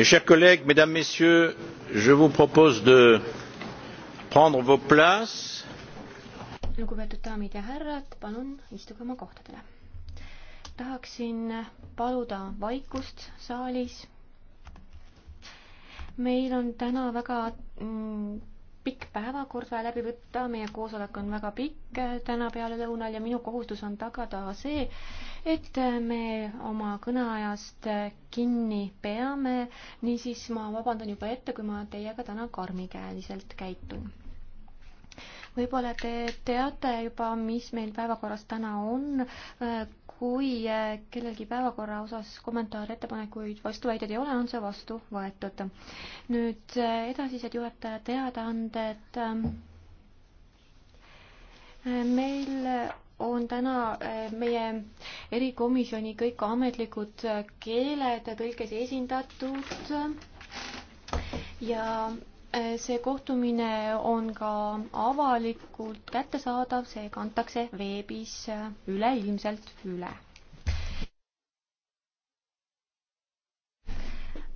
mes chers collègues mesdames messieurs je vous propose de prendre vos places lugupeetud daamid ja härrad palun istuge oma kohtadele tahaksin paluda vaikust saalis meil on täna väga mm, pikk päevakord vaja läbi võtta, meie koosolek on väga pikk täna pealelõunal ja minu kohustus on tagada see, et me oma kõneajast kinni peame. niisiis ma vabandan juba ette, kui ma teiega täna karmikäeliselt käitun. võib-olla te teate juba, mis meil päevakorras täna on kui äh, kellelgi päevakorra osas kommentaare, ettepanekuid, vastuväiteid ei ole, on see vastu võetud. nüüd äh, edasised juhataja teadaanded. Äh, meil on täna meie erikomisjoni kõik ametlikud keeled tõlkes esindatud ja Äh, see kohtumine on ka avalikult kättesaadav, see kantakse veebis äh, üleilmselt üle.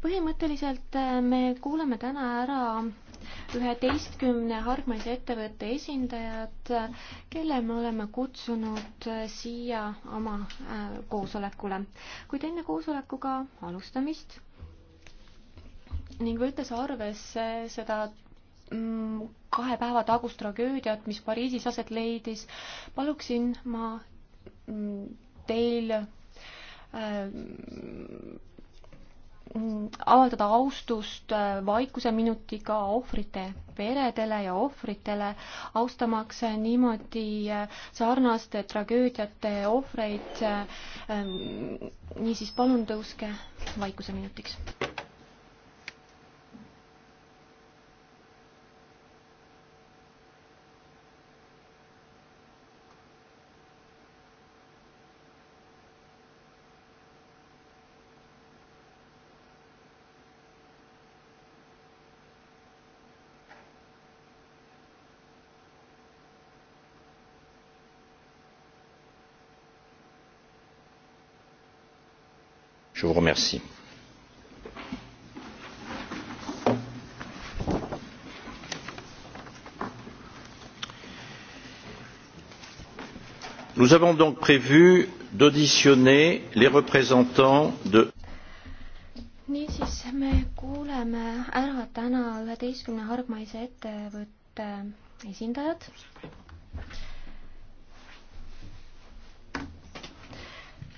põhimõtteliselt äh, me kuulame täna ära üheteistkümne hargmaise ettevõtte esindajad, kelle me oleme kutsunud siia oma koosolekule. kuid enne koosolekuga alustamist ning võttes arvesse seda mm, kahe päeva tagust tragöödiat, mis Pariisis aset leidis, paluksin ma mm, teil äh, avaldada austust äh, vaikuse minutiga ohvrite peredele ja ohvritele, austamaks niimoodi äh, sarnaste tragöödiate ohvreid. Äh, ähm, niisiis palun tõuske vaikuse minutiks. je vous remercie. nous avons donc prévu d'auditionner les représentants de niisiis me kuuleme ära täna üheteistkümne hargmaise ettevõtte esindajad.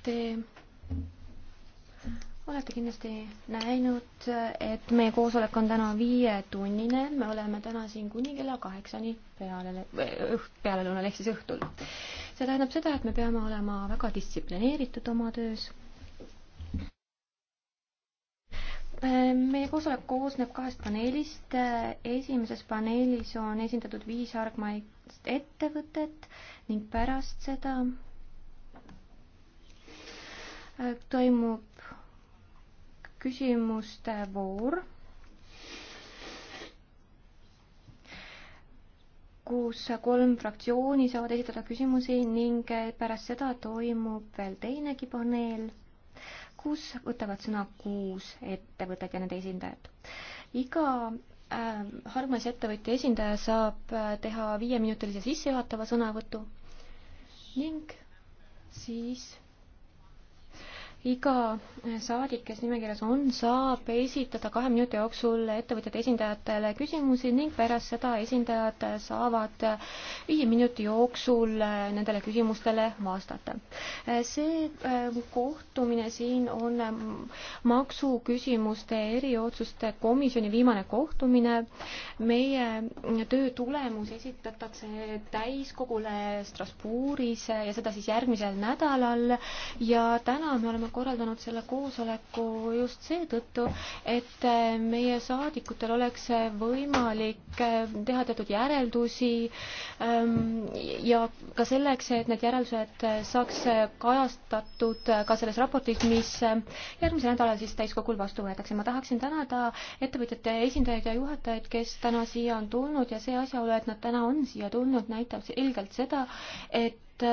Te olete kindlasti näinud, et meie koosolek on täna viietunnine, me oleme täna siin kuni kella kaheksani peale, õht, pealelõunal ehk siis õhtul. see tähendab seda, et me peame olema väga distsiplineeritud oma töös. meie koosolek koosneb kahest paneelist, esimeses paneelis on esindatud viis argmaist ettevõtet ning pärast seda toimub küsimuste voor, kus kolm fraktsiooni saavad esitada küsimusi ning pärast seda toimub veel teinegi paneel, kus võtavad sõna kuus ettevõtet ja nende esindajat. iga ähm, Hargmaise ettevõtja esindaja saab äh, teha viieminutilise sissejuhatava sõnavõtu ning siis iga saadik, kes nimekirjas on, saab esitada kahe minuti jooksul ettevõtjate esindajatele küsimusi ning pärast seda esindajad saavad viie minuti jooksul nendele küsimustele vastata. see äh, kohtumine siin on ähm, maksuküsimuste eriotsuste komisjoni viimane kohtumine. meie töö tulemus esitatakse täiskogule Strasbourgis ja seda siis järgmisel nädalal ja täna me oleme korraldanud selle koosoleku just seetõttu, et meie saadikutel oleks võimalik teha teatud järeldusi ähm, ja ka selleks, et need järeldused saaks kajastatud ka selles raportis, mis järgmisel nädalal siis täiskogul vastu võetakse. ma tahaksin tänada ettevõtjate esindajaid ja juhatajaid, kes täna siia on tulnud ja see asjaolu, et nad täna on siia tulnud, näitab selgelt seda, et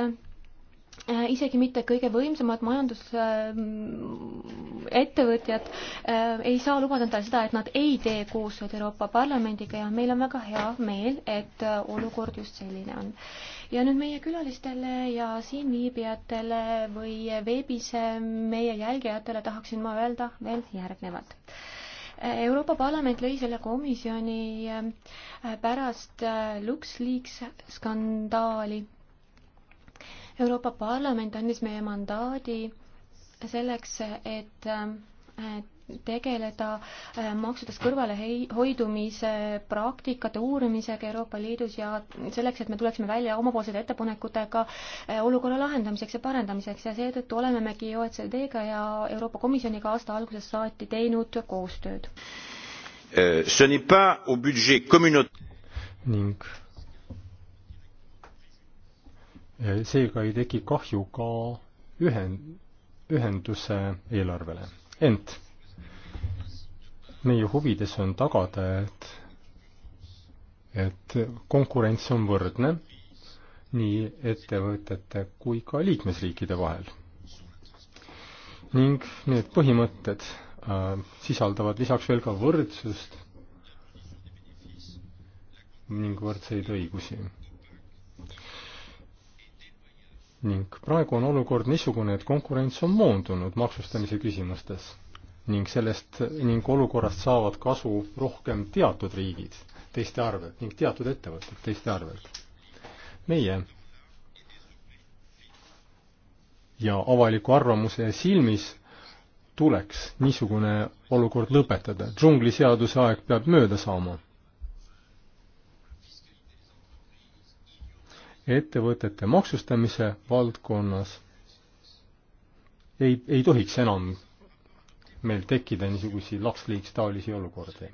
Äh, isegi mitte kõige võimsamad majandusettevõtjad äh, äh, ei saa lubada endale seda, et nad ei tee koostööd Euroopa Parlamendiga ja meil on väga hea meel, et olukord just selline on. ja nüüd meie külalistele ja siinviibijatele või veebis meie jälgijatele tahaksin ma öelda veel järgnevat Euroopa Parlament lõi selle komisjoni pärast LuxLeaks skandaali Euroopa Parlament andis meie mandaadi selleks, et äh, tegeleda äh, maksudest kõrvale hoidumise praktikate uurimisega Euroopa Liidus ja selleks, et me tuleksime välja omapoolsete ettepanekutega äh, olukorra lahendamiseks ja parendamiseks ja seetõttu olemegi OECD-ga ja Euroopa Komisjoniga aasta algusest saati teinud koostööd. Euh, ning Eh, seega ei teki kahju ka ühen-, ühenduse eelarvele. ent meie huvides on tagada, et, et konkurents on võrdne nii ettevõtete kui ka liikmesriikide vahel. ning need põhimõtted äh, sisaldavad lisaks veel ka võrdsust ning võrdseid õigusi ning praegu on olukord niisugune, et konkurents on moondunud maksustamise küsimustes ning sellest ning olukorrast saavad kasu rohkem teatud riigid teiste arvelt ning teatud ettevõtted teiste arvelt. meie ja avaliku arvamuse silmis tuleks niisugune olukord lõpetada. džungliseaduse aeg peab mööda saama ettevõtete maksustamise valdkonnas ei, ei tohiks enam meil tekkida niisugusi lapsliikstaolisi olukordi.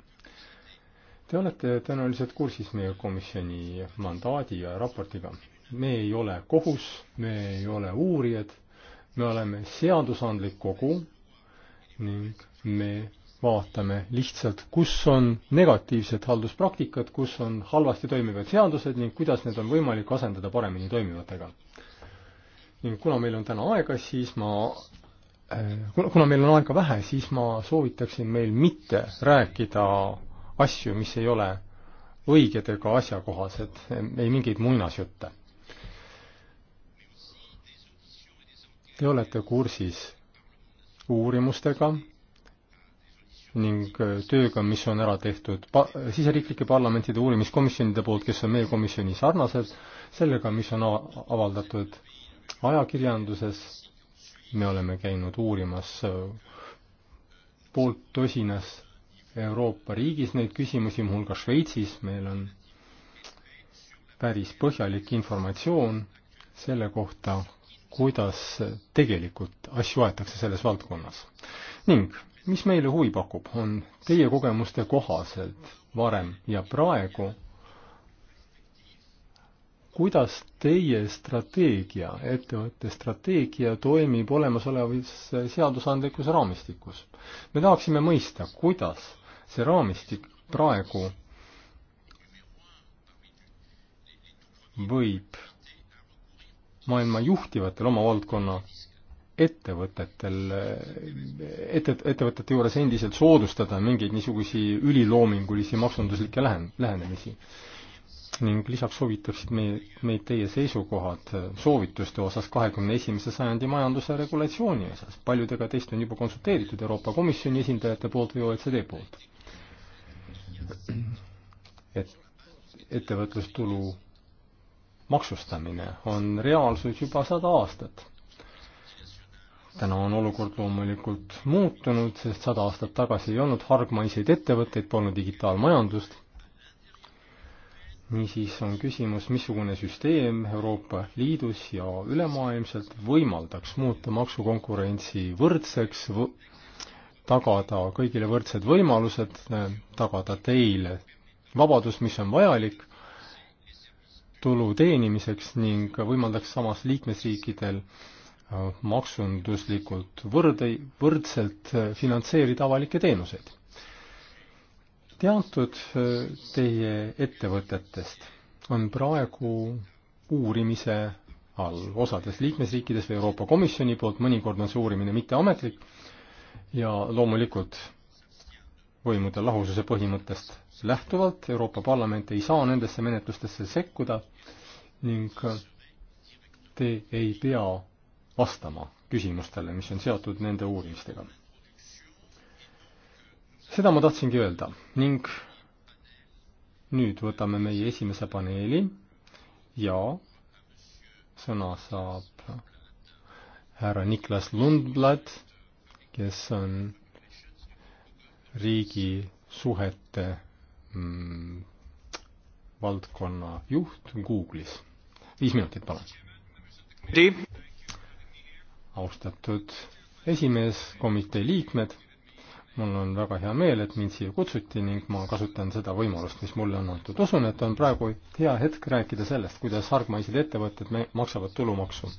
Te olete tõenäoliselt kursis meie komisjoni mandaadi ja raportiga. me ei ole kohus, me ei ole uurijad, me oleme seadusandlik kogu ning me vaatame lihtsalt, kus on negatiivsed halduspraktikad, kus on halvasti toimivad seadused ning kuidas need on võimalik asendada paremini toimivatega. ning kuna meil on täna aega, siis ma äh, kuna meil on aega vähe, siis ma soovitaksin meil mitte rääkida asju, mis ei ole õiged ega asjakohased, ei mingeid muinasjutte. Te olete kursis uurimustega, ning äh, tööga, mis on ära tehtud pa-, siseriiklike parlamentide uurimiskomisjonide poolt, kes on meie komisjoni sarnased, sellega, mis on avaldatud ajakirjanduses, me oleme käinud uurimas äh, poolt tosinas Euroopa riigis neid küsimusi, muuhulgas Šveitsis, meil on päris põhjalik informatsioon selle kohta, kuidas tegelikult asju aetakse selles valdkonnas. ning mis meile huvi pakub, on teie kogemuste kohaselt varem ja praegu, kuidas teie strateegia, ettevõtte strateegia toimib olemasolevas seadusandlikus raamistikus? me tahaksime mõista, kuidas see raamistik praegu võib maailma juhtivatel oma valdkonna ettevõtetel, ette, ettevõtete juures endiselt soodustada mingeid niisugusi üliloomingulisi maksunduslikke lähen-, lähenemisi. ning lisaks huvitaksid meie, meid teie seisukohad soovituste osas kahekümne esimese sajandi majanduse regulatsiooni osas. paljudega teist on juba konsulteeritud Euroopa Komisjoni esindajate poolt või OECD poolt. et ettevõtlustulu maksustamine on reaalsus juba sada aastat täna on olukord loomulikult muutunud, sest sada aastat tagasi ei olnud hargmaiseid ettevõtteid, polnud digitaalmajandust. niisiis on küsimus, missugune süsteem Euroopa Liidus ja ülemaailmselt võimaldaks muuta maksukonkurentsi võrdseks võ, tagada kõigile võrdsed võimalused, tagada teile vabadus, mis on vajalik tulu teenimiseks ning võimaldaks samas liikmesriikidel äh, maksunduslikult võrde, võrdselt äh, finantseerida avalikke teenuseid. teatud äh, teie ettevõtetest on praegu uurimise all osades liikmesriikides või Euroopa Komisjoni poolt, mõnikord on see uurimine mitteametlik ja loomulikult võimude lahususe põhimõttest lähtuvalt Euroopa Parlament ei saa nendesse menetlustesse sekkuda ning te ei pea vastama küsimustele, mis on seotud nende uurimistega. seda ma tahtsingi öelda ning nüüd võtame meie esimese paneeli ja sõna saab härra Niklas Lundblad, kes on riigisuhete mm, valdkonna juht Google'is. viis minutit, palun austatud esimees, komitee liikmed, mul on väga hea meel, et mind siia kutsuti ning ma kasutan seda võimalust, mis mulle on antud. usun, et on praegu hea hetk rääkida sellest, kuidas hargmaised ettevõtted maksavad tulumaksu.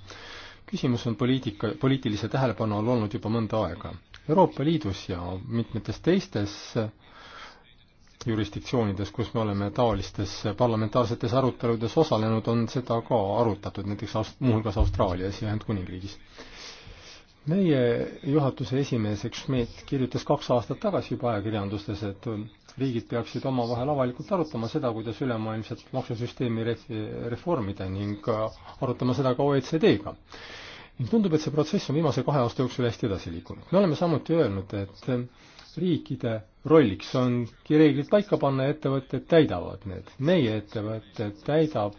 küsimus on poliitika, poliitilise tähelepanu all olnud juba mõnda aega. Euroopa Liidus ja mitmetes teistes jurisdiktsioonides, kus me oleme taolistes parlamentaarsetes aruteludes osalenud, on seda ka arutatud, näiteks aust-, muuhulgas Austraalias ja Ühendkuningriigis meie juhatuse esimees, eks Schmidt, kirjutas kaks aastat tagasi juba ajakirjanduses, et riigid peaksid omavahel avalikult arutama seda, kuidas ülemaailmset maksusüsteemi reformida ning arutama seda ka OECD-ga. ning tundub, et see protsess on viimase kahe aasta jooksul hästi edasi liikunud. me oleme samuti öelnud, et riikide rolliks ongi reeglid paika panna ja ettevõtted täidavad need. meie ettevõte täidab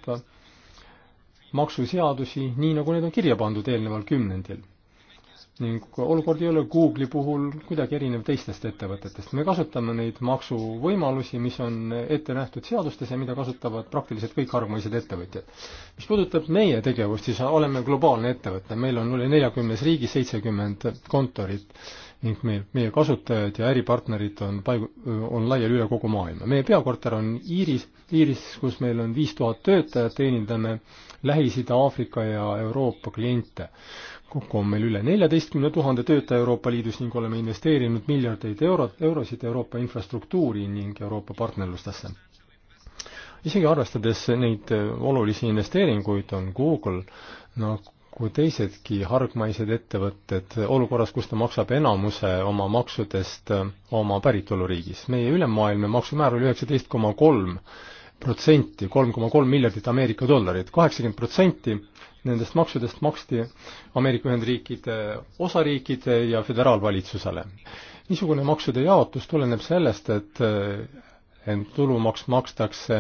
maksuseadusi nii, nagu need on kirja pandud eelneval kümnendil ning olukord ei ole Google'i puhul kuidagi erinev teistest ettevõtetest. me kasutame neid maksuvõimalusi, mis on ette nähtud seadustes ja mida kasutavad praktiliselt kõik hargmaised ettevõtjad. mis puudutab meie tegevust, siis oleme globaalne ettevõte, meil on üle neljakümnes riigis seitsekümmend kontorit ning meil, meie kasutajad ja äripartnerid on paigu-, on laiali üle kogu maailma. meie peakorter on Iiris, Iiris, kus meil on viis tuhat töötajat, teenindame Lähis-Ida, Aafrika ja Euroopa kliente kokku on meil üle neljateistkümne tuhande töötaja Euroopa Liidus ning oleme investeerinud miljardeid eurot, eurosid Euroopa infrastruktuuri ning Euroopa partnerlustesse. isegi arvestades neid äh, olulisi investeeringuid, on Google nagu teisedki hargmaised ettevõtted olukorras, kus ta maksab enamuse oma maksudest äh, oma päritoluriigis. meie ülemaailmne maksumäär oli üheksateist koma kolm protsenti, kolm koma kolm miljardit Ameerika dollarit, kaheksakümmend protsenti nendest maksudest maksti Ameerika Ühendriikide osariikide ja föderaalvalitsusele. niisugune maksude jaotus tuleneb sellest, et eh, ent tulumaks makstakse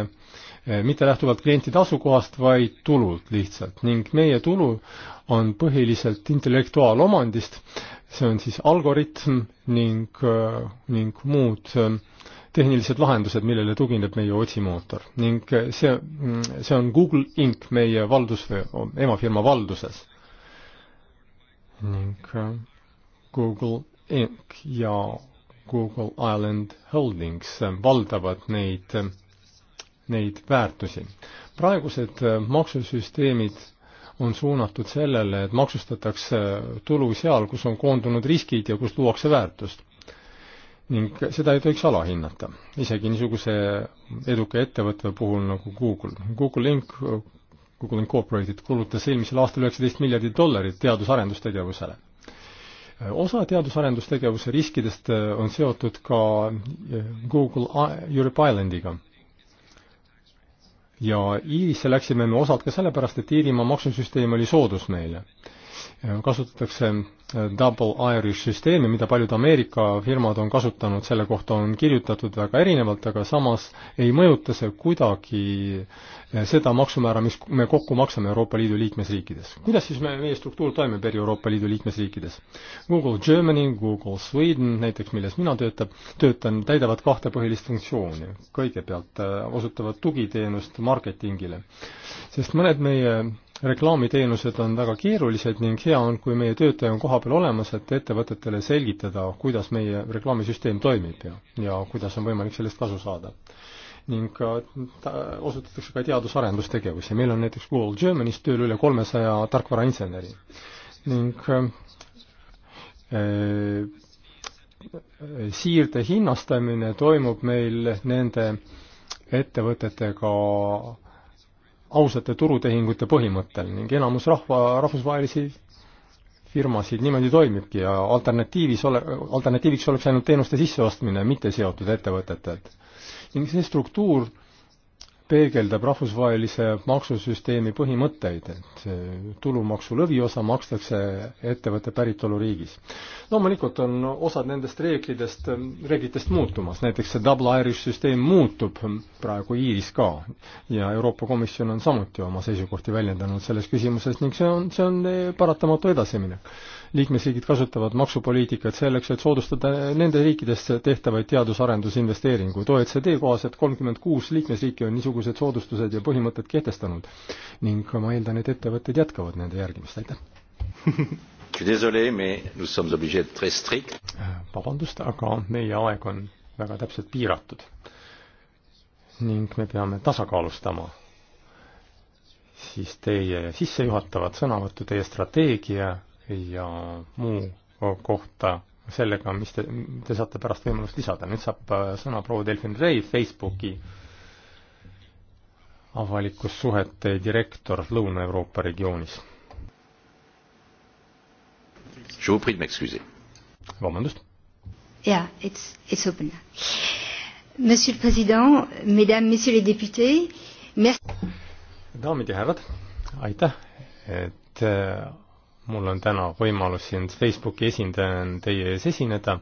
eh, mitte lähtuvalt klientide asukohast, vaid tulult lihtsalt ning meie tulu on põhiliselt intellektuaalomandist, see on siis algoritm ning, eh, ning muud äh, tehnilised lahendused, millele tugineb meie otsimootor ning see, see on Google Inc meie valdus, emafirma valduses. ning äh, Google Inc ja Google Island Holdings äh, valdavad neid, neid väärtusi. praegused äh, maksusüsteemid on suunatud sellele, et maksustatakse tulu seal, kus on koondunud riskid ja kus luuakse väärtust ning seda ei tohiks alahinnata, isegi niisuguse eduka ettevõtte puhul nagu Google. Google Inc, Google Incorporated kulutas eelmisel aastal üheksateist miljardit dollarit teadus-arendustegevusele. osa teadus-arendustegevuse riskidest äh, on seotud ka äh, Google äh, Europe Islandiga ja Iirisse läksime me osalt ka sellepärast, et Iirimaa maksusüsteem oli soodus meile kasutatakse äh, double Irish süsteemi, mida paljud Ameerika firmad on kasutanud, selle kohta on kirjutatud väga erinevalt, aga samas ei mõjuta see kuidagi äh, seda maksumäära, mis me kokku maksame Euroopa Liidu liikmesriikides. kuidas siis me, meie struktuur toimib eri Euroopa Liidu liikmesriikides? Google Germany, Google Sweden näiteks, milles mina töötab, töötan, täidavad kahte põhilist funktsiooni. kõigepealt äh, osutavad tugiteenust marketingile, sest mõned meie reklaamiteenused on väga keerulised ning hea on, kui meie töötaja on kohapeal olemas, et ettevõtetele selgitada, kuidas meie reklaamisüsteem toimib ja, ja kuidas on võimalik sellest kasu saada. ning ta, osutatakse ka teadus-arendustegevusi, meil on näiteks Google Germanis tööl üle kolmesaja tarkvarainseneri ning äh, siirde hinnastamine toimub meil nende ettevõtetega ausate turutehingute põhimõttel ning enamus rahva, rahvusvahelisi firmasid niimoodi toimibki ja alternatiivis ole, alternatiiviks oleks ainult teenuste sisseostmine mitteseotud ettevõtetelt. ning see struktuur peegeldab rahvusvahelise maksusüsteemi põhimõtteid, et tulumaksu lõviosa makstakse ettevõtte päritoluriigis no,. loomulikult on osad nendest reeglidest, reeglitest muutumas, näiteks see double Irish süsteem muutub praegu Iiris ka ja Euroopa Komisjon on samuti oma seisukohti väljendanud selles küsimuses ning see on, see on paratamatu edasiminek liikmesriigid kasutavad maksupoliitikat selleks, et soodustada nende riikidesse tehtavaid teadus-arendusinvesteeringuid. OECD kohaselt kolmkümmend kuus liikmesriiki on niisugused soodustused ja põhimõtted kehtestanud ning ma eeldan, et ettevõtted jätkavad nende järgimist, aitäh! vabandust, aga meie aeg on väga täpselt piiratud ning me peame tasakaalustama siis teie sissejuhatavad sõnavõttu, teie strateegia ja muu kohta sellega, mis te, te saate pärast võimalust lisada. nüüd saab äh, sõna proua Delfin Rei, Facebooki avalikussuhete direktor Lõuna-Euroopa regioonis. vabandust. jaa, it's, it's open. Monsieur le Président, Mesdames, Messieurs les députés, merci. daamid ja härrad, aitäh, et äh, mul on täna võimalus siin Facebooki esindajana teie ees esineda.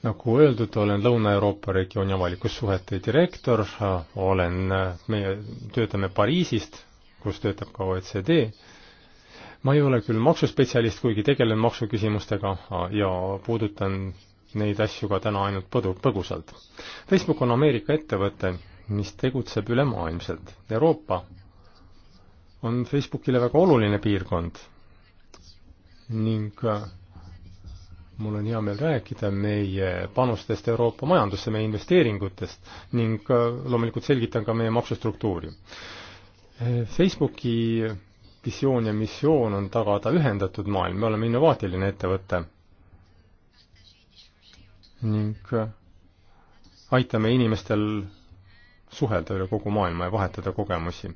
nagu öeldud, olen Lõuna-Euroopa regiooni avalikussuhete direktor, olen, äh, meie töötame Pariisist, kus töötab ka OECD. ma ei ole küll maksuspetsialist, kuigi tegelen maksuküsimustega ja puudutan neid asju ka täna ainult põdu, põgusalt. Facebook on Ameerika ettevõte, mis tegutseb ülemaailmselt. Euroopa on Facebookile väga oluline piirkond, ning äh, mul on hea meel rääkida meie panustest Euroopa majandusse, meie investeeringutest ning äh, loomulikult selgitan ka meie maksustruktuuri. Facebooki visioon ja missioon on tagada ühendatud maailm, me oleme innovaatiline ettevõte ning äh, aitame inimestel suhelda üle kogu maailma ja vahetada kogemusi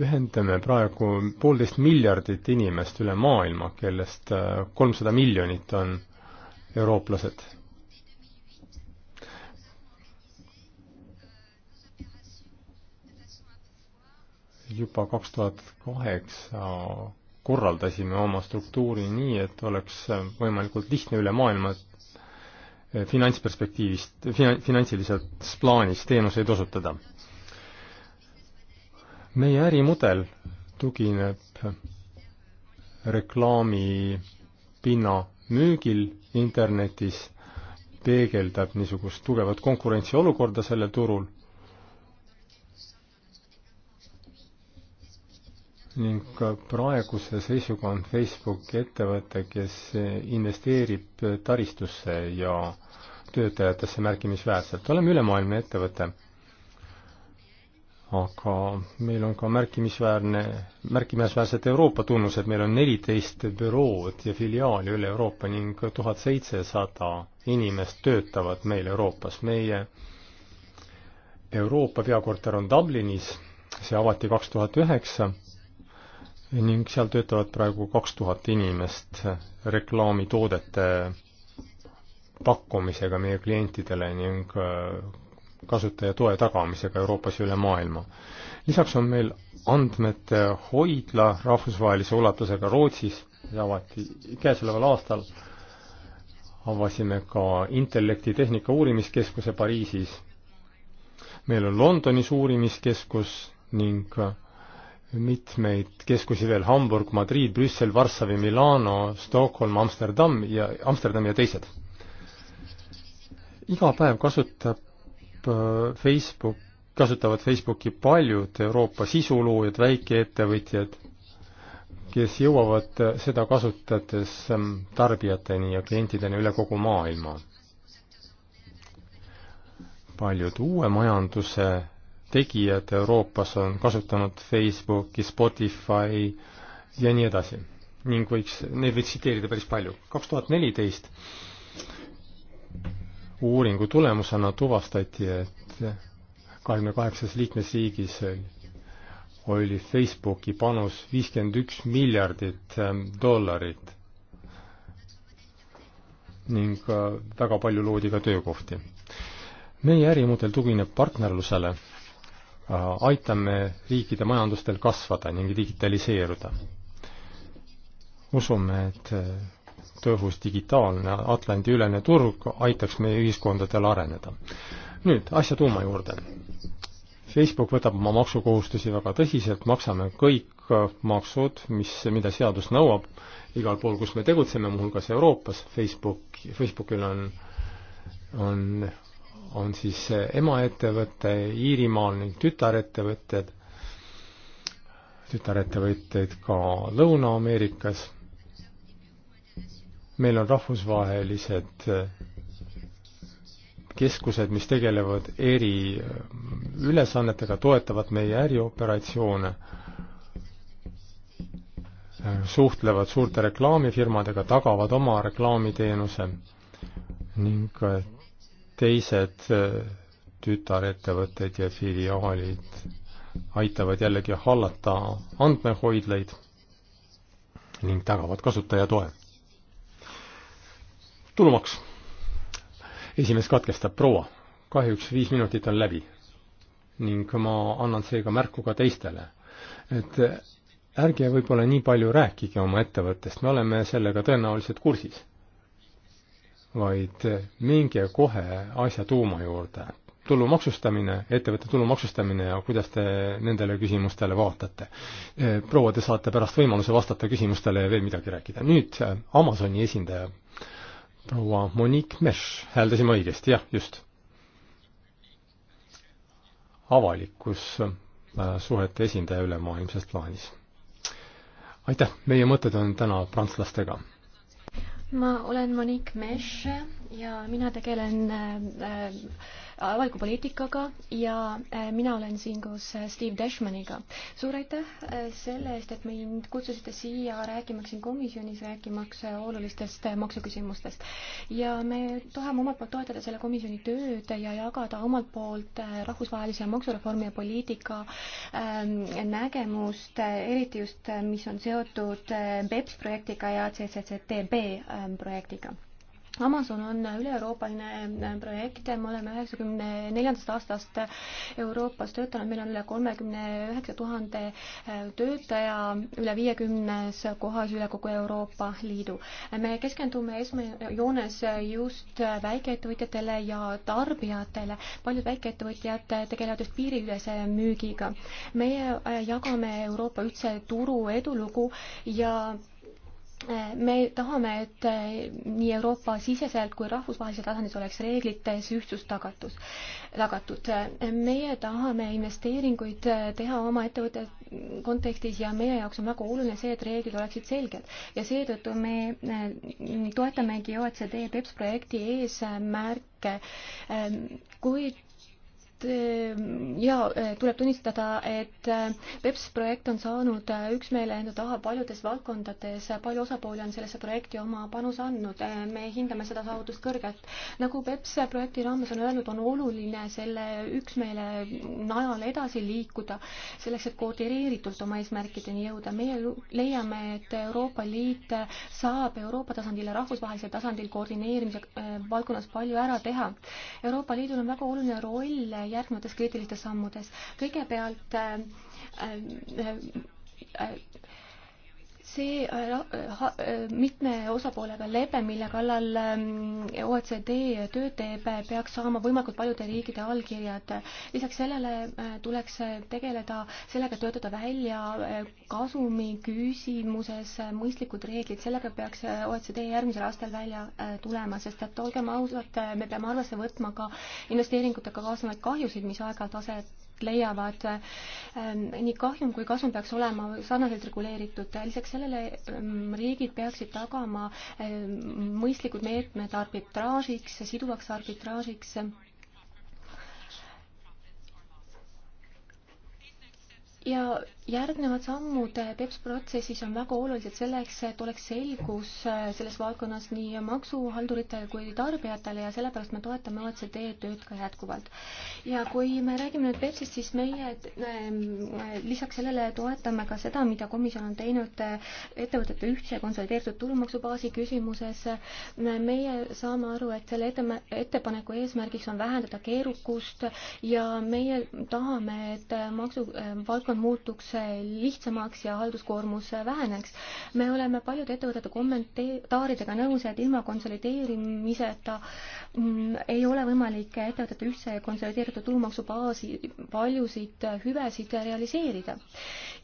ühendame praegu poolteist miljardit inimest üle maailma, kellest äh, kolmsada miljonit on eurooplased. juba kaks tuhat kaheksa korraldasime oma struktuuri nii, et oleks võimalikult lihtne üle maailma äh, finantsperspektiivist, finants, finantsiliselt plaanis teenuseid osutada meie ärimudel tugineb reklaamipinna müügil internetis, peegeldab niisugust tugevat konkurentsiolukorda sellel turul ning praeguse seisuga on Facebook ettevõte, kes investeerib taristusse ja töötajatesse märkimisväärselt. oleme ülemaailmne ettevõte aga meil on ka märkimisväärne, märkimisväärsed Euroopa tunnused, meil on neliteist bürood ja filiaali üle Euroopa ning tuhat seitsesada inimest töötavad meil Euroopas. meie Euroopa peakorter on Dublinis, see avati kaks tuhat üheksa ning seal töötavad praegu kaks tuhat inimest reklaamitoodete pakkumisega meie klientidele ning kasutaja toe tagamisega Euroopas ja üle maailma. lisaks on meil andmete hoidla rahvusvahelise ulatusega Rootsis, mis avati käesoleval aastal. avasime ka intellektitehnika uurimiskeskuse Pariisis. meil on Londonis uurimiskeskus ning mitmeid keskusi veel Hamburg, Madrid, Brüssel, Varssavi, Milano, Stockholm, Amsterdam ja Amsterdam ja teised. iga päev kasutab Äh, Facebook, kasutavad Facebooki paljud Euroopa sisuloojad, väikeettevõtjad, kes jõuavad äh, seda kasutades ähm, tarbijateni ja klientideni üle kogu maailma. paljud uue majanduse tegijad Euroopas on kasutanud Facebooki, Spotify ja nii edasi. ning võiks, neid võiks tsiteerida päris palju. kaks tuhat neliteist uuringu tulemusena tuvastati, et kahekümne kaheksas liikmesriigis oli Facebooki panus viiskümmend üks miljardit ähm, dollarit ning äh, väga palju loodi ka töökohti. meie ärimudel tugineb partnerlusele, äh, aitame riikide majandustel kasvada ning digitaliseeruda. usume, et äh, tõhus digitaalne Atlandi-ülene turg aitaks meie ühiskondadel areneda. nüüd asja tuuma juurde. Facebook võtab oma maksukohustusi väga tõsiselt, maksame kõik maksud, mis, mida seadus nõuab, igal pool, kus me tegutseme, muuhulgas Euroopas, Facebook, Facebookil on, on, on siis emaettevõte Iirimaal ning tütarettevõtted, tütarettevõtteid ka Lõuna-Ameerikas meil on rahvusvahelised eh, keskused, mis tegelevad eri eh, ülesannetega, toetavad meie ärioperatsioone, eh, suhtlevad suurte reklaamifirmadega, tagavad oma reklaamiteenuse ning teised tütarettevõtted ja filiaalid aitavad jällegi hallata andmehoidlaid ning tagavad kasutaja toe tulumaks. esimees katkestab, proua, kahjuks viis minutit on läbi ning ma annan seega märku ka teistele, et ärge võib-olla nii palju rääkige oma ettevõttest, me oleme sellega tõenäoliselt kursis. vaid minge kohe asja tuuma juurde. tulumaksustamine, ettevõtte tulumaksustamine ja kuidas te nendele küsimustele vaatate. proua, te saate pärast võimaluse vastata küsimustele ja veel midagi rääkida. nüüd Amazoni esindaja proua Monique Mesh, hääldasin ma õigesti, jah, just. avalikussuhete äh, esindaja ülemaailmses plaanis. aitäh, meie mõtted on täna prantslastega. ma olen Monique Mesh ja mina tegelen äh, äh avaliku poliitikaga ja äh, mina olen siin koos äh, Steve Dashmaniga. suur aitäh äh, selle eest, et mind kutsusite siia rääkimaks siin komisjonis, rääkimaks olulistest maksuküsimustest. ja me tahame omalt poolt toetada selle komisjoni tööd ja jagada omalt poolt rahvusvahelise maksureformi ja poliitika ähm, nägemust, eriti just, mis on seotud BEPS projektiga ja CCCTB ähm, projektiga Amazon on üle-euroopaline äh, projekt, me oleme üheksakümne neljandast aastast Euroopas töötanud, meil on üle kolmekümne üheksa tuhande äh, töötaja üle viiekümnes kohas üle kogu Euroopa Liidu. me keskendume esmajoones just väikeettevõtjatele ja tarbijatele. paljud väikeettevõtjad tegelevad just piiriülese müügiga. meie äh, jagame Euroopa ühtse turu edulugu ja me tahame, et eh, nii Euroopa-siseselt kui rahvusvahelisel tasandil oleks reeglites ühtsus tagatus, tagatud. meie tahame investeeringuid eh, teha oma ettevõtte kontekstis ja meie jaoks on väga oluline see, et reeglid oleksid selged. ja seetõttu me eh, toetamegi OECD BEPS projekti eesmärke, ehm, kuid Eh, ja eh, tuleb tunnistada, et BEPS eh, projekt on saanud üksmeele enda taha paljudes valdkondades, palju osapooli on sellesse projekti oma panuse andnud, me hindame seda saavutust kõrgelt. nagu BEPS projekti raames on öelnud, on oluline selle üksmeele najal edasi liikuda, selleks et koordineeritult oma eesmärkideni jõuda. meie leiame, et Euroopa Liit saab Euroopa tasandil ja rahvusvahelisel tasandil koordineerimise valdkonnas palju ära teha. Euroopa Liidul on väga oluline roll järgnevates kriitilistes sammudes. kõigepealt äh, äh, äh, see äh, äh, äh, mitme osapoolega lepe, mille kallal ähm, OECD tööd teeb, peaks saama võimalikult paljude riikide allkirjad. lisaks sellele tuleks tegeleda sellega, et töötada välja kasumi küsimuses mõistlikud reeglid, sellega peaks OECD järgmisel aastal välja tulema, sest et olgem ausad, me peame arvesse võtma ka investeeringutega kaasnevaid kahjusid, mis aeg-ajalt aset leiavad ähm, nii kahjum kui kasum peaks olema sarnaselt reguleeritud. lisaks sellele ähm, riigid peaksid tagama ähm, mõistlikud meetmed arbitraažiks, siduvaks arbitraažiks. ja järgnevad sammud BEPS protsessis on väga olulised selleks, et oleks selgus äh, selles valdkonnas nii maksuhalduritele kui tarbijatele ja sellepärast me toetame OECD tööd ka jätkuvalt. ja kui me räägime nüüd BEPS-ist, siis meie ähm, lisaks sellele toetame ka seda, mida komisjon on teinud äh, ettevõtete ühtse konsolideeritud tulumaksubaasi küsimuses. meie saame aru, et selle etteme-, ettepaneku eesmärgiks on vähendada keerukust ja meie tahame, et äh, maksuvaldkond muutuks lihtsamaks ja halduskoormus väheneks. me oleme paljude ettevõtete kommentaaridega nõus, et ilma konsolideerimiseta mm, ei ole võimalik ettevõtete ühtse konsolideeritud tulumaksubaasi paljusid hüvesid realiseerida.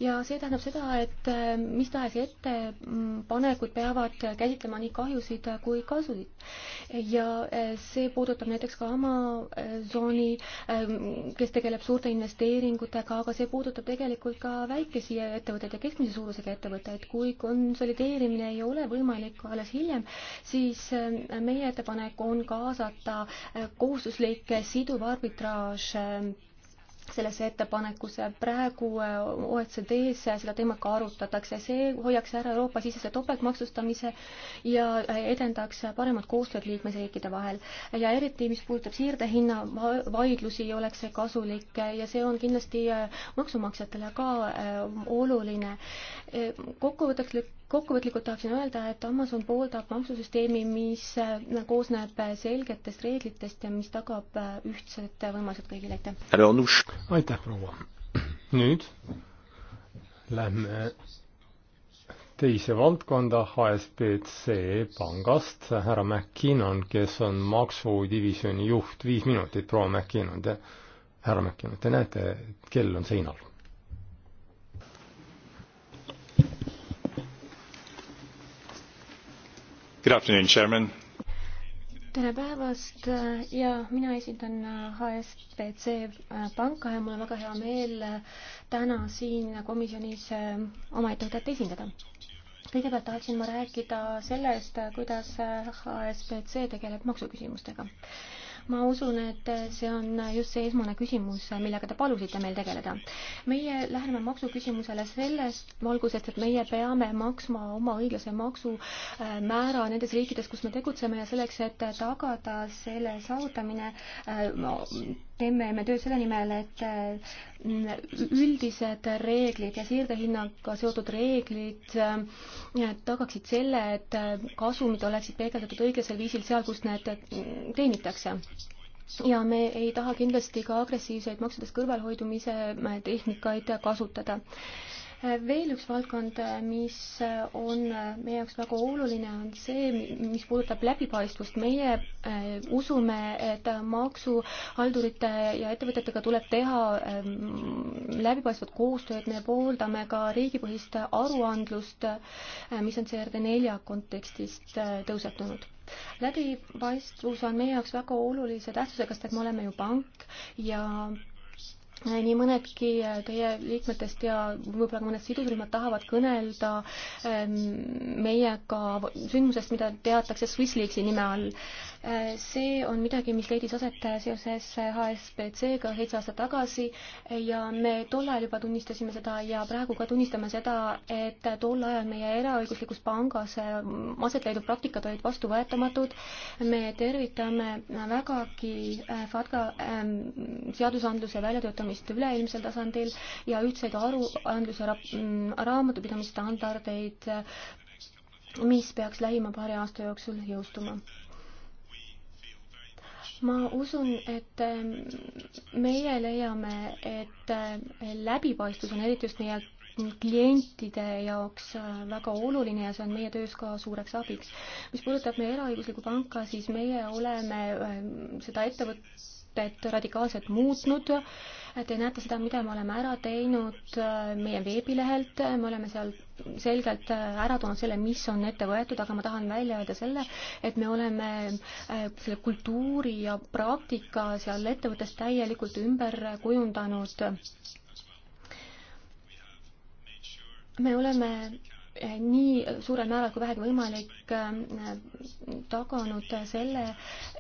ja see tähendab seda, et äh, mis tahes ettepanekud peavad käsitlema nii kahjusid kui kasusid. ja äh, see puudutab näiteks ka Amazoni, äh, kes tegeleb suurte investeeringutega, aga see puudutab tegelikult ka väikesi ettevõtteid ja keskmise suurusega ettevõtteid. kui konsolideerimine ei ole võimalik alles hiljem, siis äh, meie ettepanek on kaasata äh, kohustuslik siduv arbitraaž äh, sellesse ettepanekusse. praegu äh, OECD-s seda teemat ka arutatakse, see hoiaks ära Euroopa-sisese topeltmaksustamise ja äh, edendaks paremat koostööd liikmesriikide vahel. ja eriti, mis puudutab siirdehinna vaidlusi, oleks see kasulik ja see on kindlasti äh, maksumaksjatele ka oluline. kokkuvõtteks kokkuvõtlikult tahaksin öelda, et Amazon pooldab maksusüsteemi, mis äh, koosneb äh, selgetest reeglitest ja mis tagab äh, ühtsed võimalused kõigile, aitäh! aitäh, proua! nüüd lähme teise valdkonda HSBC pangast, härra McKinnon, kes on maksudivisjoni juht, viis minutit, proua McKinnon, te, härra McKinnon, te näete, kell on seinal tere päevast äh, ja mina esindan HSBC äh, äh, panka ja mul on väga hea meel täna siin komisjonis oma ettevõtet esindada. kõigepealt tahaksin ma rääkida sellest, kuidas HSBC tegeleb maksuküsimustega ma usun, et see on just see esmane küsimus, millega te palusite meil tegeleda. meie läheneme maksuküsimusele sellest valgusest, et meie peame maksma oma õiglase maksumäära äh, nendes riikides, kus me tegutseme ja selleks, et tagada selle saavutamine äh, teeme me tööd selle nimel, et äh, üldised reeglid ja siirdehinnaga seotud reeglid äh, tagaksid selle, et äh, kasumid oleksid peegeldatud õiglasel viisil seal, kus need teenitakse ja me ei taha kindlasti ka agressiivseid maksudest kõrvalhoidumise tehnikaid kasutada veel üks valdkond, mis on meie jaoks väga oluline, on see, mis puudutab läbipaistvust. meie äh, usume, et maksuhaldurite ja ettevõtetega tuleb teha ähm, läbipaistvat koostööd, me pooldame ka riigipõhist aruandlust, äh, mis on CRD nelja kontekstist äh, tõusetunud läbipaistvus on meie jaoks väga olulise tähtsusega, sest et me oleme ju pank ja Äh, nii mõnedki äh, teie liikmetest ja võib-olla ka mõned sidusrühmad tahavad kõnelda ähm, meiega sündmusest, mida teatakse Swiss Leaksi nime all. Äh, see on midagi, mis leidis aset seoses HSBC-ga seitse aastat tagasi ja me tol ajal juba tunnistasime seda ja praegu ka tunnistame seda, et tol ajal meie eraõiguslikus pangas aset leidnud praktikad olid vastuvõetamatud. me tervitame vägagi FATCA ähm, seadusandluse väljatöötamist hindamist üleilmsel tasandil ja ühtseid aruandluse mm, raamatupidamisstandardeid, mis peaks lähima paari aasta jooksul jõustuma. ma usun, et mm, meie leiame, et äh, läbipaistvus on eriti just meie klientide jaoks äh, väga oluline ja see on meie töös ka suureks abiks. mis puudutab meie eraõiguslikku panka, siis meie oleme äh, seda ettevõt-, mõtet radikaalselt muutnud. Te näete seda, mida me oleme ära teinud äh, meie veebilehelt, me oleme seal selgelt äh, ära toonud selle, mis on ette võetud, aga ma tahan välja öelda selle, et me oleme äh, selle kultuuri ja praktika seal ettevõttes täielikult ümber kujundanud. me oleme nii suurel määral kui vähegi võimalik äh, taganud selle,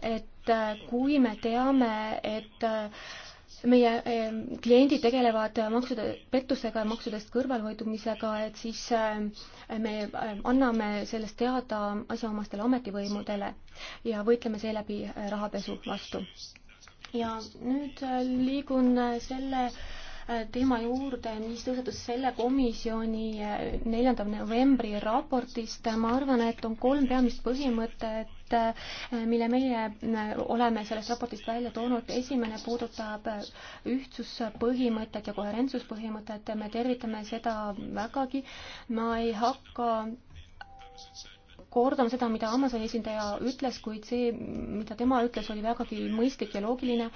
et äh, kui me teame, et äh, meie kliendid tegelevad maksude pettusega ja maksudest kõrvalhoidumisega, et siis me anname sellest teada asjaomastele ametivõimudele ja võitleme seeläbi rahapesu vastu. ja nüüd liigun selle Äh, teema juurde, mis tõusetus selle komisjoni äh, neljanda novembri raportist. ma arvan, et on kolm peamist põhimõtet, äh, mille meie oleme sellest raportist välja toonud. esimene puudutab ühtsuspõhimõtet ja koherentsuspõhimõtet. me tervitame seda vägagi. ma ei hakka kordan seda, mida Amazoni esindaja ütles, kuid see, mida tema ütles, oli vägagi mõistlik ja loogiline.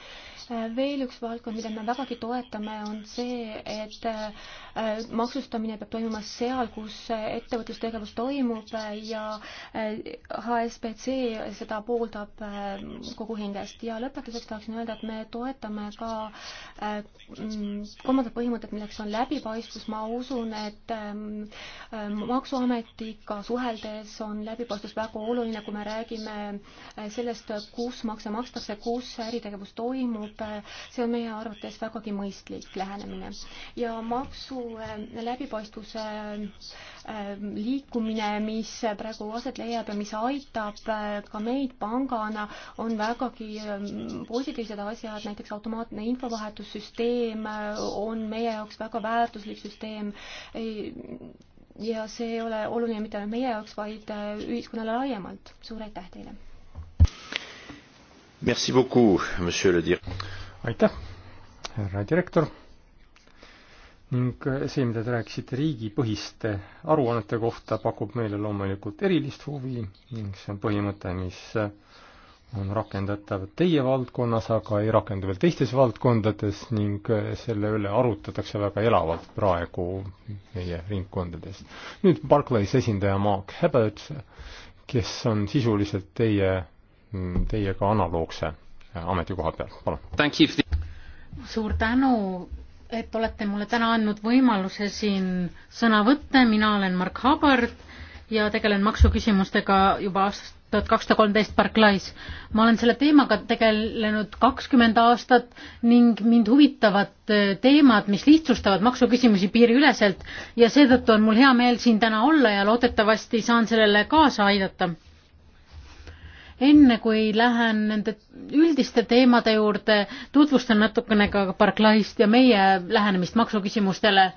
Äh, veel üks valdkond, mida me vägagi toetame, on see, et äh, Äh, maksustamine peab toimuma seal, kus äh, ettevõtlustegevus toimub äh, ja HSBC seda pooldab kogu hingest. ja lõpetuseks tahaksin öelda, et me toetame ka mm, kolmandat põhimõtet, milleks on läbipaistvus. ma usun, et ähm, Maksuametiga suheldes on läbipaistvus väga oluline, kui me räägime sellest, kus makse makstakse, kus äritegevus toimub. see on meie arvates vägagi mõistlik lähenemine ja maksu Äh, läbipaistvuse äh, liikumine, mis praegu aset leiab ja mis aitab äh, ka meid pangana, on vägagi ähm, positiivsed asjad, näiteks automaatne infovahetussüsteem on meie jaoks väga väärtuslik süsteem ja see ei ole oluline mitte ainult meie jaoks, vaid ühiskonnale laiemalt. suur aitäh teile! Merci beaucoup, monsieur le dir-. aitäh, härra direktor ning see, mida te rääkisite riigipõhiste aruannete kohta, pakub meile loomulikult erilist huvi ning see on põhimõte, mis on rakendatav teie valdkonnas, aga ei rakendu veel teistes valdkondades ning selle üle arutatakse väga elavalt praegu meie ringkondades. nüüd Barclays esindaja Mark Hubbard, kes on sisuliselt teie, teiega analoogse ametikoha peal, palun. suur tänu et olete mulle täna andnud võimaluse siin sõna võtta, mina olen Mark Habard ja tegelen maksuküsimustega juba aastast tuhat kakssada kolmteist Barclays. ma olen selle teemaga tegelenud kakskümmend aastat ning mind huvitavad äh, teemad, mis lihtsustavad maksuküsimusi piiriüleselt ja seetõttu on mul hea meel siin täna olla ja loodetavasti saan sellele kaasa aidata enne kui lähen nende üldiste teemade juurde, tutvustan natukene ka Barclayst ja meie lähenemist maksuküsimustele.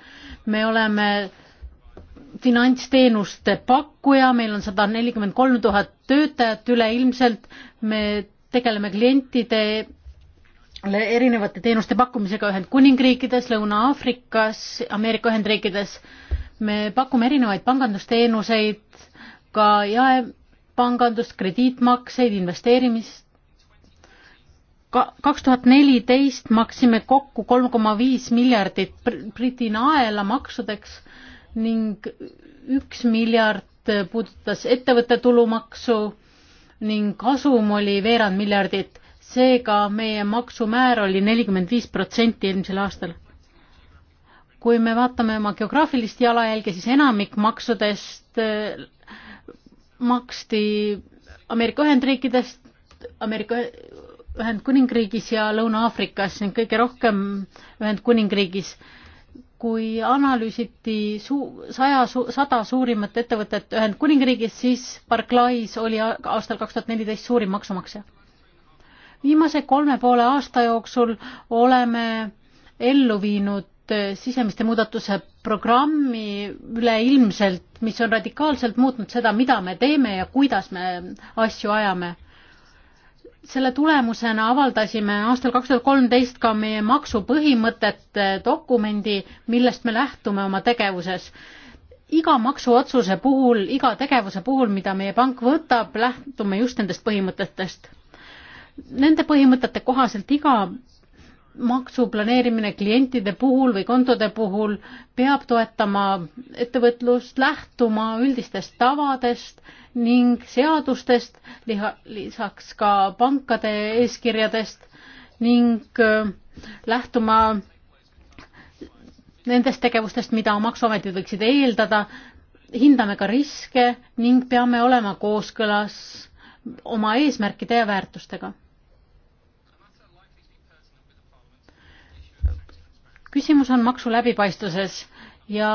me oleme finantsteenuste pakkuja, meil on sada nelikümmend kolm tuhat töötajat üleilmselt, me tegeleme klientide erinevate teenuste pakkumisega Ühendkuningriikides, Lõuna-Aafrikas, Ameerika Ühendriikides. me pakume erinevaid pangandusteenuseid, ka jae pangandust, krediitmakseid, investeerimist. kaks tuhat neliteist maksime kokku kolm koma viis miljardit Briti naela maksudeks ning üks miljard puudutas ettevõtte tulumaksu ning kasum oli veerand miljardit. seega meie maksumäär oli nelikümmend viis protsenti eelmisel aastal. kui me vaatame oma geograafilist jalajälge, siis enamik maksudest maksti Ameerika Ühendriikidest, Ameerika Ühendkuningriigis ja Lõuna-Aafrikas ning kõige rohkem Ühendkuningriigis. kui analüüsiti suu-, saja su,, sada suurimat ettevõtet Ühendkuningriigis, siis Barclays oli aastal kaks tuhat neliteist suurim maksumaksja. viimase kolme poole aasta jooksul oleme ellu viinud Äh, sisemiste muudatuse programmi üleilmselt, mis on radikaalselt muutnud seda, mida me teeme ja kuidas me asju ajame. selle tulemusena avaldasime aastal kaks tuhat kolmteist ka meie maksupõhimõtete äh, dokumendi, millest me lähtume oma tegevuses. iga maksuotsuse puhul, iga tegevuse puhul, mida meie pank võtab, lähtume just nendest põhimõtetest. Nende põhimõtete kohaselt iga maksuplaneerimine klientide puhul või kontode puhul peab toetama ettevõtlust lähtuma üldistest tavadest ning seadustest, lisaks ka pankade eeskirjadest ning äh, lähtuma nendest tegevustest, mida maksuametid võiksid eeldada, hindame ka riske ning peame olema kooskõlas oma eesmärkide ja väärtustega küsimus on maksu läbipaistvuses ja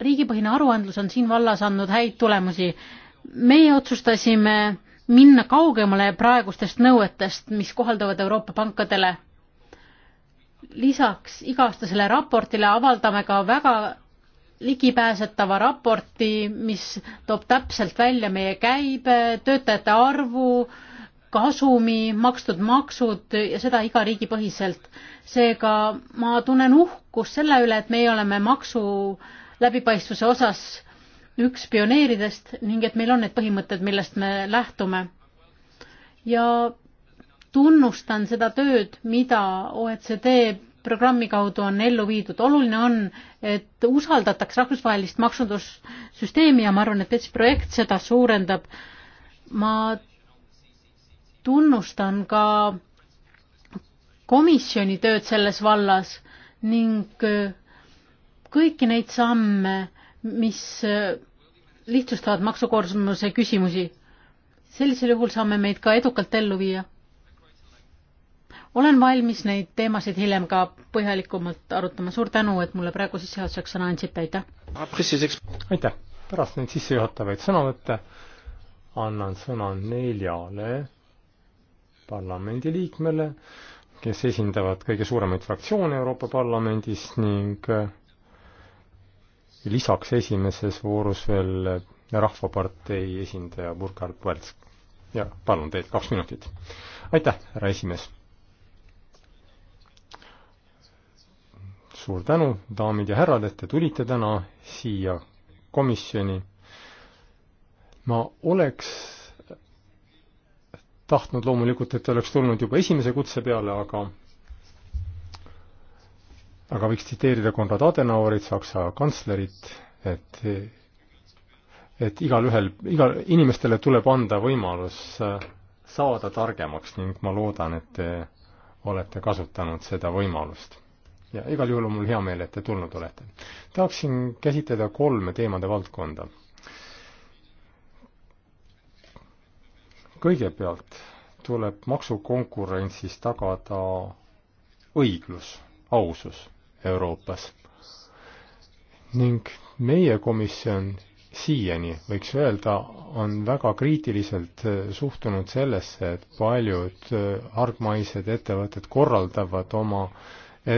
riigipõhine aruandlus on siin vallas andnud häid tulemusi. meie otsustasime minna kaugemale praegustest nõuetest, mis kohalduvad Euroopa pankadele. lisaks iga-aastasele raportile avaldame ka väga ligipääsetava raporti, mis toob täpselt välja meie käibe, töötajate arvu, kasumi, makstud maksud ja seda iga riigi põhiselt. seega ma tunnen uhkust selle üle, et meie oleme maksu läbipaistvuse osas üks pioneeridest ning et meil on need põhimõtted, millest me lähtume. ja tunnustan seda tööd, mida OECD programmi kaudu on ellu viidud. oluline on, et usaldataks rahvusvahelist maksundussüsteemi ja ma arvan, et BETS projekt seda suurendab. ma tunnustan ka komisjoni tööd selles vallas ning äh, kõiki neid samme, mis äh, lihtsustavad maksukoormuse küsimusi. sellisel juhul saame meid ka edukalt ellu viia. olen valmis neid teemasid hiljem ka põhjalikumalt arutama. suur tänu, et mulle praegu sissejuhatuseks sõna andsite, aitäh! aitäh! pärast neid sissejuhatavaid sõnavõtte annan sõna neljale parlamendiliikmele, kes esindavad kõige suuremaid fraktsioone Euroopa Parlamendis ning eh, lisaks esimeses voorus veel Rahvapartei esindaja Burkhard Palts. ja palun teid kaks minutit. aitäh, härra esimees. suur tänu, daamid ja härrad, et te tulite täna siia komisjoni. ma oleks tahtnud loomulikult, et oleks tulnud juba esimese kutse peale, aga aga võiks tsiteerida Konrad Adenauerit, Saksa kantslerit, et et igalühel, igal, inimestele tuleb anda võimalus äh, saada targemaks ning ma loodan, et te olete kasutanud seda võimalust. ja igal juhul on mul hea meel, et te tulnud olete. tahaksin käsitleda kolme teemade valdkonda kõigepealt tuleb maksukonkurentsis tagada õiglus, ausus Euroopas. ning meie komisjon siiani, võiks öelda, on väga kriitiliselt äh, suhtunud sellesse, et paljud äh, hargmaised ettevõtted korraldavad oma,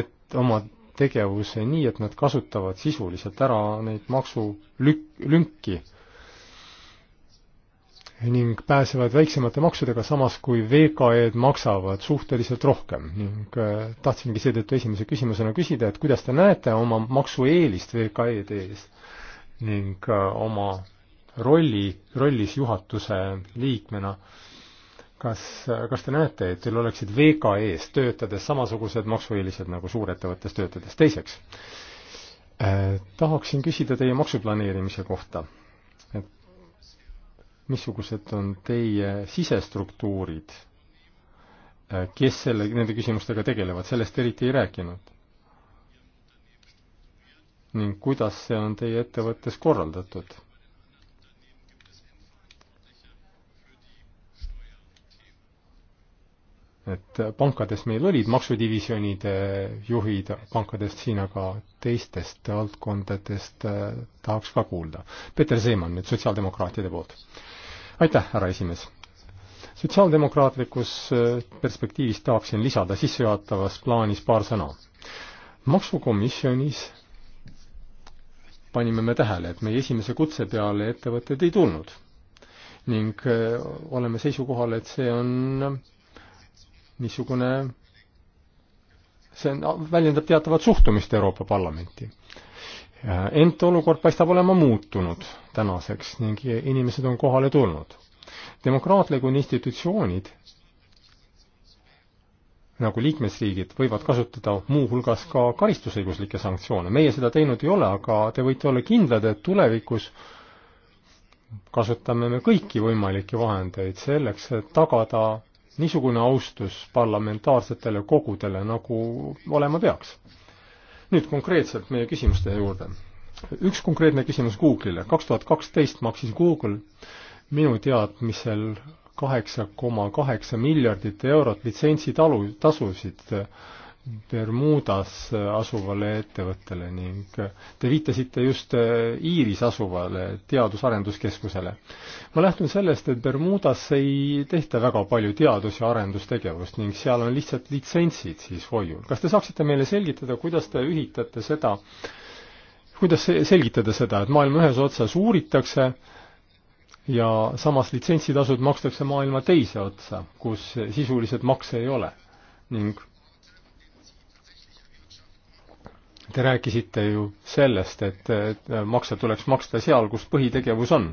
et oma tegevuse nii, et nad kasutavad sisuliselt ära neid maksulük-, lünki ning pääsevad väiksemate maksudega, samas kui VKE-d maksavad suhteliselt rohkem ning äh, tahtsingi seetõttu esimese küsimusena küsida, et kuidas te näete oma maksueelist VKE-de ees ning äh, oma rolli, rollis juhatuse liikmena, kas, äh, kas te näete, et teil oleksid VKE-s töötades samasugused maksueelised nagu suurettevõttes töötades? teiseks eh,, tahaksin küsida teie maksuplaneerimise kohta missugused on teie sisestruktuurid, äh, kes selle, nende küsimustega tegelevad, sellest eriti ei rääkinud. ning kuidas see on teie ettevõttes korraldatud? et pankades meil olid maksudivisjonide juhid pankadest siin, aga teistest valdkondadest äh, tahaks ka kuulda. Peeter Seeman nüüd sotsiaaldemokraatide poolt aitäh, härra esimees! sotsiaaldemokraatlikus äh, perspektiivis tahaksin lisada sissejuhatavas plaanis paar sõna. maksukomisjonis panime me tähele, et meie esimese kutse peale ettevõtted ei tulnud ning äh, oleme seisukohal, et see on äh, niisugune, see on, väljendab teatavat suhtumist Euroopa Parlamenti ent olukord paistab olema muutunud tänaseks ning inimesed on kohale tulnud. demokraatlikud institutsioonid nagu liikmesriigid võivad kasutada muuhulgas ka karistusõiguslikke sanktsioone. meie seda teinud ei ole, aga te võite olla kindlad, et tulevikus kasutame me kõiki võimalikke vahendeid selleks, et tagada niisugune austus parlamentaarsetele kogudele, nagu olema peaks nüüd konkreetselt meie küsimuste juurde. üks konkreetne küsimus Google'ile. kaks tuhat kaksteist maksis Google minu teadmisel kaheksa koma kaheksa miljardit eurot litsentsitalu, tasusid äh, Bermudas asuvale ettevõttele ning te viitasite just eh, Iiris asuvale teadus-arenduskeskusele. ma lähtun sellest, et Bermudas ei tehta väga palju teadus- ja arendustegevust ning seal on lihtsalt litsentsid siis hoiul. kas te saaksite meile selgitada, kuidas te ühitate seda, kuidas selgitada seda, et maailma ühes otsas uuritakse ja samas litsentsitasud makstakse maailma teise otsa, kus sisuliselt makse ei ole ning Te rääkisite ju sellest, et makse tuleks maksta seal, kus põhitegevus on.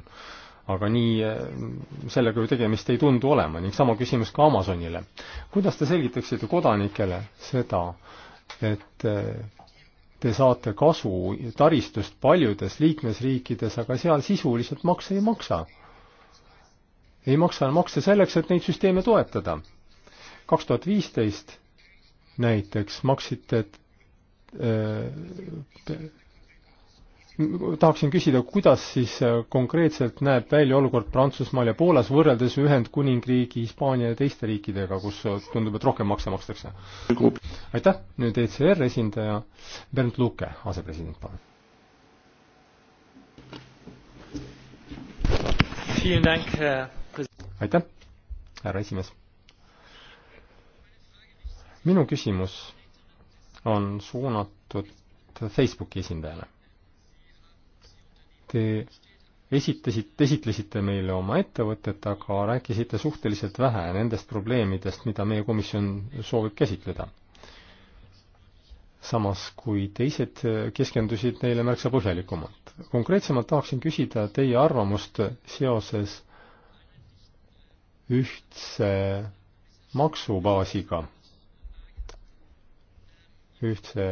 aga nii, eh, sellega ju tegemist ei tundu olema ning sama küsimus ka Amazonile. kuidas te selgitaksite kodanikele seda, et eh, te saate kasu taristust paljudes liikmesriikides, aga seal sisuliselt makse ei maksa? ei maksa makse selleks, et neid süsteeme toetada. kaks tuhat viisteist näiteks maksite Äh, tahaksin küsida, kuidas siis äh, konkreetselt näeb välja olukord Prantsusmaal ja Poolas võrreldes Ühendkuningriigi, Hispaania ja teiste riikidega, kus äh, tundub, et rohkem makse makstakse? aitäh, nüüd ECR esindaja Bernd Luke, asepresident, palun. aitäh, härra esimees. minu küsimus on suunatud Facebooki esindajale. Te esitasite, esitlesite meile oma ettevõtet, aga rääkisite suhteliselt vähe nendest probleemidest, mida meie komisjon soovib käsitleda. samas kui teised keskendusid neile märksa põhjalikumalt. konkreetsemalt tahaksin küsida teie arvamust seoses ühtse maksubaasiga ühtse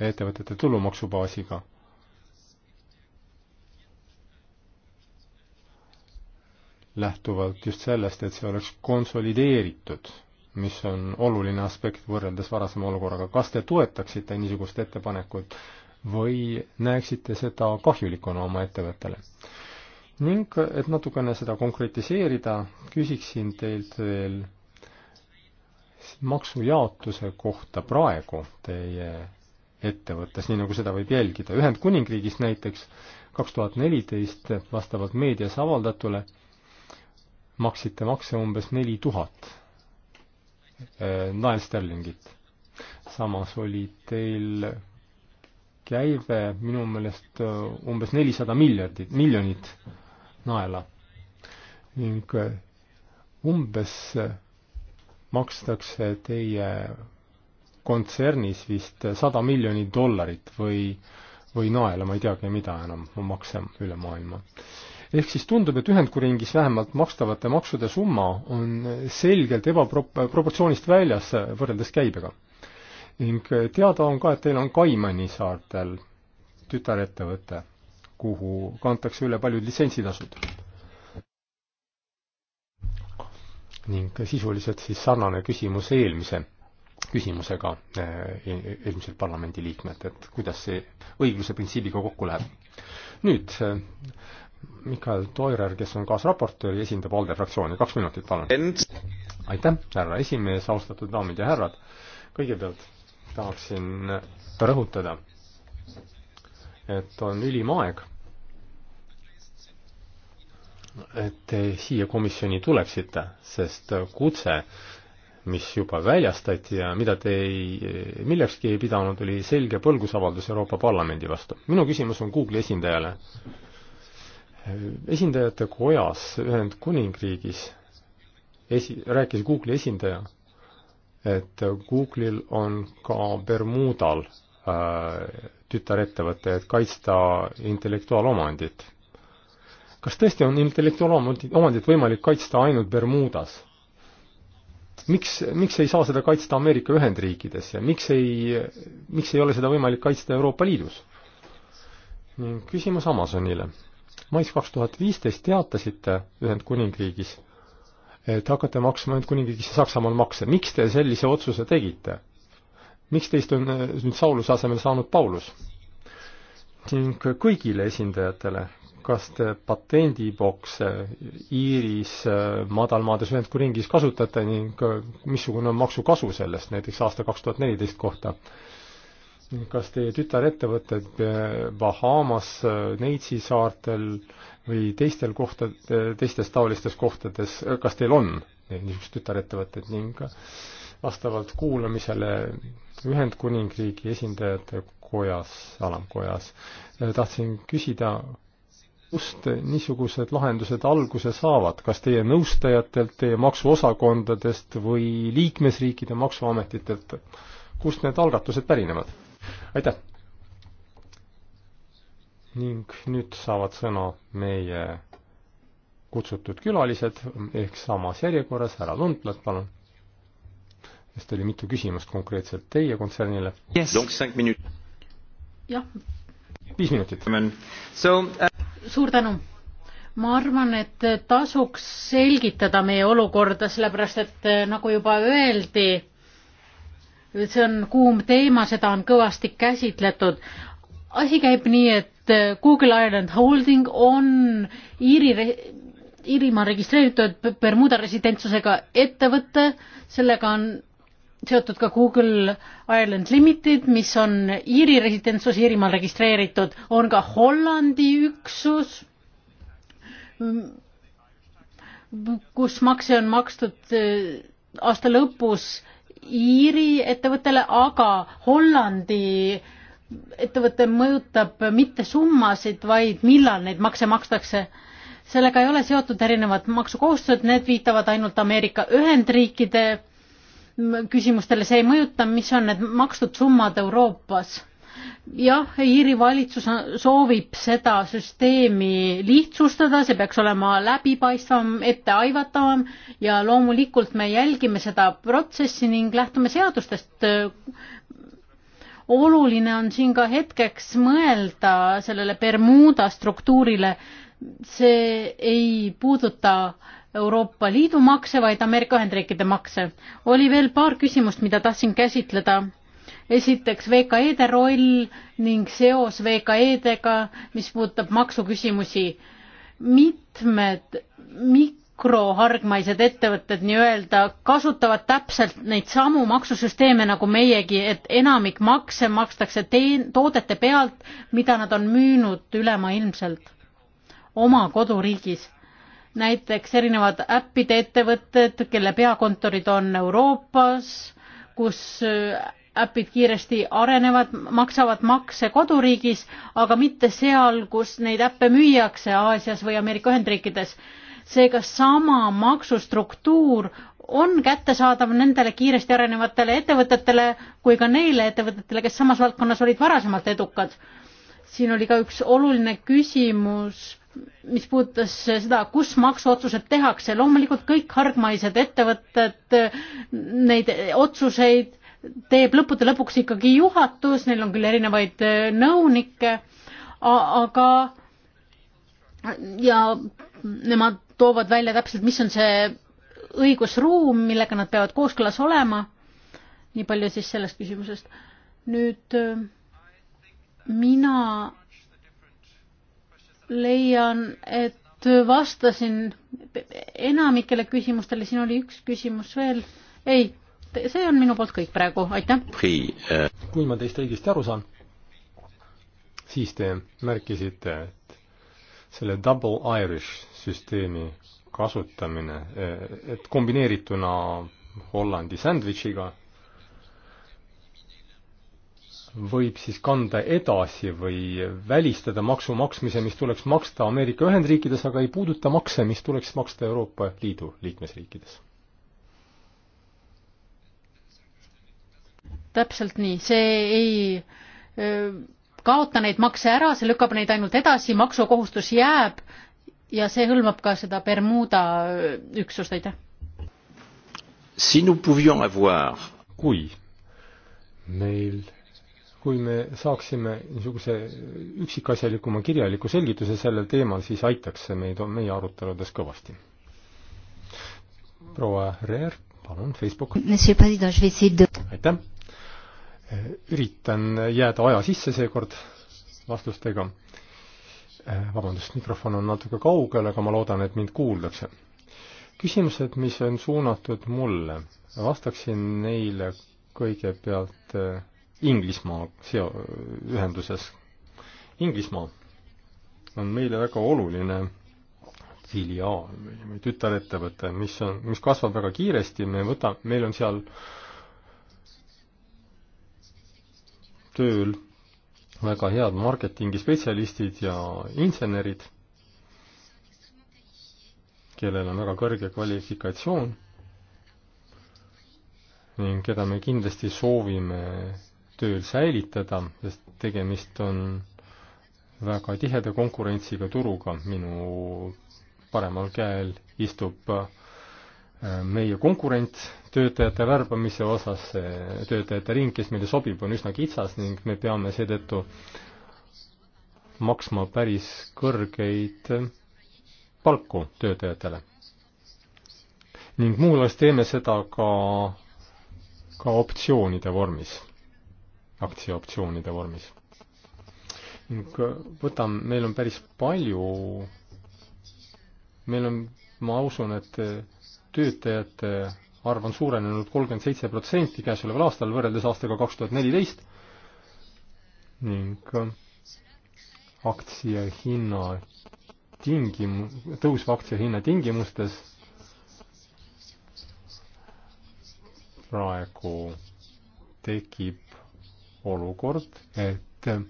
ettevõtete tulumaksubaasiga. lähtuvalt just sellest, et see oleks konsolideeritud, mis on oluline aspekt võrreldes varasema olukorraga. kas te toetaksite niisugust ettepanekut või näeksite seda kahjulikuna oma ettevõttele? ning et natukene seda konkretiseerida, küsiksin teilt veel maksujaotuse kohta praegu teie ettevõttes, nii nagu seda võib jälgida. Ühendkuningriigis näiteks kaks tuhat neliteist vastavalt meedias avaldatule maksite makse umbes neli tuhat eh, naelsterlingit. samas oli teil käive minu meelest eh, umbes nelisada miljardit, miljonit naela ning eh, umbes makstakse teie kontsernis vist sada miljonit dollarit või, või naela, ma ei teagi, mida enam, makse üle maailma. ehk siis tundub, et Ühendkuningis vähemalt makstavate maksude summa on selgelt ebaprop-, proportsioonist väljas võrreldes käibega. ning teada on ka, et teil on Kaimani saartel tütarettevõte, kuhu kantakse üle paljud litsentsitasud ning sisuliselt siis sarnane küsimus eelmise küsimusega eh, e-, eelmiselt parlamendiliikmelt, et kuidas see õigluse printsiibiga kokku läheb. nüüd eh, Mikael Toirer, kes on kaasraportöör ja esindab ALDE fraktsiooni, kaks minutit, palun. aitäh, härra esimees, austatud daamid ja härrad. kõigepealt tahaksin rõhutada, et on ülim aeg et te siia komisjoni tuleksite, sest kutse, mis juba väljastati ja mida te ei, millekski ei pidanud, oli selge põlgusavaldus Euroopa Parlamendi vastu. minu küsimus on Google'i esindajale. esindajate kojas Ühendkuningriigis esi-, rääkis Google'i esindaja, et Google'il on ka Bermudal äh, tütarettevõte, et kaitsta intellektuaalomandit kas tõesti on intellektuaalomandit võimalik kaitsta ainult Bermudas? miks, miks ei saa seda kaitsta Ameerika Ühendriikides ja miks ei, miks ei ole seda võimalik kaitsta Euroopa Liidus? ning küsimus Amazonile. mais kaks tuhat viisteist teatasite Ühendkuningriigis, et hakkate maksma Ühendkuningriigis ja Saksamaal makse. miks te sellise otsuse tegite? miks teist on nüüd Sauluse asemel saanud Paulus? ning kõigile esindajatele kas te patendibokse Iiris, madalmaades Ühendkuningis kasutate ning äh, missugune on maksukasu sellest näiteks aasta kaks tuhat neliteist kohta? kas teie tütarettevõtted äh, Bahamas, äh, Neitsi saartel või teistel kohtad, teistes taolistes kohtades, kas teil on niisugused tütarettevõtted ning vastavalt kuulamisele Ühendkuningriigi esindajate kojas, alamkojas, tahtsin küsida, kust niisugused lahendused alguse saavad, kas teie nõustajatelt, teie maksuosakondadest või liikmesriikide maksuametitelt, kust need algatused pärinevad? aitäh! ning nüüd saavad sõna meie kutsutud külalised ehk samas järjekorras, härra Lundblad, palun. sest oli mitu küsimust konkreetselt teie kontsernile yes.. jah, viis minutit. Uh, suur tänu. ma arvan, et tasuks selgitada meie olukorda, sellepärast et eh, nagu juba öeldi, see on kuum teema, seda on kõvasti käsitletud. asi käib nii, et eh, Google Ireland Holding on Iiri Iirimaa registreeritud Bermuda residentsusega ettevõte, sellega on seotud ka Google Ireland Limited, mis on Iiri residentsus, Iirimaal registreeritud, on ka Hollandi üksus, kus makse on makstud äh, aasta lõpus Iiri ettevõttele, aga Hollandi ettevõte mõjutab mitte summasid, vaid millal neid makse makstakse. sellega ei ole seotud erinevad maksukohustused, need viitavad ainult Ameerika Ühendriikide küsimustele, see ei mõjuta, mis on need makstud summad Euroopas. jah, Iiri valitsus soovib seda süsteemi lihtsustada, see peaks olema läbipaistvam, etteaivatavam ja loomulikult me jälgime seda protsessi ning lähtume seadustest. oluline on siin ka hetkeks mõelda sellele Bermuda struktuurile, see ei puuduta äh, Euroopa Liidu makse, vaid Ameerika Ühendriikide makse. oli veel paar küsimust, mida tahtsin käsitleda. esiteks VKE-de roll ning seos VKE-dega, mis puudutab maksuküsimusi. mitmed mikrohargmaised ettevõtted nii-öelda kasutavad täpselt neid samu maksusüsteeme nagu meiegi, et enamik makse makstakse teen-, toodete pealt, mida nad on müünud ülemaailmselt oma koduriigis näiteks erinevad äppide ettevõtted, kelle peakontorid on Euroopas, kus äpid äh, kiiresti arenevad, maksavad makse koduriigis, aga mitte seal, kus neid äppe müüakse Aasias või Ameerika Ühendriikides. seega sama maksustruktuur on kättesaadav nendele kiiresti arenevatele ettevõtetele kui ka neile ettevõtetele, kes samas valdkonnas olid varasemalt edukad. siin oli ka üks oluline küsimus mis puudutas seda, kus maksuotsused tehakse, loomulikult kõik hargmaised ettevõtted neid otsuseid teeb lõppude lõpuks ikkagi juhatus, neil on küll erinevaid äh, nõunikke, aga ja nemad toovad välja täpselt, mis on see õigusruum, millega nad peavad kooskõlas olema. nii palju siis sellest küsimusest. nüüd äh, mina leian, et vastasin enamikele küsimustele, siin oli üks küsimus veel. ei, see on minu poolt kõik praegu, aitäh. Äh. kui ma teist õigesti aru saan, siis te märkisite, et selle double Irish süsteemi kasutamine, äh, et kombineerituna Hollandi sandwichiga võib siis kanda edasi või välistada maksu maksmise, mis tuleks maksta Ameerika Ühendriikides, aga ei puuduta makse, mis tuleks maksta Euroopa Liidu liikmesriikides. täpselt nii, see ei kaota neid makse ära, see lükkab neid ainult edasi, maksukohustus jääb ja see hõlmab ka seda Bermuda üksust, aitäh. si nous pouvions avoir kui meil kui me saaksime niisuguse üksikasjalikuma kirjaliku selgituse sellel teemal, siis aitaks see meid meie aruteludes kõvasti. proua Reer, palun, Facebook. aitäh. üritan jääda aja sisse seekord vastustega. vabandust, mikrofon on natuke kaugel, aga ma loodan, et mind kuuldakse. küsimused, mis on suunatud mulle, vastaksin neile kõigepealt Inglismaa seo-, ühenduses. Inglismaa on meile väga oluline filiaal või, või tütarettevõte, mis on, mis kasvab väga kiiresti, me võta-, meil on seal tööl väga head marketingispetsialistid ja insenerid, kellel on väga kõrge kvalifikatsioon ning keda me kindlasti soovime tööl säilitada, sest tegemist on väga tiheda konkurentsiga turuga. minu paremal käel istub äh, meie konkurent töötajate värbamise osas, see töötajate ring, kes meile sobib, on üsna kitsas ning me peame seetõttu maksma päris kõrgeid palku töötajatele. ning muuhulgas teeme seda ka, ka optsioonide vormis aktsiaoptsioonide vormis. ning äh, võtame, meil on päris palju, meil on, ma usun, et äh, töötajate arv on suurenenud kolmkümmend seitse protsenti käesoleval aastal võrreldes aastaga kaks tuhat neliteist ning äh, aktsiahinna tingim-, tõusva aktsiahinna tingimustes praegu tekib olukord, et äh,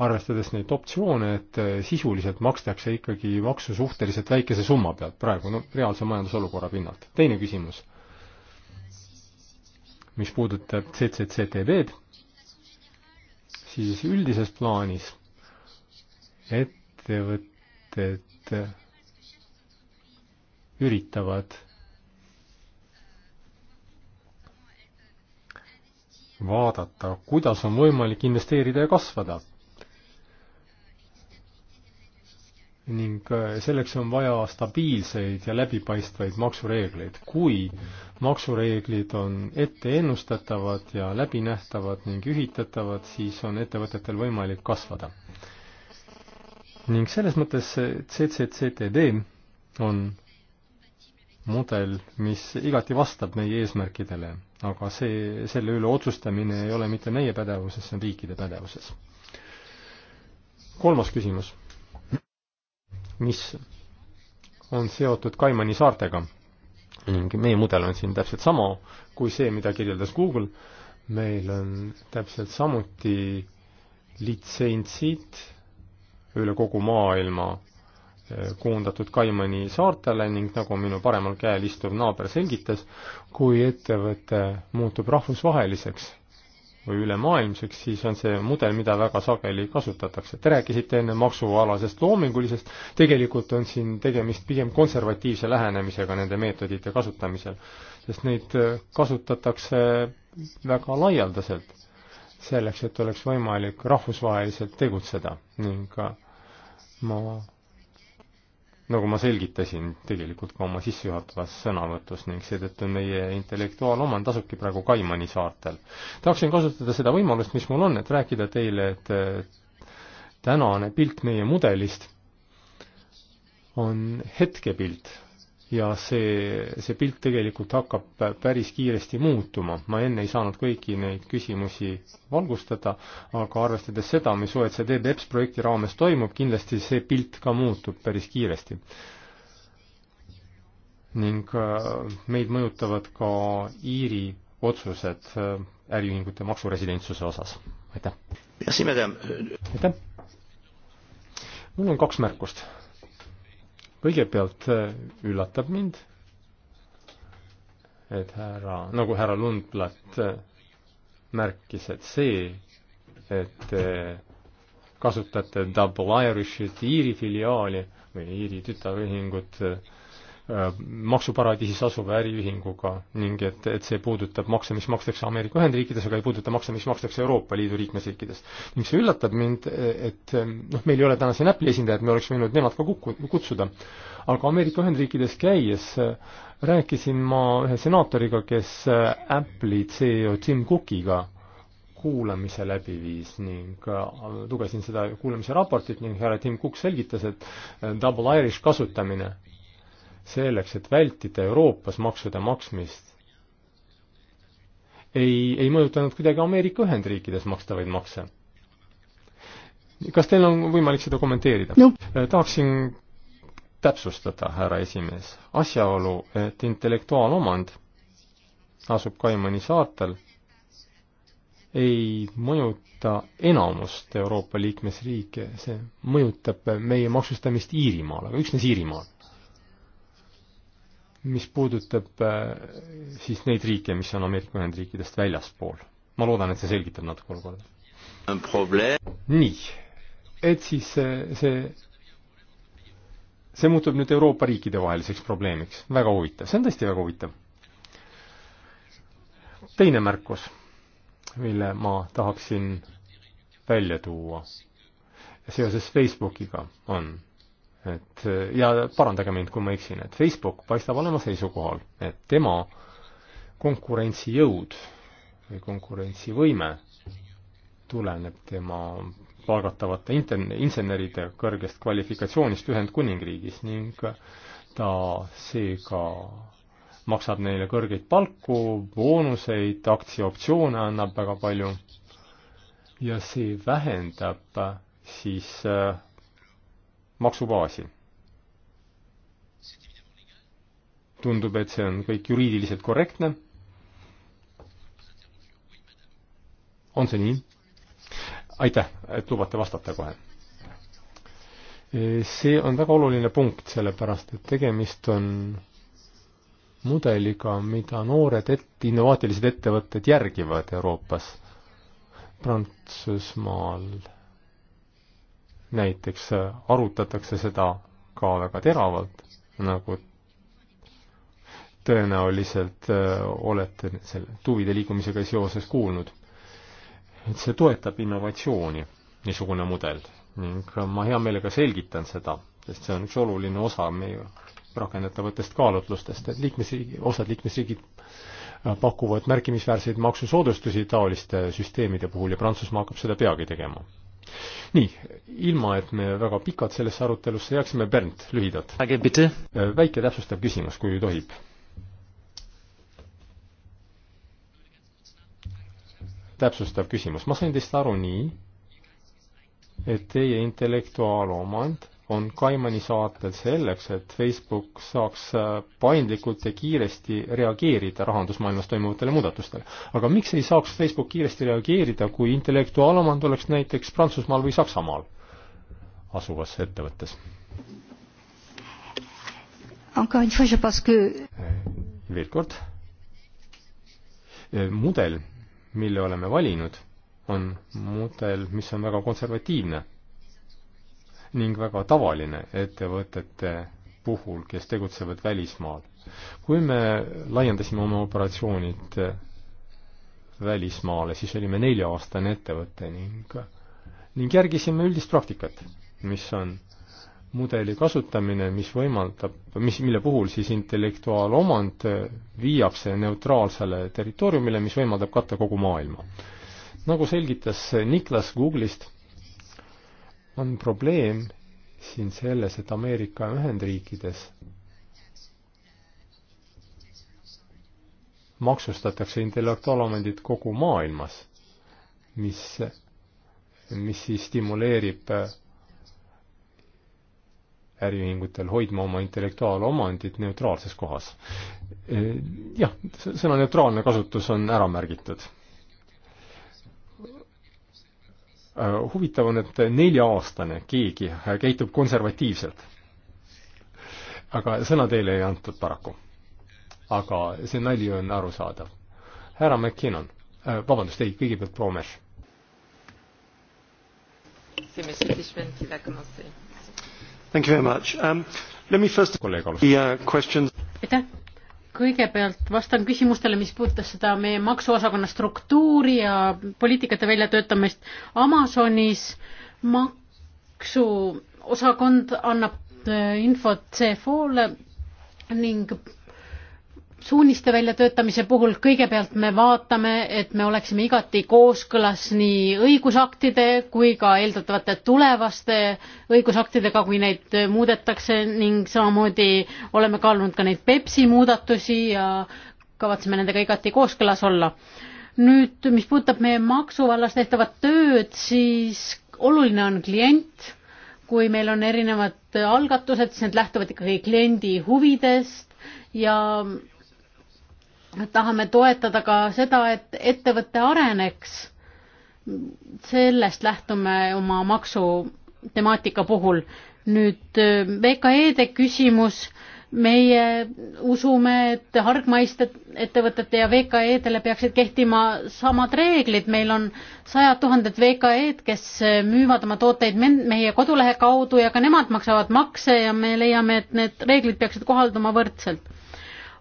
arvestades neid optsioone, et äh, sisuliselt makstakse ikkagi maksu suhteliselt väikese summa pealt praegu, no reaalse majandusolukorra pinnalt. teine küsimus, mis puudutab CCCTV-d, siis üldises plaanis ettevõtted äh, üritavad vaadata, kuidas on võimalik investeerida ja kasvada. ning äh, selleks on vaja stabiilseid ja läbipaistvaid maksureegleid. kui maksureeglid on ette ennustatavad ja läbinähtavad ning ühitatavad, siis on ettevõtetel võimalik kasvada. ning selles mõttes CCCTD on mudel, mis igati vastab meie eesmärkidele aga see, selle üle otsustamine ei ole mitte meie pädevuses, see on riikide pädevuses. kolmas küsimus, mis on seotud Kaimani saartega ning meie mudel on siin täpselt sama kui see, mida kirjeldas Google, meil on täpselt samuti litsentsid üle kogu maailma koondatud Kaimani saartele ning nagu minu paremal käel istuv naaber selgitas, kui ettevõte muutub rahvusvaheliseks või ülemaailmseks, siis on see mudel, mida väga sageli kasutatakse. Te rääkisite enne maksualasest loomingulisest, tegelikult on siin tegemist pigem konservatiivse lähenemisega nende meetodite kasutamisel, sest neid äh, kasutatakse väga laialdaselt, selleks et oleks võimalik rahvusvaheliselt tegutseda ning äh, ma nagu ma selgitasin tegelikult ka oma sissejuhatavas sõnavõtus ning seetõttu meie intellektuaalomand asubki praegu Kaimani saartel. tahaksin kasutada seda võimalust, mis mul on, et rääkida teile, et tänane pilt meie mudelist on hetkepilt ja see, see pilt tegelikult hakkab päris kiiresti muutuma. ma enne ei saanud kõiki neid küsimusi valgustada, aga arvestades seda, mis OECD BEPS projekti raames toimub, kindlasti see pilt ka muutub päris kiiresti. ning äh, meid mõjutavad ka Iiri otsused äh, äriühingute maksuresidentsuse osas. aitäh! aitäh! mul on kaks märkust kõigepealt äh, üllatab mind, et härra, nagu härra Lundblad äh, märkis, et see, et äh, kasutate Double Irishit, Iiri filiaali või Iiri tütarühingut äh, Äh, maksuparadiisis asuva äriühinguga ning et, et see puudutab makse, mis makstakse Ameerika Ühendriikides, aga ei puuduta makse, mis makstakse Euroopa Liidu liikmesriikides. ning see üllatab mind, et noh, meil ei ole täna siin Apple'i esindajat, me oleks võinud nemad ka kukku, kutsuda. aga Ameerika Ühendriikides käies äh, rääkisin ma ühe senaatoriga, kes äh, Apple'i CEO Tim Cookiga kuulamise läbi viis ning lugesin seda kuulamise raportit ning härra Tim Cook selgitas, et Double Irish kasutamine selleks, et vältida Euroopas maksude maksmist, ei, ei mõjutanud kuidagi Ameerika Ühendriikides makstavaid makse. kas teil on võimalik seda kommenteerida no.? Äh, tahaksin täpsustada, härra esimees, asjaolu, et intellektuaalomand asub Kaimani saartel, ei mõjuta enamust Euroopa liikmesriike, see mõjutab meie maksustamist Iirimaal, aga üksnes Iirimaal mis puudutab äh, siis neid riike, mis on Ameerika Ühendriikidest väljaspool. ma loodan, et see selgitab natuke olukorda. nii, et siis see, äh, see, see muutub nüüd Euroopa riikide vaheliseks probleemiks. väga huvitav, see on tõesti väga huvitav. teine märkus, mille ma tahaksin välja tuua seoses Facebookiga, on et eh, ja parandage mind, kui ma eksin, et Facebook paistab olema seisukohal, et tema konkurentsijõud või konkurentsivõime tuleneb tema palgatavate intern-, inseneride kõrgest kvalifikatsioonist Ühendkuningriigis ning ta seega maksab neile kõrgeid palku, boonuseid, aktsiaoptsioone annab väga palju ja see vähendab siis äh, maksubaasi. tundub, et see on kõik juriidiliselt korrektne. on see nii? aitäh, et lubate vastata kohe. see on väga oluline punkt, sellepärast et tegemist on mudeliga, mida noored et-, innovaatilised ettevõtted järgivad Euroopas. Prantsusmaal näiteks äh, arutatakse seda ka väga teravalt, nagu tõenäoliselt äh, olete selle tuvide liikumisega seoses kuulnud. et see toetab innovatsiooni, niisugune mudel ning ma hea meelega selgitan seda, sest see on üks oluline osa meie rakendatavatest kaalutlustest, et liikmesriigi, osad liikmesriigid äh, pakuvad märkimisväärseid maksusoodustusi taoliste süsteemide puhul ja Prantsusmaa hakkab seda peagi tegema nii, ilma et me väga pikalt sellesse arutelusse jääksime, Bernd, lühidalt. Äh, väike täpsustav küsimus, kui tohib. täpsustav küsimus, ma sain teist aru nii, et teie intellektuaalomand on Kaimani saartel selleks, et Facebook saaks äh, paindlikult ja kiiresti reageerida rahandusmaailmas toimuvatele muudatustele. aga miks ei saaks Facebook kiiresti reageerida, kui intellektuaalomand oleks näiteks Prantsusmaal või Saksamaal asuvas ettevõttes? Äh, veel kord, äh, mudel, mille oleme valinud, on mudel, mis on väga konservatiivne ning väga tavaline ettevõtete puhul, kes tegutsevad välismaal. kui me laiendasime oma operatsioonid välismaale, siis olime nelja-aastane ettevõte ning, ning järgisime üldist praktikat, mis on mudeli kasutamine, mis võimaldab, mis, mille puhul siis intellektuaalomand viiakse neutraalsele territooriumile, mis võimaldab katta kogu maailma. nagu selgitas Niklas Google'ist on probleem siin selles, et Ameerika Ühendriikides maksustatakse intellektuaalomandit kogu maailmas, mis, mis siis stimuleerib äriühingutel hoidma oma intellektuaalomandit neutraalses kohas. Eh, jah, sõna neutraalne kasutus on ära märgitud Äh, huvitav on, et nelja-aastane keegi käitub konservatiivselt. aga sõna teile ei antud paraku. aga see nali on arusaadav. härra McKinnon, äh, vabandust, ei, kõigepealt Proomes. Thank you very much. Um, let me first the uh, questions. aitäh kõigepealt vastan küsimustele, mis puudutas seda meie maksuosakonna struktuuri ja poliitikate väljatöötamist. Amazonis maksuosakond annab äh, infot CFO-le ning suuniste väljatöötamise puhul kõigepealt me vaatame, et me oleksime igati kooskõlas nii õigusaktide kui ka eeldatavate tulevaste õigusaktidega, kui neid muudetakse ning samamoodi oleme kaalunud ka neid Pepsi muudatusi ja kavatseme nendega igati kooskõlas olla. nüüd, mis puudutab meie maksuvallas tehtavat tööd, siis oluline on klient, kui meil on erinevad algatused, siis need lähtuvad ikkagi kliendi huvidest ja tahame toetada ka seda, et ettevõte areneks. sellest lähtume oma maksutemaatika puhul. nüüd VKE-de küsimus, meie usume, et hargmaiste ettevõtete ja VKE-dele peaksid kehtima samad reeglid, meil on sajad tuhanded VKE-d, kes müüvad oma tooteid meie kodulehe kaudu ja ka nemad maksavad makse ja me leiame, et need reeglid peaksid kohalduma võrdselt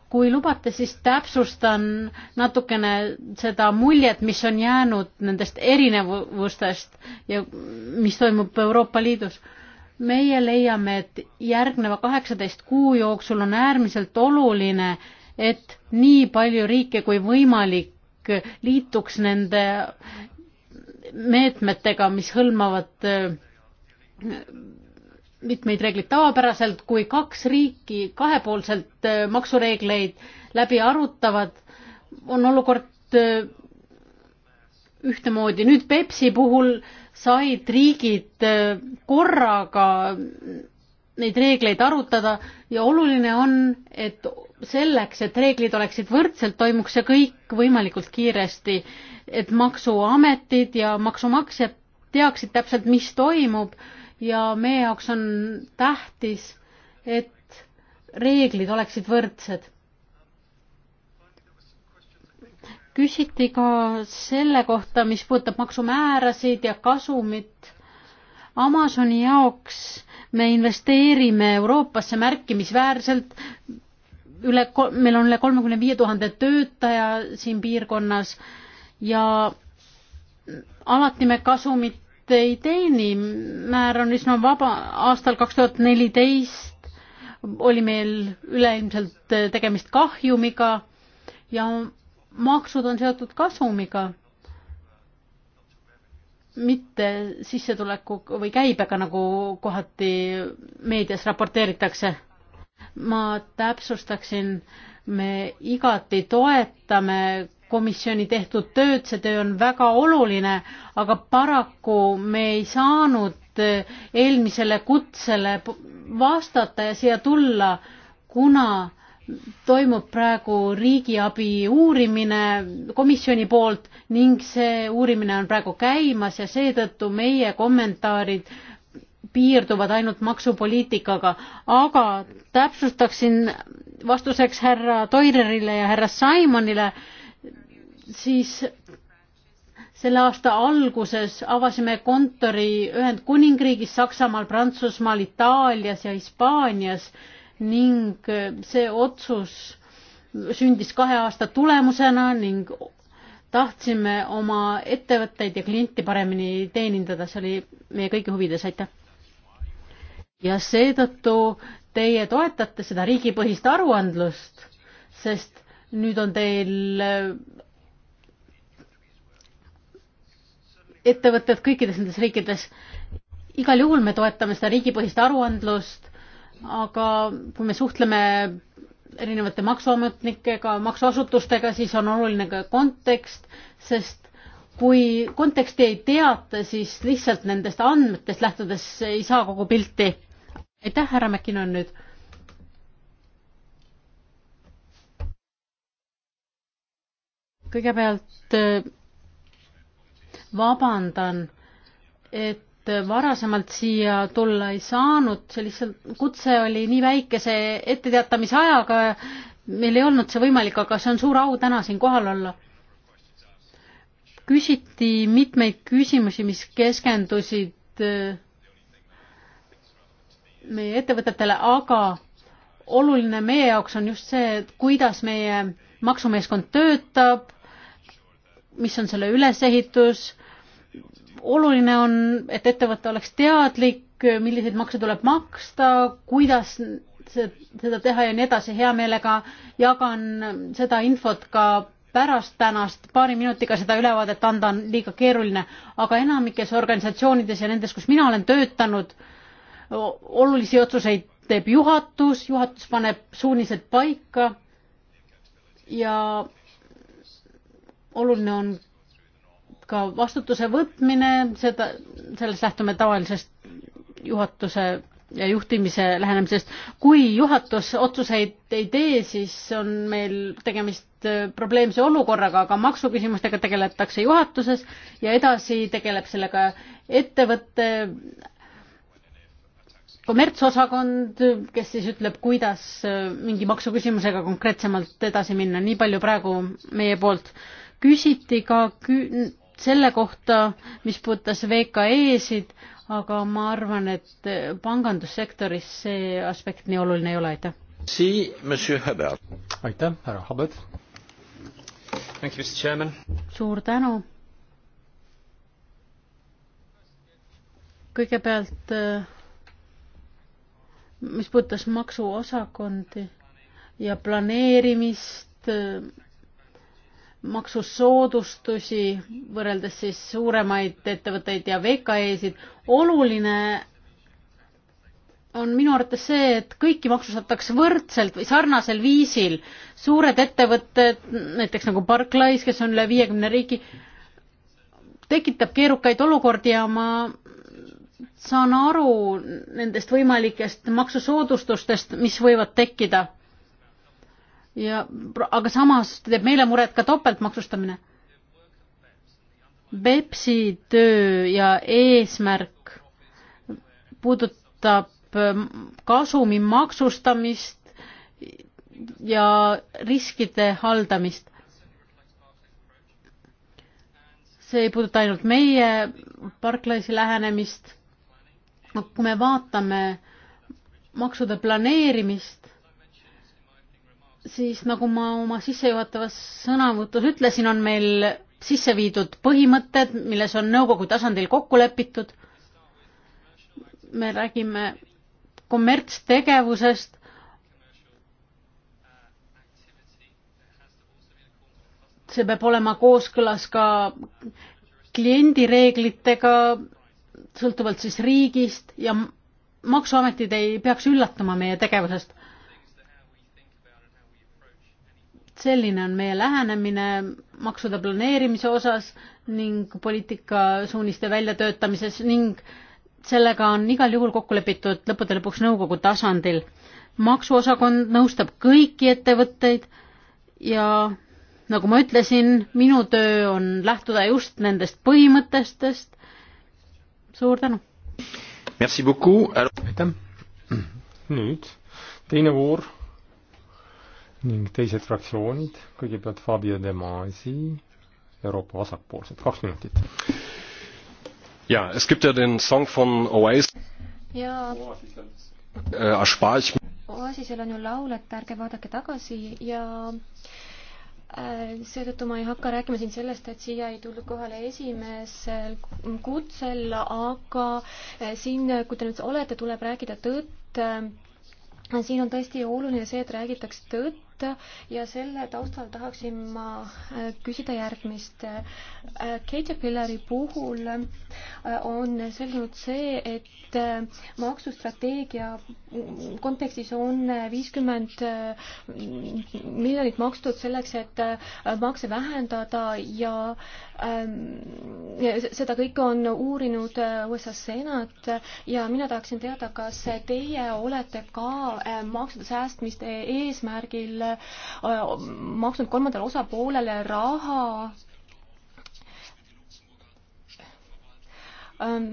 kui lubate, siis täpsustan natukene seda muljet, mis on jäänud nendest erinevustest ja mis toimub Euroopa Liidus. meie leiame, et järgneva kaheksateist kuu jooksul on äärmiselt oluline, et nii palju riike kui võimalik liituks nende meetmetega, mis hõlmavad mitmeid reegleid tavapäraselt, kui kaks riiki kahepoolselt äh, maksureegleid läbi arutavad, on olukord äh, ühtemoodi. nüüd Pepsi puhul said riigid äh, korraga neid reegleid arutada ja oluline on, et selleks, et reeglid oleksid võrdselt, toimuks see kõik võimalikult kiiresti, et maksuametid ja maksumaksjad teaksid täpselt, mis toimub ja meie jaoks on tähtis, et reeglid oleksid võrdsed. küsiti ka selle kohta, mis puudutab maksumäärasid ja kasumit. Amazoni jaoks me investeerime Euroopasse märkimisväärselt, üle, meil on üle kolmekümne viie tuhande töötaja siin piirkonnas ja alati me kasumit eest ei teeni, määr on üsna vaba, aastal kaks tuhat neliteist oli meil üleilmselt eh, tegemist kahjumiga ja maksud on seotud kasumiga, mitte sissetuleku või käibega, nagu kohati meedias raporteeritakse. ma täpsustaksin, me igati toetame komisjoni tehtud tööd, see töö on väga oluline, aga paraku me ei saanud eelmisele kutsele vastata ja siia tulla, kuna toimub praegu riigiabi uurimine komisjoni poolt ning see uurimine on praegu käimas ja seetõttu meie kommentaarid piirduvad ainult maksupoliitikaga, aga täpsustaksin vastuseks härra Toilerile ja härra Simonile, siis selle aasta alguses avasime kontori Ühendkuningriigis, Saksamaal, Prantsusmaal, Itaalias ja Hispaanias ning see otsus sündis kahe aasta tulemusena ning tahtsime oma ettevõtteid ja klienti paremini teenindada, see oli meie kõigi huvides, aitäh. ja seetõttu teie toetate seda riigipõhist aruandlust, sest nüüd on teil ettevõtted kõikides nendes riikides. igal juhul me toetame seda riigipõhist aruandlust, aga kui me suhtleme erinevate maksuametnikega, maksuasutustega, siis on oluline ka kontekst, sest kui konteksti ei teata, siis lihtsalt nendest andmetest lähtudes ei saa kogu pilti. aitäh, härra Mäkinon nüüd. kõigepealt vabandan, et varasemalt siia tulla ei saanud, see lihtsalt, kutse oli nii väikese etteteatamise ajaga, meil ei olnud see võimalik, aga see on suur au täna siin kohal olla. küsiti mitmeid küsimusi, mis keskendusid äh, meie ettevõtetele, aga oluline meie jaoks on just see, et kuidas meie maksumeeskond töötab mis on selle ülesehitus. oluline on, et ettevõte oleks teadlik, milliseid makse tuleb maksta, kuidas seda teha ja nii edasi. hea meelega jagan seda infot ka pärast tänast paari minutiga seda ülevaadet anda on liiga keeruline, aga enamikes organisatsioonides ja nendes, kus mina olen töötanud, olulisi otsuseid teeb juhatus, juhatus paneb suunised paika ja oluline on ka vastutuse võtmine, seda, sellest lähtume tavalisest juhatuse ja juhtimise lähenemisest. kui juhatus otsuseid ei tee, siis on meil tegemist äh, probleemse olukorraga, aga maksuküsimustega tegeletakse juhatuses ja edasi tegeleb sellega ettevõtte kommertsosakond, kes siis ütleb, kuidas äh, mingi maksuküsimusega konkreetsemalt edasi minna. nii palju praegu meie poolt küsiti ka kü selle kohta, mis puudutas VKE-sid, aga ma arvan, et pangandussektoris see aspekt nii oluline ei ole, aitäh. aitäh, härra Habet. suur tänu. kõigepealt, mis puudutas maksuosakondi ja planeerimist, maksusoodustusi võrreldes siis suuremaid ettevõtteid ja VKE-sid. oluline on minu arvates see, et kõiki maksustatakse võrdselt või sarnasel viisil. suured ettevõtted, näiteks nagu Barclays, kes on üle viiekümne riigi, tekitab keerukaid olukordi ja ma saan aru nendest võimalikest maksusoodustustest, mis võivad tekkida ja aga samas teeb meile muret ka topeltmaksustamine. Bepsi töö ja eesmärk puudutab ähm, kasumi maksustamist ja riskide haldamist. see ei puuduta ainult meie Barclaysi lähenemist. kui me vaatame maksude planeerimist, siis nagu ma oma sissejuhatavas sõnavõtus ütlesin, on meil sisse viidud põhimõtted, milles on nõukogu tasandil kokku lepitud. me räägime kommertstegevusest. see peab olema kooskõlas ka kliendireeglitega, sõltuvalt siis riigist ja maksuametid ei peaks üllatuma meie tegevusest selline on meie lähenemine maksude planeerimise osas ning poliitikasuuniste väljatöötamises ning sellega on igal juhul kokku lepitud lõppude lõpuks nõukogu tasandil. maksuosakond nõustab kõiki ettevõtteid ja nagu ma ütlesin, minu töö on lähtuda just nendest põhimõtetest. suur tänu! aitäh! nüüd teine voor ning teised fraktsioonid, kõigepealt Fabio De Masi, Euroopa vasakpoolsed, kaks minutit. ja, es gibt ja den Song von Oasis. ja. Äh, Oasisel on ju laul, et ärge vaadake tagasi ja äh, seetõttu ma ei hakka rääkima siin sellest, et siia ei tulnud kohale esimesel kutsel, aga äh, siin, kui te nüüd olete, tuleb rääkida tõtt. siin on tõesti oluline see, et räägitakse tõtt võtta ja selle taustal tahaksin ma äh, küsida järgmist. Caterpillari äh, puhul äh, on selgunud see, et maksustrateegia kontekstis on viiskümmend miljonit makstud selleks, et makse vähendada ja ähm, seda kõike on uurinud USA senat ja mina tahaksin teada, kas teie olete ka maksude säästmiste eesmärgil Äh, maksnud kolmandale osapoolele raha ähm,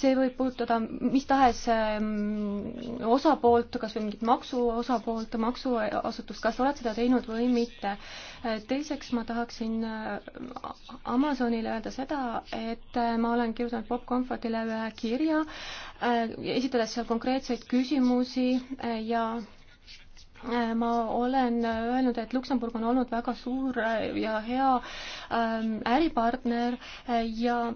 see võib puudutada mis tahes ähm, osapoolt, kas või mingit maksu osapoolt, maksuasutust, kas sa oled seda teinud või mitte. Äh, teiseks ma tahaksin äh, Amazonile öelda seda, et ma olen kirjutanud Bob Comfortile ühe kirja, esitades seal konkreetseid küsimusi ja Äh, ma olen öelnud, et Luksemburg on olnud väga suur äh, ja hea ähm, äripartner äh, ja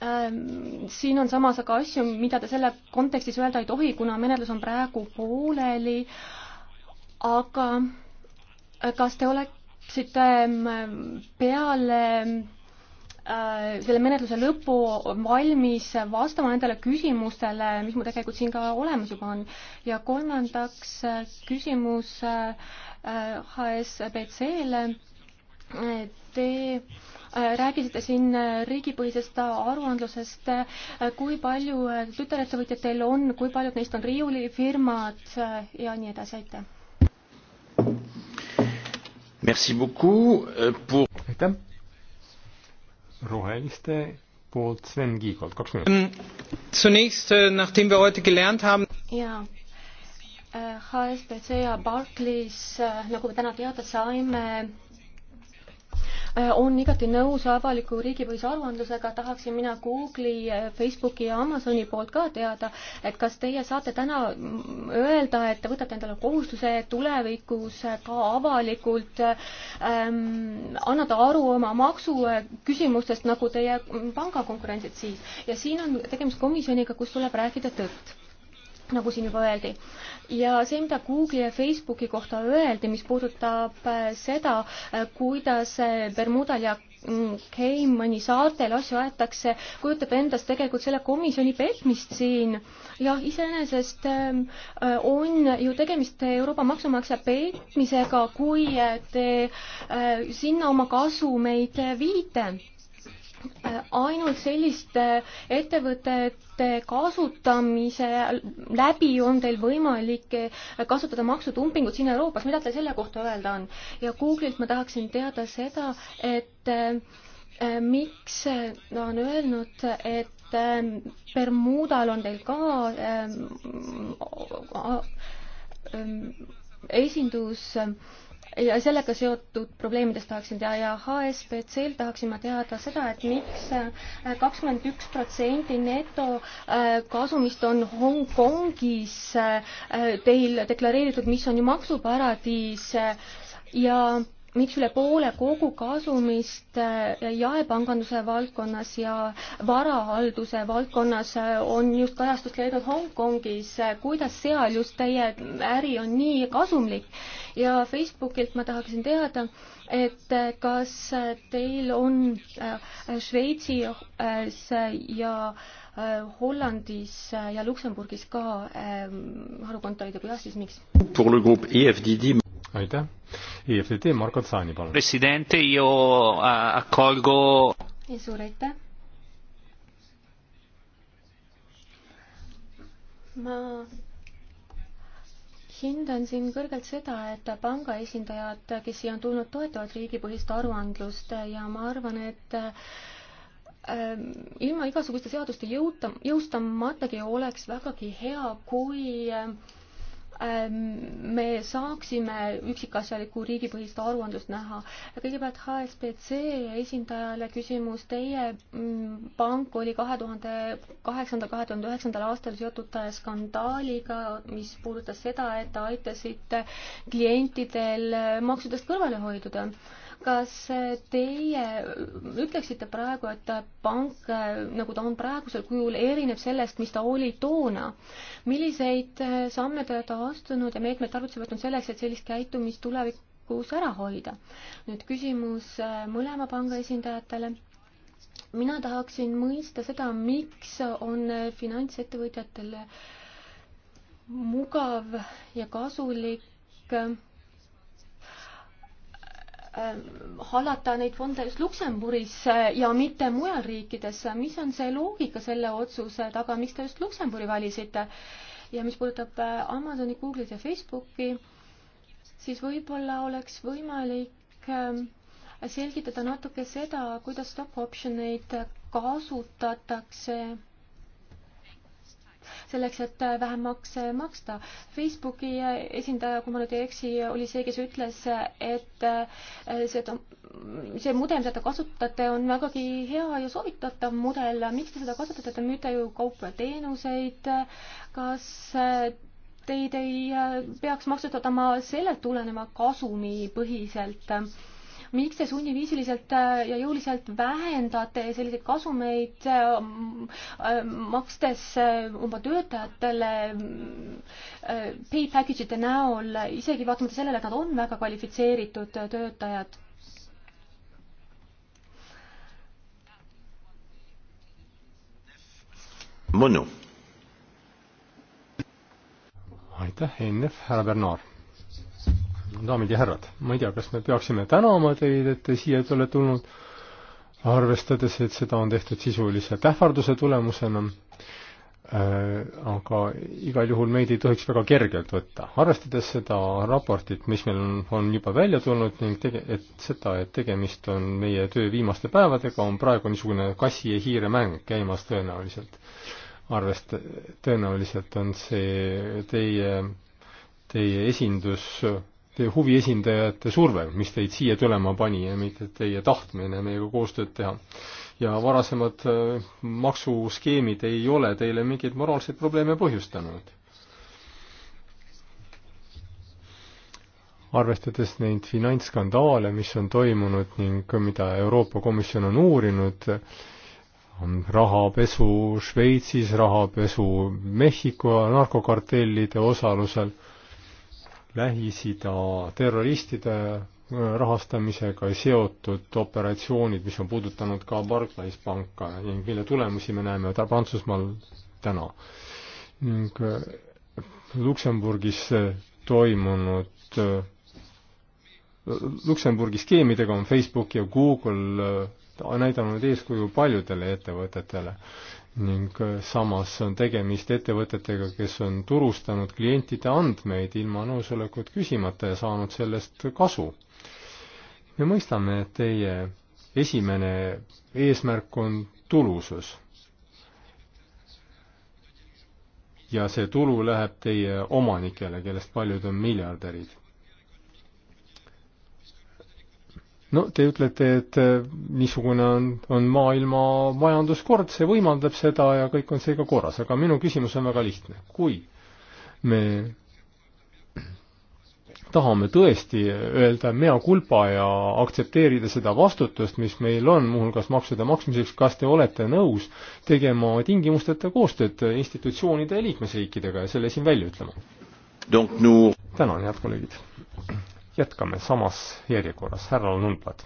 ähm, siin on samas aga asju, mida te selle kontekstis öelda ei tohi, kuna menetlus on praegu pooleli, aga kas te oleksite ähm, peale Äh, selle menetluse lõppu valmis vastama nendele küsimustele, mis mul tegelikult siin ka olemas juba on. ja kolmandaks äh, küsimus HSBC-le. Äh, te rääkisite siin riigipõhisest aruandlusest, kui palju tütarettevõtjaid teil on, kui paljud neist on riiulifirmad ja nii edasi, aitäh! aitäh! roheliste poolt Sven Kiigolt, kaks minutit. Ähm, äh, jaa, äh, HSBC ja Barclays, äh, nagu me täna teada saime, on igati nõus avaliku riigipõhise aruandlusega, tahaksin mina Google'i, Facebooki ja Amazoni poolt ka teada, et kas teie saate täna öelda, et te võtate endale kohustuse tulevikus ka avalikult ähm, annada aru oma maksuküsimustest, äh, nagu teie pangakonkurentsid siis. ja siin on tegemist komisjoniga, kus tuleb rääkida tõtt nagu siin juba öeldi. ja see, mida Google'i ja Facebooki kohta öeldi, mis puudutab äh, seda, äh, kuidas äh, Bermudal ja Keimani mm, saartel asju aetakse, kujutab endast tegelikult selle komisjoni petmist siin. jah, iseenesest ähm, on ju tegemist Euroopa maksumaksja petmisega, kui te sinna oma kasumeid viite ainult selliste ettevõtete kasutamise läbi on teil võimalik kasutada maksutumpingut siin Euroopas, mida teil selle kohta öelda on? ja Google'ilt ma tahaksin teada seda, et äh, miks ta äh, on öelnud, et äh, Bermudal on teil ka esindus ja sellega seotud probleemidest tahaksin teha ja HSBC-l tahaksin ma teada seda, et miks äh, kakskümmend üks protsenti netokasumist äh, on Hongkongis äh, teil deklareeritud, mis on ju maksuparadiis ja miks üle poole kogu kasumist äh, jaepanganduse valdkonnas ja varahalduse valdkonnas äh, on just kajastust leidnud Hongkongis, kuidas seal just teie äri on nii kasumlik ja Facebookilt ma tahaksin teada, et äh, kas teil on äh, Šveitsis äh, ja Hollandis ja Luksemburgis ka ähm, harukontorid ja kui jah, siis miks? E aitäh. EFTT Marko Tsaani, palun. president, accolgo. suur aitäh. ma hindan siin kõrgelt seda, et panga esindajad, kes siia on tulnud, toetavad riigipõhist aruandlust ja ma arvan, et ähm, ilma igasuguste seaduste jõuta, jõustamatagi oleks vägagi hea, kui äh, Ähm, me saaksime üksikasjalikku riigipõhist aruandlust näha. kõigepealt HSBC esindajale küsimus, teie mm, pank oli kahe tuhande kaheksandal, kahe tuhande üheksandal aastal seotud skandaaliga, mis puudutas seda, et te aitasite klientidel maksudest kõrvale hoiduda kas teie ütleksite praegu, et pank, nagu ta on praegusel kujul, erineb sellest, mis ta oli toona? milliseid samme te olete astunud ja meetmeid tarvitusele võtnud selleks, et sellist käitumist tulevikus ära hoida? nüüd küsimus äh, mõlema panga esindajatele mina tahaksin mõista seda, miks on finantsettevõtjatele mugav ja kasulik Ähm, hallata neid fonde just Luksemburis äh, ja mitte mujal riikides. mis on see loogika selle otsuse taga, miks te just Luksemburi valisite? ja mis puudutab äh, Amazoni, Google'it ja Facebooki, siis võib-olla oleks võimalik ähm, selgitada natuke seda, kuidas stock option eid kasutatakse selleks, et vähem makse maksta. Facebooki esindaja, kui ma nüüd ei eksi, oli see, kes ütles, et eh, seda, see mudel, mida te kasutate, on vägagi hea ja soovitatav mudel. miks te seda kasutate, te müüte ju kaupa ja teenuseid. kas eh, teid ei eh, peaks maksustatama sellest tuleneva kasumipõhiselt? miks te sunniviisiliselt äh, ja jõuliselt vähendate selliseid kasumeid, äh, äh, makstes oma töötajatele pay package ite näol, isegi vaatamata sellele, et nad on väga kvalifitseeritud töötajad? Mõnu. aitäh, e NF, härra Bernard daamid ja härrad, ma ei tea, kas me peaksime tänama teid, et te siia te olete tulnud, arvestades, et seda on tehtud sisulise tähvarduse tulemusena, äh, aga igal juhul meid ei tohiks väga kergelt võtta. arvestades seda raportit, mis meil on, on juba välja tulnud ning tege-, et seda, et tegemist on meie töö viimaste päevadega, on praegu niisugune kassi ja hiire mäng käimas tõenäoliselt. arvest-, tõenäoliselt on see teie teie esindus teie huviesindajate surve, mis teid siia tulema pani ja mitte teie tahtmine meiega koostööd teha. ja varasemad äh, maksuskeemid ei ole teile mingeid moraalseid probleeme põhjustanud. arvestades neid finantsskandaale, mis on toimunud ning mida Euroopa Komisjon on uurinud, rahapesu Šveitsis, rahapesu Mehhiko narkokartellide osalusel Lähis-Ida terroristide äh, rahastamisega seotud operatsioonid, mis on puudutanud ka Barclays panka ning mille tulemusi me näeme Prantsusmaal täna. ning äh, Luksemburgis äh, toimunud, Luksemburgi skeemidega on Facebook ja Google näidanud eeskuju paljudele ettevõtetele ning äh, samas on tegemist ettevõtetega, kes on turustanud klientide andmeid ilma nõusolekut küsimata ja saanud sellest kasu. me mõistame, et teie esimene eesmärk on tulusus. ja see tulu läheb teie omanikele, kellest paljud on miljardärid. no te ütlete, et niisugune äh, on, on maailma majanduskord, see võimaldab seda ja kõik on seega korras, aga minu küsimus on väga lihtne. kui me tahame tõesti öelda mea culpa ja aktsepteerida seda vastutust, mis meil on muuhulgas maksude maksmiseks, kas te olete nõus tegema tingimusteta koostööd institutsioonide ja liikmesriikidega ja selle siin välja ütlema? tänan, head kolleegid! jätkame samas järjekorras, härra Lundblad.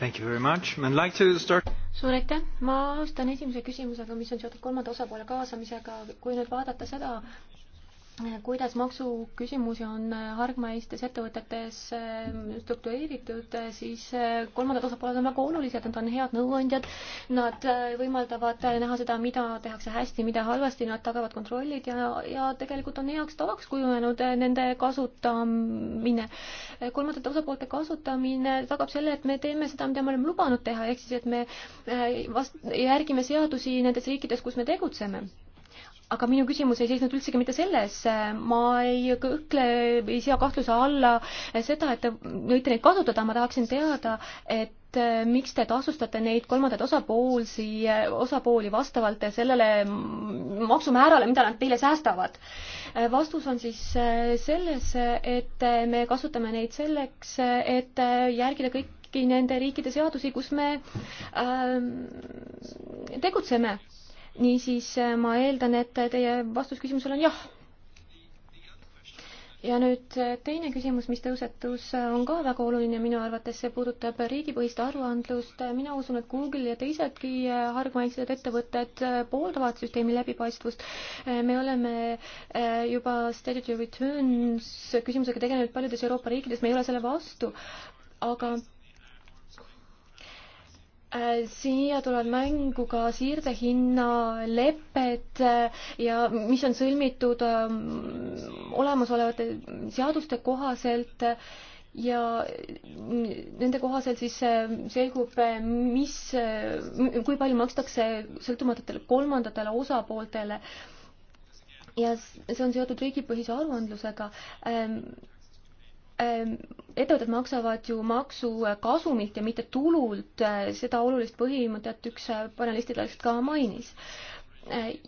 Like start... suur aitäh, ma alustan esimese küsimusega, mis on seotud kolmanda osapoole kaasamisega. kui nüüd vaadata seda, kuidas maksuküsimusi on hargmaistes ettevõtetes eh, struktureeritud, eh, siis eh, kolmandad osapooled on väga olulised, nad on head nõuandjad, nad võimaldavad näha seda, mida tehakse hästi, mida halvasti, nad tagavad kontrollid ja, ja tegelikult on heaks tavaks kujunenud nende kasutamine. kolmandate osapoolte kasutamine tagab selle, et me teeme seda, mida me oleme lubanud teha, ehk siis et me vast-, järgime seadusi nendes riikides, kus me tegutseme aga minu küsimus ei seisnud üldsegi mitte selles, ma ei kõhkle, ei sea kahtluse alla seda, et te võite neid kasutada, ma tahaksin teada, et äh, miks te tasustate neid kolmandaid osapoolsi, osapooli vastavalt sellele maksumäärale, mida nad teile säästavad? Äh, vastus on siis äh, selles, et me kasutame neid selleks, et järgida kõiki nende riikide seadusi, kus me ähm, tegutseme niisiis äh, ma eeldan, et teie vastus küsimusele on jah. ja nüüd äh, teine küsimus, mis tõusetus, äh, on ka väga oluline minu arvates, see puudutab riigipõhist aruandlust. mina usun, et Google ja teisedki hargmaised ettevõtted pooldavad süsteemi läbipaistvust. me oleme juba statutory returns küsimusega tegelenud paljudes Euroopa riikides, me ei ole selle vastu, aga Äh, siia tulevad mängu ka siirdehinna lepped äh, ja mis on sõlmitud ähm, olemasolevate seaduste kohaselt äh, ja nende kohaselt siis selgub, mis, kui palju makstakse sõltumatutele kolmandatele osapooltele. ja see on seotud riigipõhise aruandlusega ähm, Ehm, ettevõtted maksavad ju maksu eh, kasumilt ja mitte tulult, eh, seda olulist põhimõtet üks eh, panelistidest ka mainis.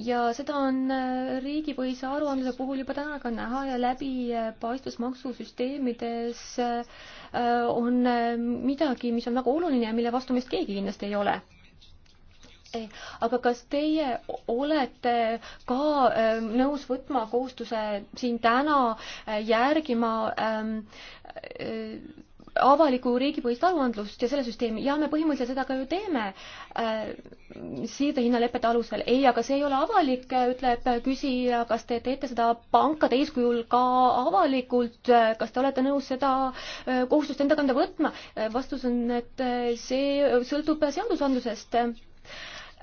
ja seda on riigipõhise aruandluse puhul juba täna ka näha ja läbipaistvus maksusüsteemides on midagi, mis on väga oluline ja mille vastu meist keegi kindlasti ei ole aga kas teie olete ka ähm, nõus võtma kohustuse siin täna äh, järgima ähm, äh, avalikku riigipõhist aruandlust ja selle süsteemi ja me põhimõtteliselt seda ka ju teeme äh, siirdehinnalepete alusel. ei, aga see ei ole avalik, äh, ütleb küsija, kas te teete seda pankade eeskujul ka avalikult, kas te olete nõus seda äh, kohustust enda kanda võtma äh,? vastus on, et äh, see sõltub seadusandlusest äh,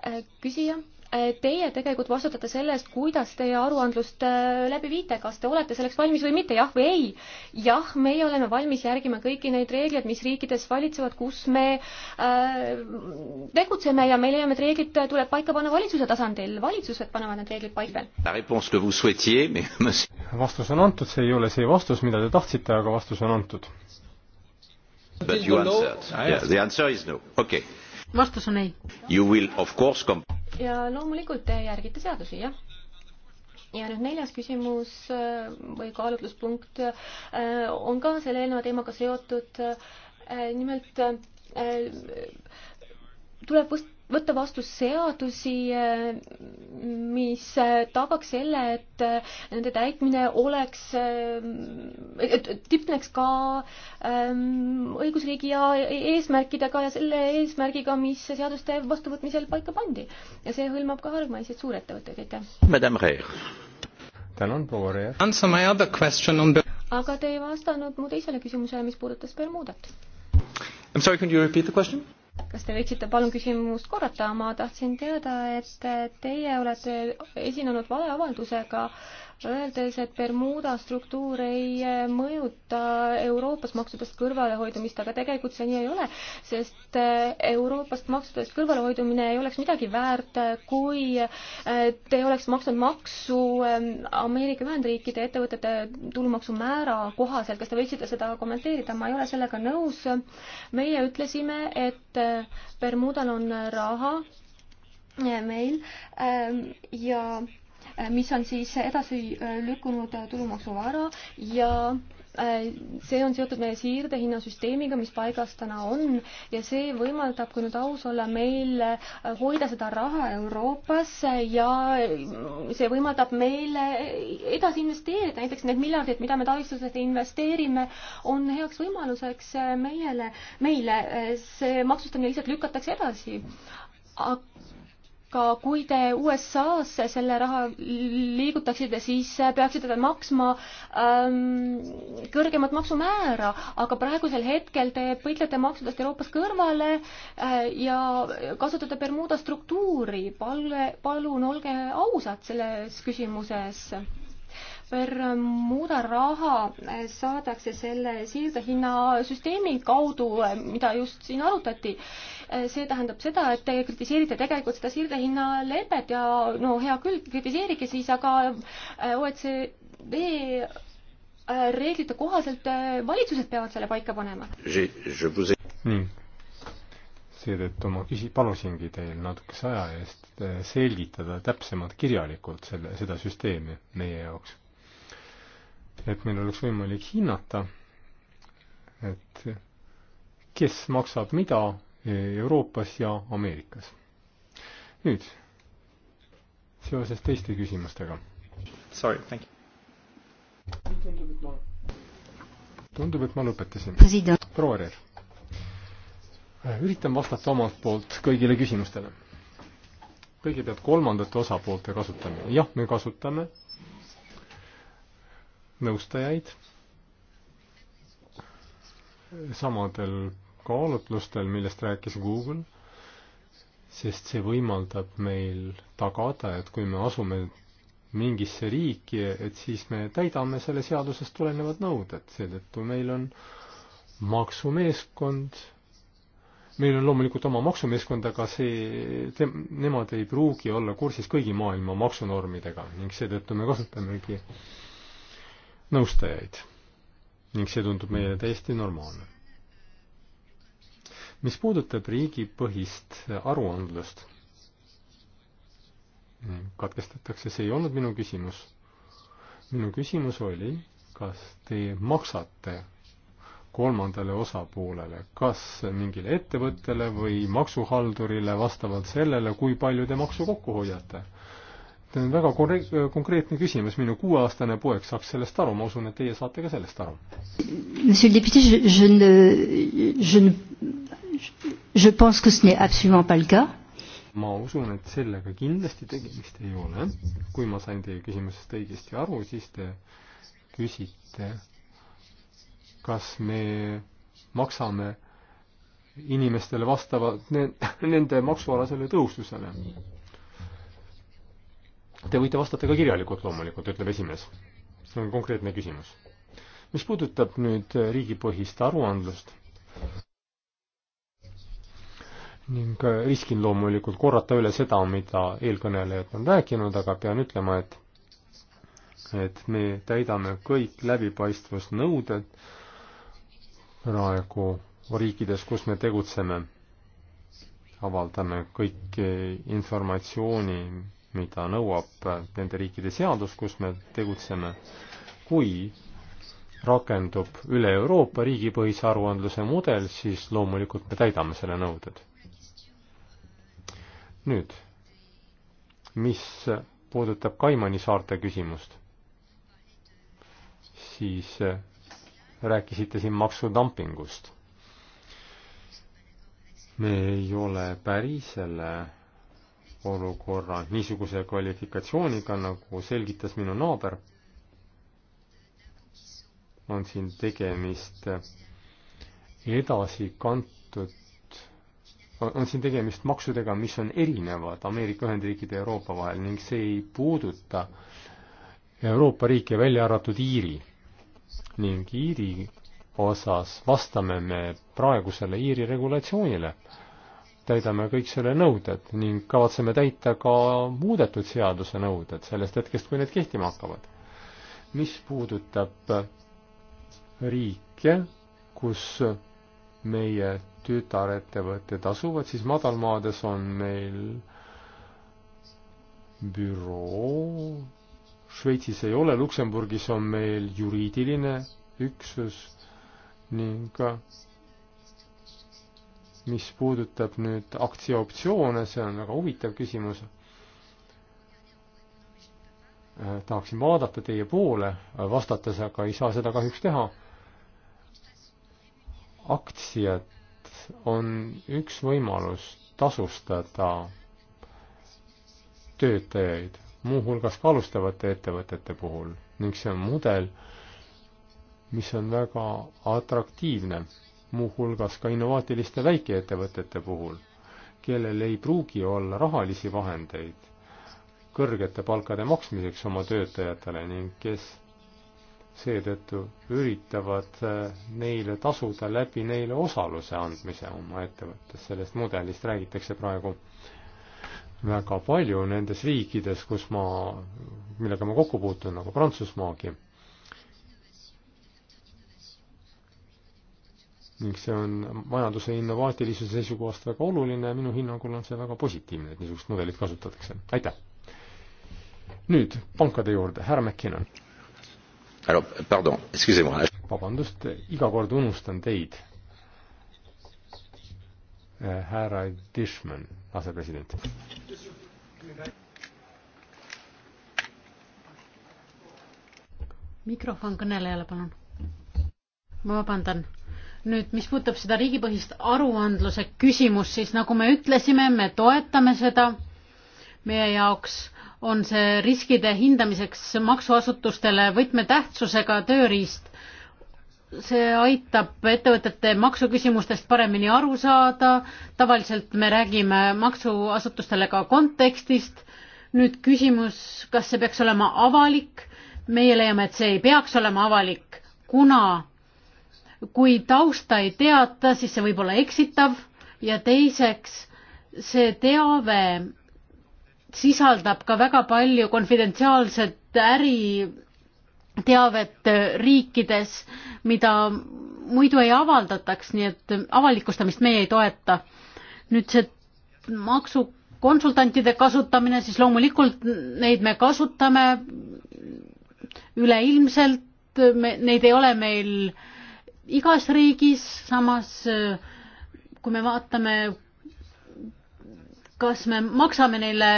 Äh, küsija, äh, teie tegelikult vastutate selle eest, kuidas teie aruandlust äh, läbi viite, kas te olete selleks valmis või mitte, jah või ei. jah, meie oleme valmis järgima kõiki neid reegleid, mis riikides valitsevad, kus me äh, tegutseme ja me leiame, et reeglid tuleb paika panna valitsuse tasandil, valitsused panevad need reeglid paika. vastus on antud, see ei ole see vastus, mida te tahtsite, aga vastus on antud. But you answered yeah,. The answer is no, okei okay vastus on ei. ja loomulikult te järgite seadusi, jah ja nüüd neljas küsimus äh, või kaalutluspunkt äh, on ka selle eelneva teemaga seotud. Äh, nimelt tuleb vast võtta vastu seadusi, mis tagaks selle, et nende täitmine oleks, et tipneks ka ähm, õigusriigi ja eesmärkidega ja selle eesmärgiga, mis seaduste vastuvõtmisel paika pandi. ja see hõlmab ka hargmaiseid suurettevõtteid, aitäh. tänan, proua Reer. aga te ei vastanud mu teisele küsimusele, mis puudutas Bermudat. I am sorry, can you repeat the question? kas te võiksite palun küsimust korrata, ma tahtsin teada, et teie olete esinenud valeavaldusega äh, öeldes, et Bermuda struktuur ei eh, mõjuta Euroopas maksudest kõrvalehoidumist, aga tegelikult see nii ei ole, sest eh, Euroopast maksudest kõrvalehoidumine ei oleks midagi väärt, eh, kui te oleks maksnud maksu Ameerika Ühendriikide ettevõtete tulumaksumäära kohaselt, kas te võiksite seda kommenteerida, ma ei ole sellega nõus. meie ütlesime, et Bermudal on raha meil ja Äh, mis on siis edasi äh, lükkunud äh, tulumaksuvara ja see on seotud meie siirdehinnasüsteemiga, mis paigas täna on ja see võimaldab, kui nüüd aus olla, meil hoida seda raha Euroopas ja see võimaldab meile edasi investeerida, näiteks need miljardid, mida me taristusse investeerime, on heaks võimaluseks meile, meile see maksustamine lihtsalt lükatakse edasi aga kui te USA-sse selle raha liigutaksite, siis peaksite te maksma ähm, kõrgemat maksumäära, aga praegusel hetkel te põitlete maksudest Euroopas kõrvale äh, ja kasutate Bermuda struktuuri. palve, palun olge ausad selles küsimuses. Bermuda raha saadakse selle siirdehinnasüsteemi kaudu, äh, mida just siin arutati äh, Eh, see tähendab seda, et te kritiseerite tegelikult seda sirdehinna lepet ja no hea küll, kritiseerige siis, aga eh, OECD eh, reeglite kohaselt valitsused peavad selle paika panema. nii, seetõttu ma küsi-, palusingi teil natukese aja eest selgitada täpsemalt kirjalikult selle, seda süsteemi meie jaoks. et meil oleks võimalik hinnata, et kes maksab mida Euroopas ja Ameerikas. nüüd seoses teiste küsimustega. Sorry, thank you. tundub, et ma, tundub, et ma lõpetasin. proua Reer, üritan vastata omalt poolt kõigile küsimustele. kõigepealt kolmandate osapoolte kasutamine. jah, me kasutame nõustajaid samadel kaalutlustel, millest rääkis Google, sest see võimaldab meil tagada, et kui me asume mingisse riiki, et siis me täidame selle seadusest tulenevad nõuded, seetõttu meil on maksumeeskond, meil on loomulikult oma maksumeeskond, aga see, nemad ei pruugi olla kursis kõigi maailma maksunormidega ning seetõttu me kasutamegi nõustajaid. ning see tundub meile täiesti normaalne mis puudutab riigipõhist aruandlust, katkestatakse, see ei olnud minu küsimus. minu küsimus oli, kas te maksate kolmandale osapoolele, kas mingile ettevõttele või maksuhaldurile vastavalt sellele, kui palju te maksu kokku hoiate? see on väga konkreetne küsimus, minu kuueaastane poeg saaks sellest aru, ma usun, et teie saate ka sellest aru. Monsieur le député, je, je ne, je ne Je pense que ce n'est absolument pas le cas. ma usun, et sellega kindlasti tegemist ei ole. kui ma sain teie küsimusest õigesti aru, siis te küsite, kas me maksame inimestele vastavalt ne nende maksualasele tõustusele. Te võite vastata ka kirjalikult loomulikult, ütleb esimees. see on konkreetne küsimus. mis puudutab nüüd riigipõhist aruandlust, ning äh, riskin loomulikult korrata üle seda, mida eelkõnelejad on rääkinud, aga pean ütlema, et et me täidame kõik läbipaistvusnõuded praegu riikides, kus me tegutseme. avaldame kõik informatsiooni, mida nõuab nende riikide seadus, kus me tegutseme. kui rakendub üle Euroopa riigipõhise aruandluse mudel, siis loomulikult me täidame selle nõuded nüüd, mis puudutab Kaimani saarte küsimust, siis äh, rääkisite siin maksudumpingust. me ei ole päri selle olukorra niisuguse kvalifikatsiooniga, nagu selgitas minu naaber, on siin tegemist edasikantud on siin tegemist maksudega, mis on erinevad Ameerika Ühendriikide ja Euroopa vahel ning see ei puuduta Euroopa riike, välja arvatud Iiri. ning Iiri osas vastame me praegusele Iiri regulatsioonile, täidame kõik selle nõuded ning kavatseme täita ka muudetud seaduse nõuded sellest hetkest, kui need kehtima hakkavad. mis puudutab riike, kus meie tütarettevõtted asuvad, siis madalmaades on meil büroo, Šveitsis ei ole, Luksemburgis on meil juriidiline üksus ning mis puudutab nüüd aktsiaoptsioone, see on väga huvitav küsimus tahaksin vaadata teie poole, vastates aga ei saa seda kahjuks teha aktsiat on üks võimalus tasustada töötajaid, muuhulgas ka alustavate ettevõtete puhul ning see on mudel, mis on väga atraktiivne, muuhulgas ka innovaatiliste väikeettevõtete puhul, kellel ei pruugi olla rahalisi vahendeid kõrgete palkade maksmiseks oma töötajatele ning kes seetõttu üritavad äh, neile tasuda läbi neile osaluse andmise oma ettevõttes. sellest mudelist räägitakse praegu väga palju nendes riikides, kus ma, millega ma kokku puutun, nagu Prantsusmaagi. ning see on majanduse innovaatilisuse seisukohast väga oluline ja minu hinnangul on see väga positiivne, et niisugust mudelit kasutatakse. aitäh! nüüd pankade juurde, härra McKinnon vabandust, iga kord unustan teid. Eh, härra Dishman, asepresident. mikrofon kõnelejale, palun. ma vabandan nüüd, mis puudutab seda riigipõhist aruandluse küsimust, siis nagu me ütlesime, me toetame seda. meie jaoks on see riskide hindamiseks maksuasutustele võtmetähtsusega tööriist. see aitab ettevõtete maksuküsimustest paremini aru saada, tavaliselt me räägime maksuasutustele ka kontekstist, nüüd küsimus, kas see peaks olema avalik, meie leiame, et see ei peaks olema avalik, kuna kui tausta ei teata, siis see võib olla eksitav ja teiseks, see teave sisaldab ka väga palju konfidentsiaalset äriteavet riikides, mida muidu ei avaldataks, nii et avalikustamist meie ei toeta. nüüd see maksukonsultantide kasutamine, siis loomulikult neid me kasutame üleilmselt, me, neid ei ole meil igas riigis, samas kui me vaatame kas me maksame neile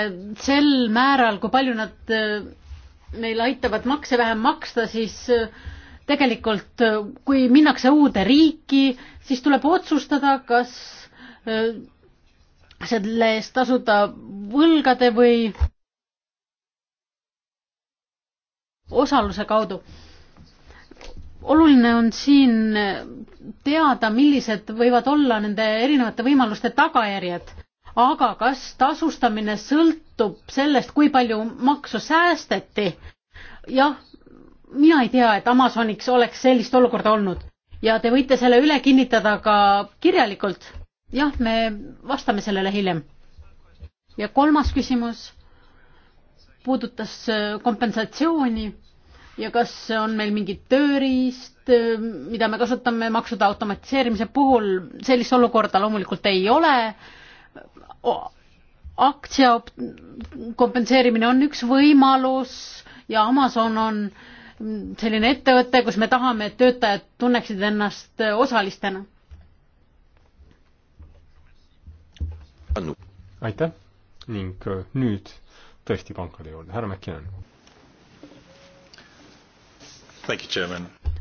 sel määral, kui palju nad äh, meil aitavad makse vähem maksta, siis äh, tegelikult äh, kui minnakse uude riiki, siis tuleb otsustada, kas selle eest tasuda võlgade või osaluse kaudu. oluline on siin teada, millised võivad olla nende erinevate võimaluste tagajärjed aga kas tasustamine sõltub sellest, kui palju maksu säästeti? jah, mina ei tea, et Amazoniks oleks sellist olukorda olnud ja te võite selle üle kinnitada ka kirjalikult. jah, me vastame sellele hiljem. ja kolmas küsimus puudutas äh, kompensatsiooni ja kas on meil mingi tööriist, äh, mida me kasutame maksude automatiseerimise puhul, sellist olukorda loomulikult ei ole aktsia kompenseerimine on üks võimalus ja Amazon on selline ettevõte, kus me tahame, et töötajad tunneksid ennast osalistena. aitäh ning äh, nüüd tõesti pankade juurde, härra McKinnon.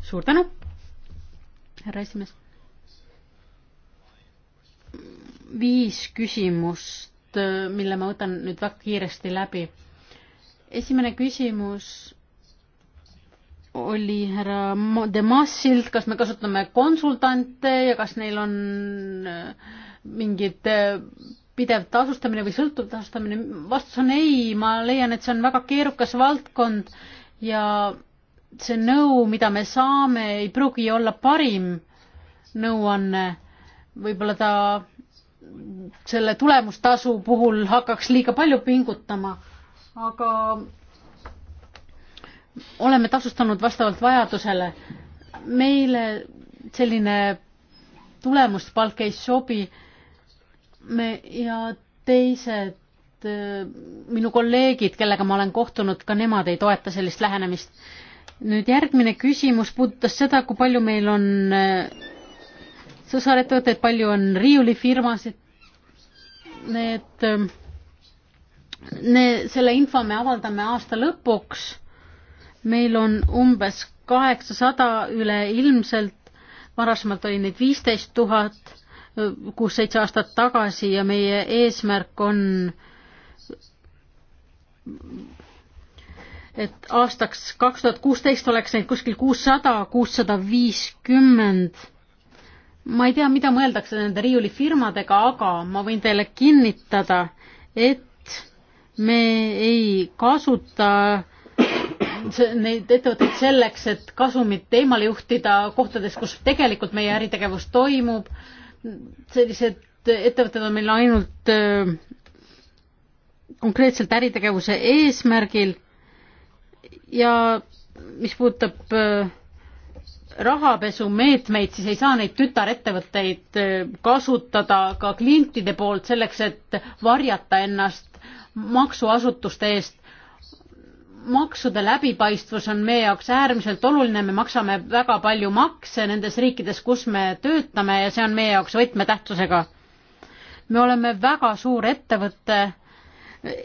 suur tänu, härra esimees viis küsimust, mille ma võtan nüüd väga kiiresti läbi. esimene küsimus oli härra De Massilt, kas me kasutame konsultante ja kas neil on äh, mingid äh, pidev tasustamine või sõltuv tasustamine, vastus on ei, ma leian, et see on väga keerukas valdkond ja see nõu, mida me saame, ei pruugi olla parim nõuanne. võib-olla ta selle tulemustasu puhul hakkaks liiga palju pingutama, aga oleme tasustanud vastavalt vajadusele. meile selline tulemuspalk ei sobi. me ja teised äh, minu kolleegid, kellega ma olen kohtunud, ka nemad ei toeta sellist lähenemist. nüüd järgmine küsimus puudutas seda, kui palju meil on äh, sõsarettevõtteid, palju on riiulifirmasid. Need, ähm, need, selle info me avaldame aasta lõpuks. meil on umbes kaheksasada üleilmselt, varasemalt oli neid viisteist tuhat, äh, kuus-seitse aastat tagasi ja meie eesmärk on et aastaks kaks tuhat kuusteist oleks neid kuskil kuussada, kuussada viiskümmend ma ei tea, mida mõeldakse nende riiulifirmadega, aga ma võin teile kinnitada, et me ei kasuta neid ettevõtteid selleks, et kasumit eemale juhtida kohtades, kus tegelikult meie äritegevus toimub. sellised ettevõtted on meil ainult äh, konkreetselt äritegevuse eesmärgil. ja mis puudutab äh, rahapesumeetmeid, siis ei saa neid tütarettevõtteid äh, kasutada ka klientide poolt selleks, et varjata ennast maksuasutuste eest. maksude läbipaistvus on meie jaoks äärmiselt oluline, me maksame väga palju makse nendes riikides, kus me töötame ja see on meie jaoks võtmetähtsusega. me oleme väga suur ettevõte, äh,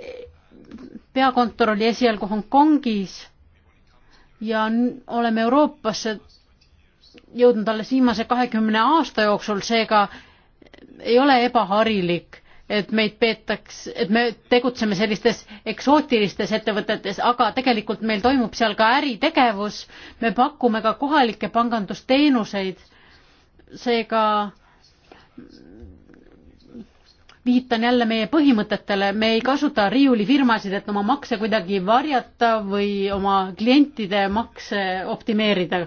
peakontor oli esialgu Hongkongis ja oleme Euroopasse jõudnud alles viimase kahekümne aasta jooksul, seega ei ole ebaharilik, et meid peetaks, et me tegutseme sellistes eksootilistes ettevõtetes, aga tegelikult meil toimub seal ka äritegevus, me pakume ka kohalikke pangandusteenuseid, seega viitan jälle meie põhimõtetele, me ei kasuta riiulifirmasid, et oma makse kuidagi varjata või oma klientide makse optimeerida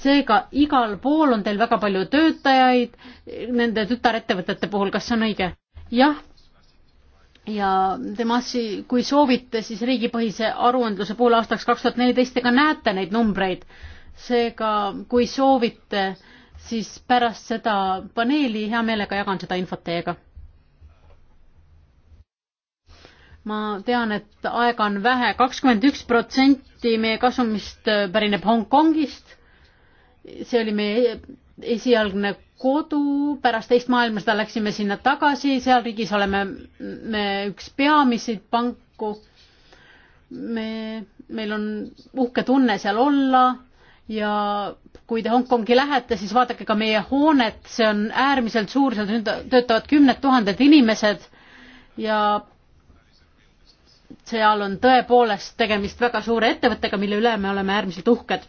seega igal pool on teil väga palju töötajaid nende tütarettevõtete puhul, kas see on õige? jah. ja Demasi, kui soovite, siis riigipõhise aruandluse poole aastaks kaks tuhat neliteist te ka näete neid numbreid. seega, kui soovite, siis pärast seda paneeli hea meelega jagan seda infot teiega. ma tean, et aega on vähe, kakskümmend üks protsenti meie kasumist pärineb Hongkongist see oli meie esialgne kodu, pärast teist maailmasõda läksime sinna tagasi, seal riigis oleme me üks peamiseid panku. me, meil on uhke tunne seal olla ja kui te Hongkongi lähete, siis vaadake ka meie hoonet, see on äärmiselt suur, seal töötavad kümned tuhanded inimesed ja seal on tõepoolest tegemist väga suure ettevõttega, mille üle me oleme äärmiselt uhked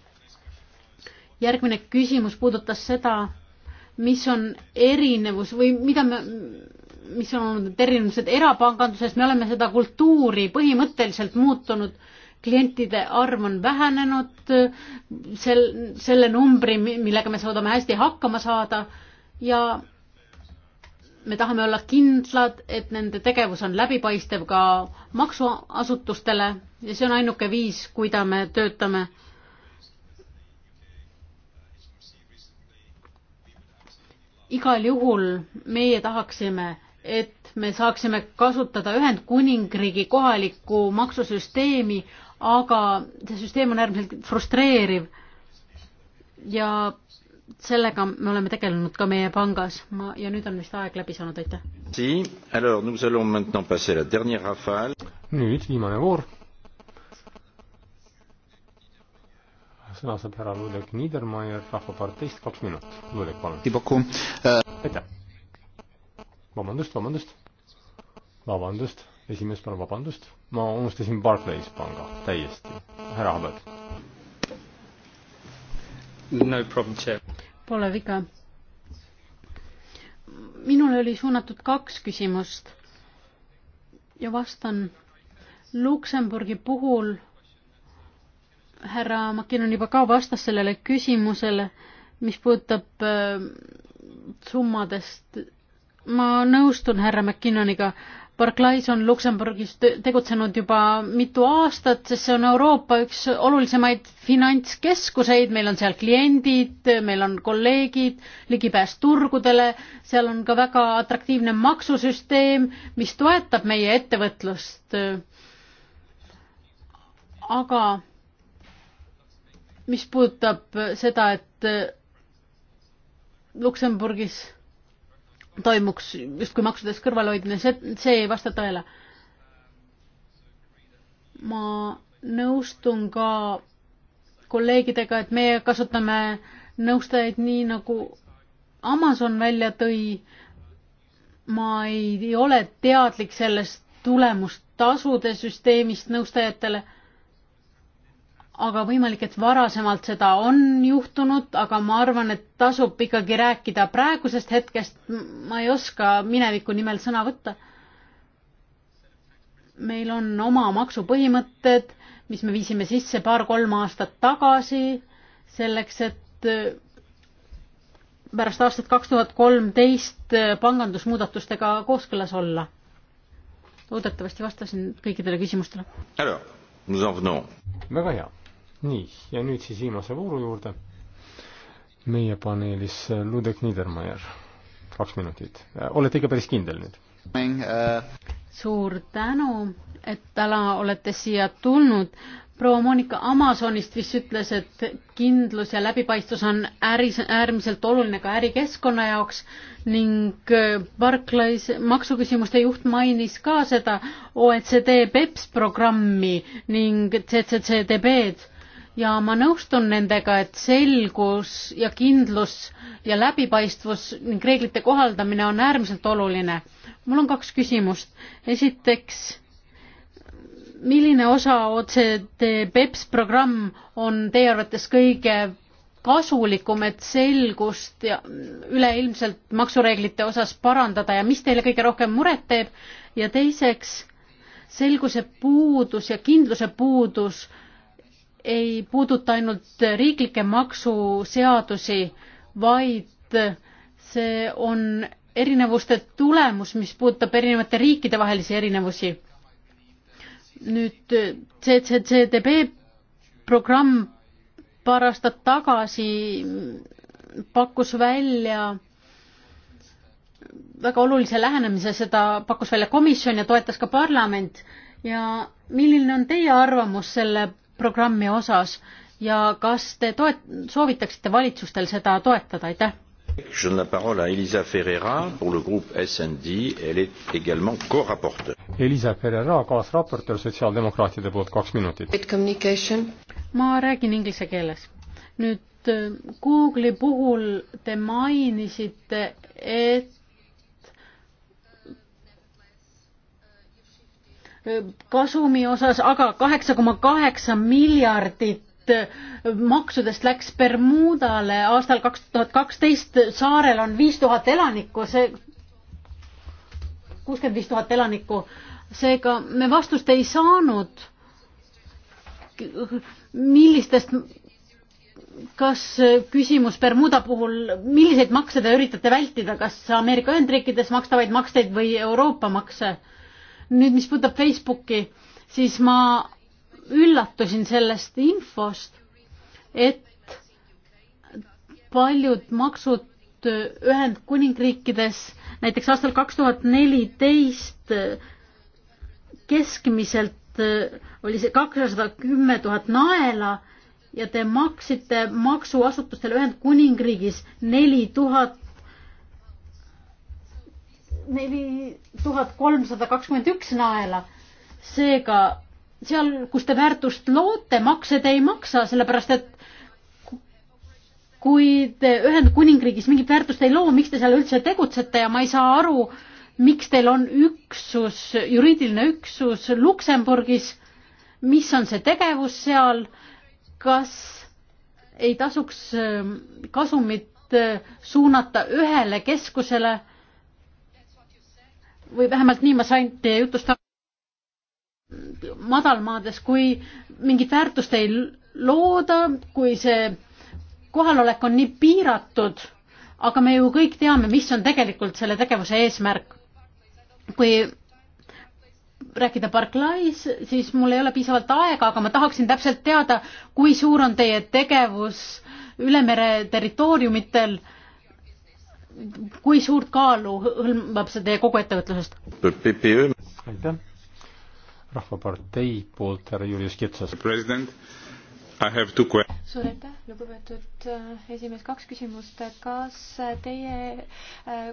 järgmine küsimus puudutas seda, mis on erinevus või mida me, mis on olnud erinevused erapanganduses, me oleme seda kultuuri põhimõtteliselt muutunud, klientide arv on vähenenud, sel, selle numbri, millega me suudame hästi hakkama saada ja me tahame olla kindlad, et nende tegevus on läbipaistev ka maksuasutustele ja see on ainuke viis, kuida me töötame igal juhul meie tahaksime, et me saaksime kasutada Ühendkuningriigi kohalikku maksusüsteemi, aga see süsteem on äärmiselt frustreeriv. ja sellega me oleme tegelenud ka meie pangas. ma, ja nüüd on vist aeg läbi saanud, aitäh. nüüd viimane voor sõna saab härra Lulek Niedermayer Rahvaparteist, kaks minutit. Lulek, palun. aitäh. vabandust, vabandust. vabandust, esimees, palun vabandust. ma unustasin Barclays panga täiesti. härra Habet. no problem, chair. Pole viga. minule oli suunatud kaks küsimust ja vastan Luksemburgi puhul härra Makinon juba ka vastas sellele küsimusele, mis puudutab äh, summadest. ma nõustun härra Makinoniga. Barclays on Luksemburgis tegutsenud juba mitu aastat, sest see on Euroopa üks olulisemaid finantskeskuseid, meil on seal kliendid, meil on kolleegid, ligipääs turgudele, seal on ka väga atraktiivne maksusüsteem, mis toetab meie ettevõtlust. aga mis puudutab seda, et äh, Luksemburgis toimuks justkui maksudest kõrvalhoidmine, see, see ei vasta tõele. ma nõustun ka kolleegidega, et meie kasutame nõustajaid nii, nagu Amazon välja tõi. ma ei, ei ole teadlik sellest tulemustasude süsteemist nõustajatele aga võimalik, et varasemalt seda on juhtunud, aga ma arvan, et tasub ikkagi rääkida praegusest hetkest. ma ei oska mineviku nimel sõna võtta. meil on oma maksupõhimõtted, mis me viisime sisse paar-kolm aastat tagasi selleks, et eh, pärast aastat kaks tuhat kolmteist eh, pangandusmuudatustega kooskõlas olla. loodetavasti vastasin kõikidele küsimustele. väga hea nii, ja nüüd siis viimase vooru juurde. meie paneelis Ludek Niedermayer, kaks minutit. Äh, olete ikka päris kindel nüüd? suur tänu, et täna olete siia tulnud. proua Monika Amazonist vist ütles, et kindlus ja läbipaistvus on äris, äärmiselt oluline ka ärikeskkonna jaoks ning äh, Barclays maksuküsimuste juht mainis ka seda OECD BEPS programmi ning CCCTB-d ja ma nõustun nendega, et selgus ja kindlus ja läbipaistvus ning reeglite kohaldamine on äärmiselt oluline. mul on kaks küsimust. esiteks, milline osa OCD BEPS programm on teie arvates kõige kasulikum, et selgust ja üleilmselt maksureeglite osas parandada ja mis teile kõige rohkem muret teeb ja teiseks, selguse puudus ja kindluse puudus ei puuduta ainult riiklikke maksuseadusi, vaid see on erinevuste tulemus, mis puudutab erinevate riikide vahelisi erinevusi. nüüd CCCTB programm paar aastat tagasi pakkus välja väga olulise lähenemise, seda pakkus välja komisjon ja toetas ka parlament ja milline on teie arvamus selle programmi osas ja kas te toet-, soovitaksite valitsustel seda toetada, aitäh? Je donne la parole à Elisa Ferreira pour le groupe SND, elle est également co-rapporteur. Elisa Ferreira, kaasraportöör sotsiaaldemokraatide poolt kaks minutit. ma räägin inglise keeles. nüüd äh, Google'i puhul te mainisite, et kasumi osas, aga kaheksa koma kaheksa miljardit maksudest läks Bermudale aastal kaks tuhat kaksteist, saarel on viis tuhat elanikku, see kuuskümmend viis tuhat elanikku, seega me vastust ei saanud. millistest, kas küsimus Bermuda puhul, milliseid makse te üritate vältida, kas Ameerika Ühendriikides makstavaid makseid või Euroopa makse? nüüd, mis puudutab Facebooki, siis ma üllatusin sellest infost, et paljud maksud Ühendkuningriikides näiteks aastal kaks tuhat neliteist keskmiselt oli see kakssada kümme tuhat naela ja te maksite maksuasutustele Ühendkuningriigis neli tuhat neli tuhat kolmsada kakskümmend üks naela. seega seal, kus te väärtust loote, makse te ei maksa, sellepärast et kui te Ühendkuningriigis mingit väärtust ei loo, miks te seal üldse tegutsete ja ma ei saa aru, miks teil on üksus, juriidiline üksus Luksemburgis, mis on see tegevus seal, kas ei tasuks äh, kasumit äh, suunata ühele keskusele või vähemalt nii ma sain teie jutust madalmaades, kui mingit väärtust ei looda, kui see kohalolek on nii piiratud, aga me ju kõik teame, mis on tegelikult selle tegevuse eesmärk. kui rääkida Barclays, siis mul ei ole piisavalt aega, aga ma tahaksin täpselt teada, kui suur on teie tegevus üle mere territooriumitel kui suurt kaalu hõlmab see teie kogu ettevõtlusest? aitäh. rahvapartei poolt härra Jüri Skitsas. president, I have two questions suur aitäh, lugupeetud äh, esimees, kaks küsimust. kas äh, teie äh,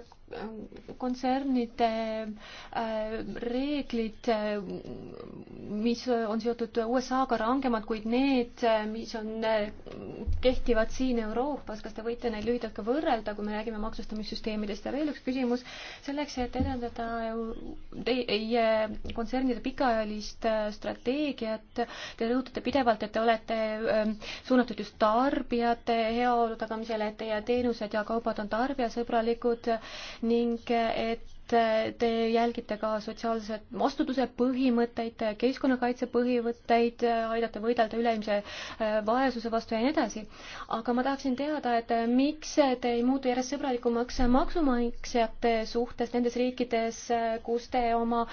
kontsernide reeglid, mis on seotud USA-ga, rangemad kui need, mis on, kehtivad siin Euroopas, kas te võite neid lühidalt ka võrrelda, kui me räägime maksustamissüsteemidest? ja veel üks küsimus, selleks, et edendada teie kontsernide pikaajalist strateegiat, te rõhutate pidevalt, et te olete suunatud suunatud just tarbijate heaolu tagamisele, et teie teenused ja kaubad on tarbijasõbralikud ning et te jälgite ka sotsiaalse vastutuse põhimõtteid, keskkonnakaitse põhimõtteid, aidate võidelda üleilmse äh, vaesuse vastu ja nii edasi. aga ma tahaksin teada, et äh, miks te ei muutu järjest sõbralikumaks maksumaksjate suhtes nendes riikides, äh, kus te oma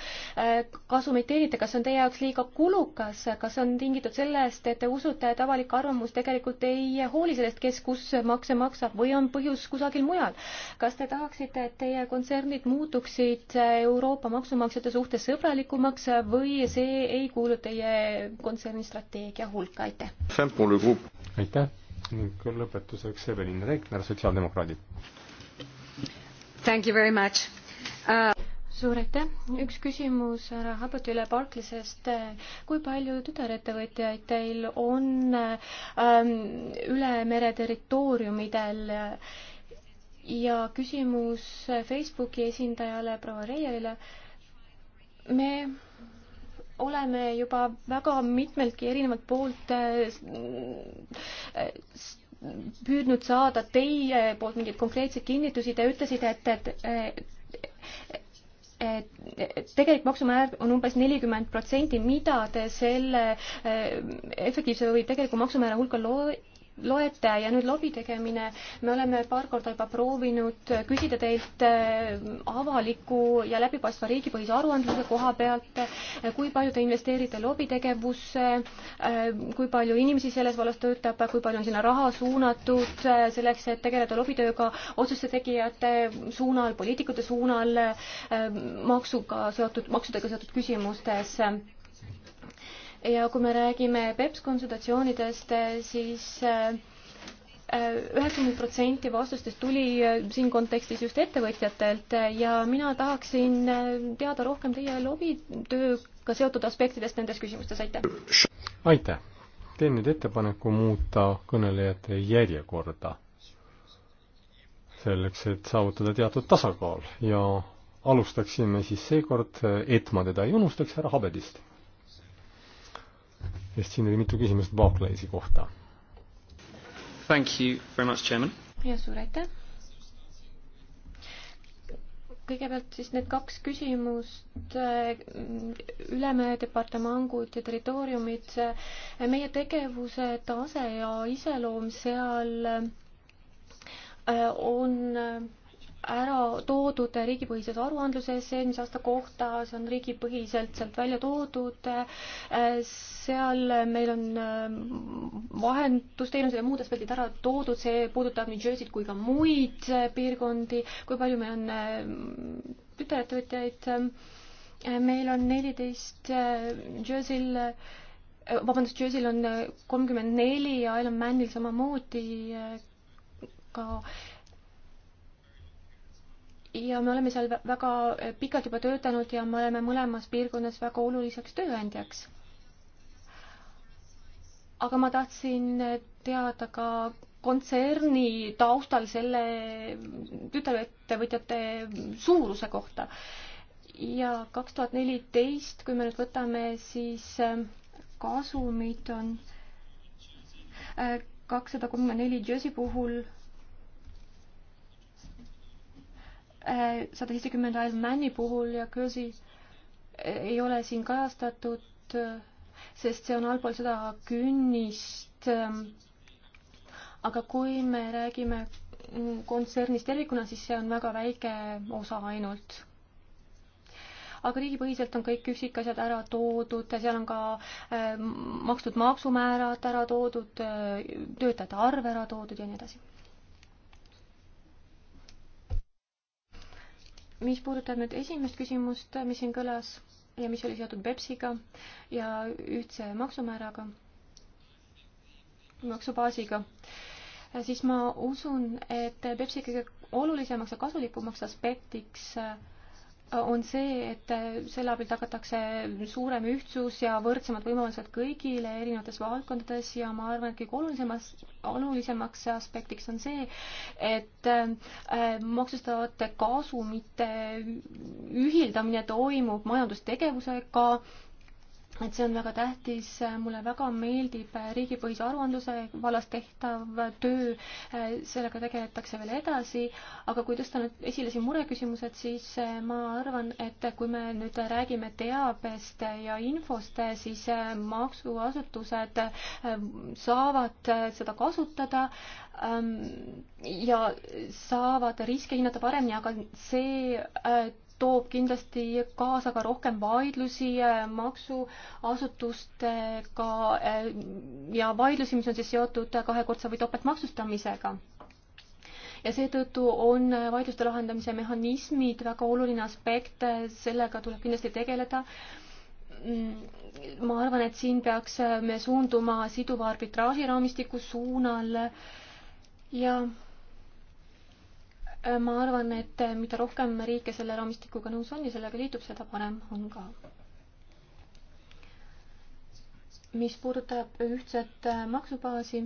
kasumeid teenite, kas see on teie jaoks liiga kulukas, kas see on tingitud sellest, et te usute, et avalik arvamus tegelikult ei hooli sellest, kes kus makse maksab või on põhjus kusagil mujal? kas te tahaksite, et teie kontsernid muutuks muutuksid Euroopa maksumaksjate suhtes sõbralikumaks või see ei kuulu teie kontserni strateegia hulka, aitäh! aitäh ning lõpetuseks Evelin Reikner, sotsiaaldemokraadid. Thank you very much uh suur aitäh, üks küsimus härra Habutile Barclaysest. kui palju tütarettevõtjaid teil on ähm, üle mere territooriumidel äh, ja küsimus Facebooki esindajale proua Reielile. me oleme juba väga mitmeltki erinevalt poolt äh, püüdnud saada teie poolt mingeid konkreetseid kinnitusi, te ütlesite, et, et, et tegelik maksumäär on umbes nelikümmend protsenti, mida te selle äh, efektiivse või tegeliku maksumäära hulka loo-, loete ja nüüd lobi tegemine, me oleme paar korda juba proovinud küsida teilt äh, avaliku ja läbipaistva riigipõhise aruandluse koha pealt, äh, kui palju te investeerite lobitegevusse, äh, kui palju inimesi selles vallas töötab, kui palju on sinna raha suunatud selleks, et tegeleda lobitööga otsuste tegijate suunal, poliitikute suunal, maksuga seotud, maksudega seotud küsimustes ja kui me räägime PEPS konsultatsioonidest, siis äh, äh, üheksakümmend protsenti vastustest tuli äh, siin kontekstis just ettevõtjatelt ja mina tahaksin teada rohkem teie lobitööga seotud aspektidest nendes küsimustes, aitäh! aitäh! teen nüüd ettepaneku muuta kõnelejate järjekorda selleks, et saavutada teatud tasakaal ja alustaksime siis seekord, et ma teda ei unustaks, härra Habedist sest siin oli mitu küsimust Barclaysi kohta. Thank you very much, chairman. ja suur aitäh. kõigepealt siis need kaks küsimust, eh, ülemäe departamangud ja territooriumid, eh, meie tegevuse tase ja iseloom seal eh, on ära toodud riigipõhises aruandluses eelmise aasta kohta, see on riigipõhiselt sealt välja toodud, seal meil on mm, vahendusteenused ja muud aspektid ära toodud, see puudutab nii Jerseyt kui ka muid piirkondi, kui palju meil on mm, tütarettevõtjaid, meil on neliteist mm, Jerseyl äh, vabandust, Jerseyl on kolmkümmend neli ja Isle of Manil samamoodi äh, ka ja me oleme seal väga eh, pikalt juba töötanud ja me oleme mõlemas piirkonnas väga oluliseks tööandjaks. aga ma tahtsin eh, teada ka kontserni taustal selle tütarettevõtjate suuruse kohta. ja kaks tuhat neliteist, kui me nüüd võtame, siis eh, kasumid on kakssada kolmkümmend neli Jersey puhul sada seitsekümmend Ironmani puhul ja Kösi ei ole siin kajastatud, sest see on allpool seda künnist. aga kui me räägime kontsernist tervikuna, siis see on väga väike osa ainult aga riigipõhiselt on kõik üksikasjad ära toodud, seal on ka äh, makstud maksumäärad ära toodud äh,, töötajate arv ära toodud ja nii edasi mis puudutab nüüd esimest küsimust, mis siin kõlas ja mis oli seotud BEPS-iga ja ühtse maksumääraga, maksubaasiga, siis ma usun, et BEPS-i kõige olulisemaks ja kasulikumaks aspektiks äh, on see, et selle abil tagatakse suurem ühtsus ja võrdsemad võimalused kõigile erinevates valdkondades ja ma arvan, et kõige olulisemas, olulisemaks aspektiks on see, et äh, maksustatavate kasumite ühildamine toimub majandustegevusega ka et see on väga tähtis, mulle väga meeldib riigipõhise aruandluse vallas tehtav töö, sellega tegeletakse veel edasi, aga kui tõsta nüüd esile siin mureküsimused, siis ma arvan, et kui me nüüd räägime teabest ja infost, siis maksuasutused saavad seda kasutada ähm, ja saavad riske hinnata paremini, aga see äh, toob kindlasti kaasa ka rohkem vaidlusi äh, maksuasutustega äh, ja vaidlusi, mis on siis seotud kahekordse või topeltmaksustamisega. ja seetõttu on äh, vaidluste lahendamise mehhanismid väga oluline aspekt, sellega tuleb kindlasti tegeleda mm, ma arvan, et siin peaks me suunduma siduva arbitraaži raamistiku suunal ja ma arvan, et äh, mida rohkem riike selle raamistikuga nõus on ja sellega liitub, seda parem on ka. mis puudutab ühtset äh, maksubaasi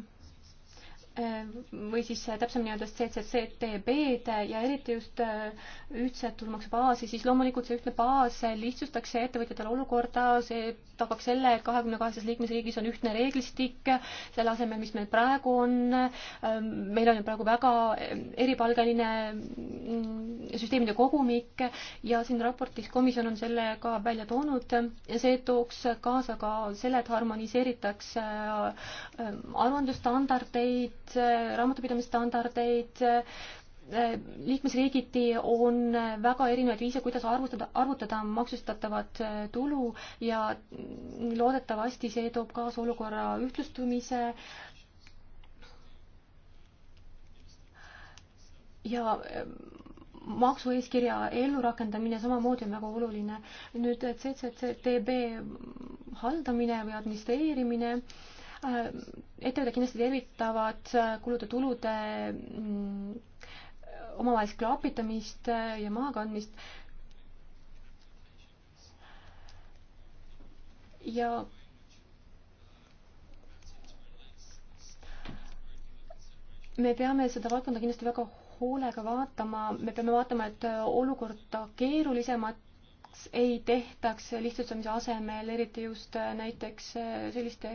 Äh, või siis täpsemini öeldes CCCTB-d ja eriti just äh, ühtset tulumaksubaasi, siis loomulikult see ühtne baas lihtsustaks ettevõtjatel olukorda, see tagaks selle, et kahekümne kaheksas liikmesriigis on ühtne reeglistik, selle asemel, mis meil praegu on, ähm, meil on ju praegu väga ähm, eripalgeline mm, süsteemide kogumik ja siin raportis komisjon on selle ka välja toonud ja see tooks kaasa ka selle, et harmoniseeritakse äh, aruandlusstandardeid, standardeid, äh, raamatupidamisstandardeid, äh, liikmesriigiti on äh, väga erinevaid viise, kuidas arvutada, arvutada maksustatavat tulu ja mm, loodetavasti see toob kaasa olukorra ühtlustumise ja maksueeskirja ellurakendamine samamoodi on väga oluline. nüüd CCCTB haldamine või administreerimine äh, Äh, ettevõtted kindlasti tervitavad äh, kulude-tulude mm, omavahelist klaapitamist äh, ja mahakandmist. ja me peame seda valdkonda kindlasti väga hoolega vaatama, me peame vaatama, et olukorda keerulisemaks ei tehtaks lihtsustamise asemel, eriti just näiteks selliste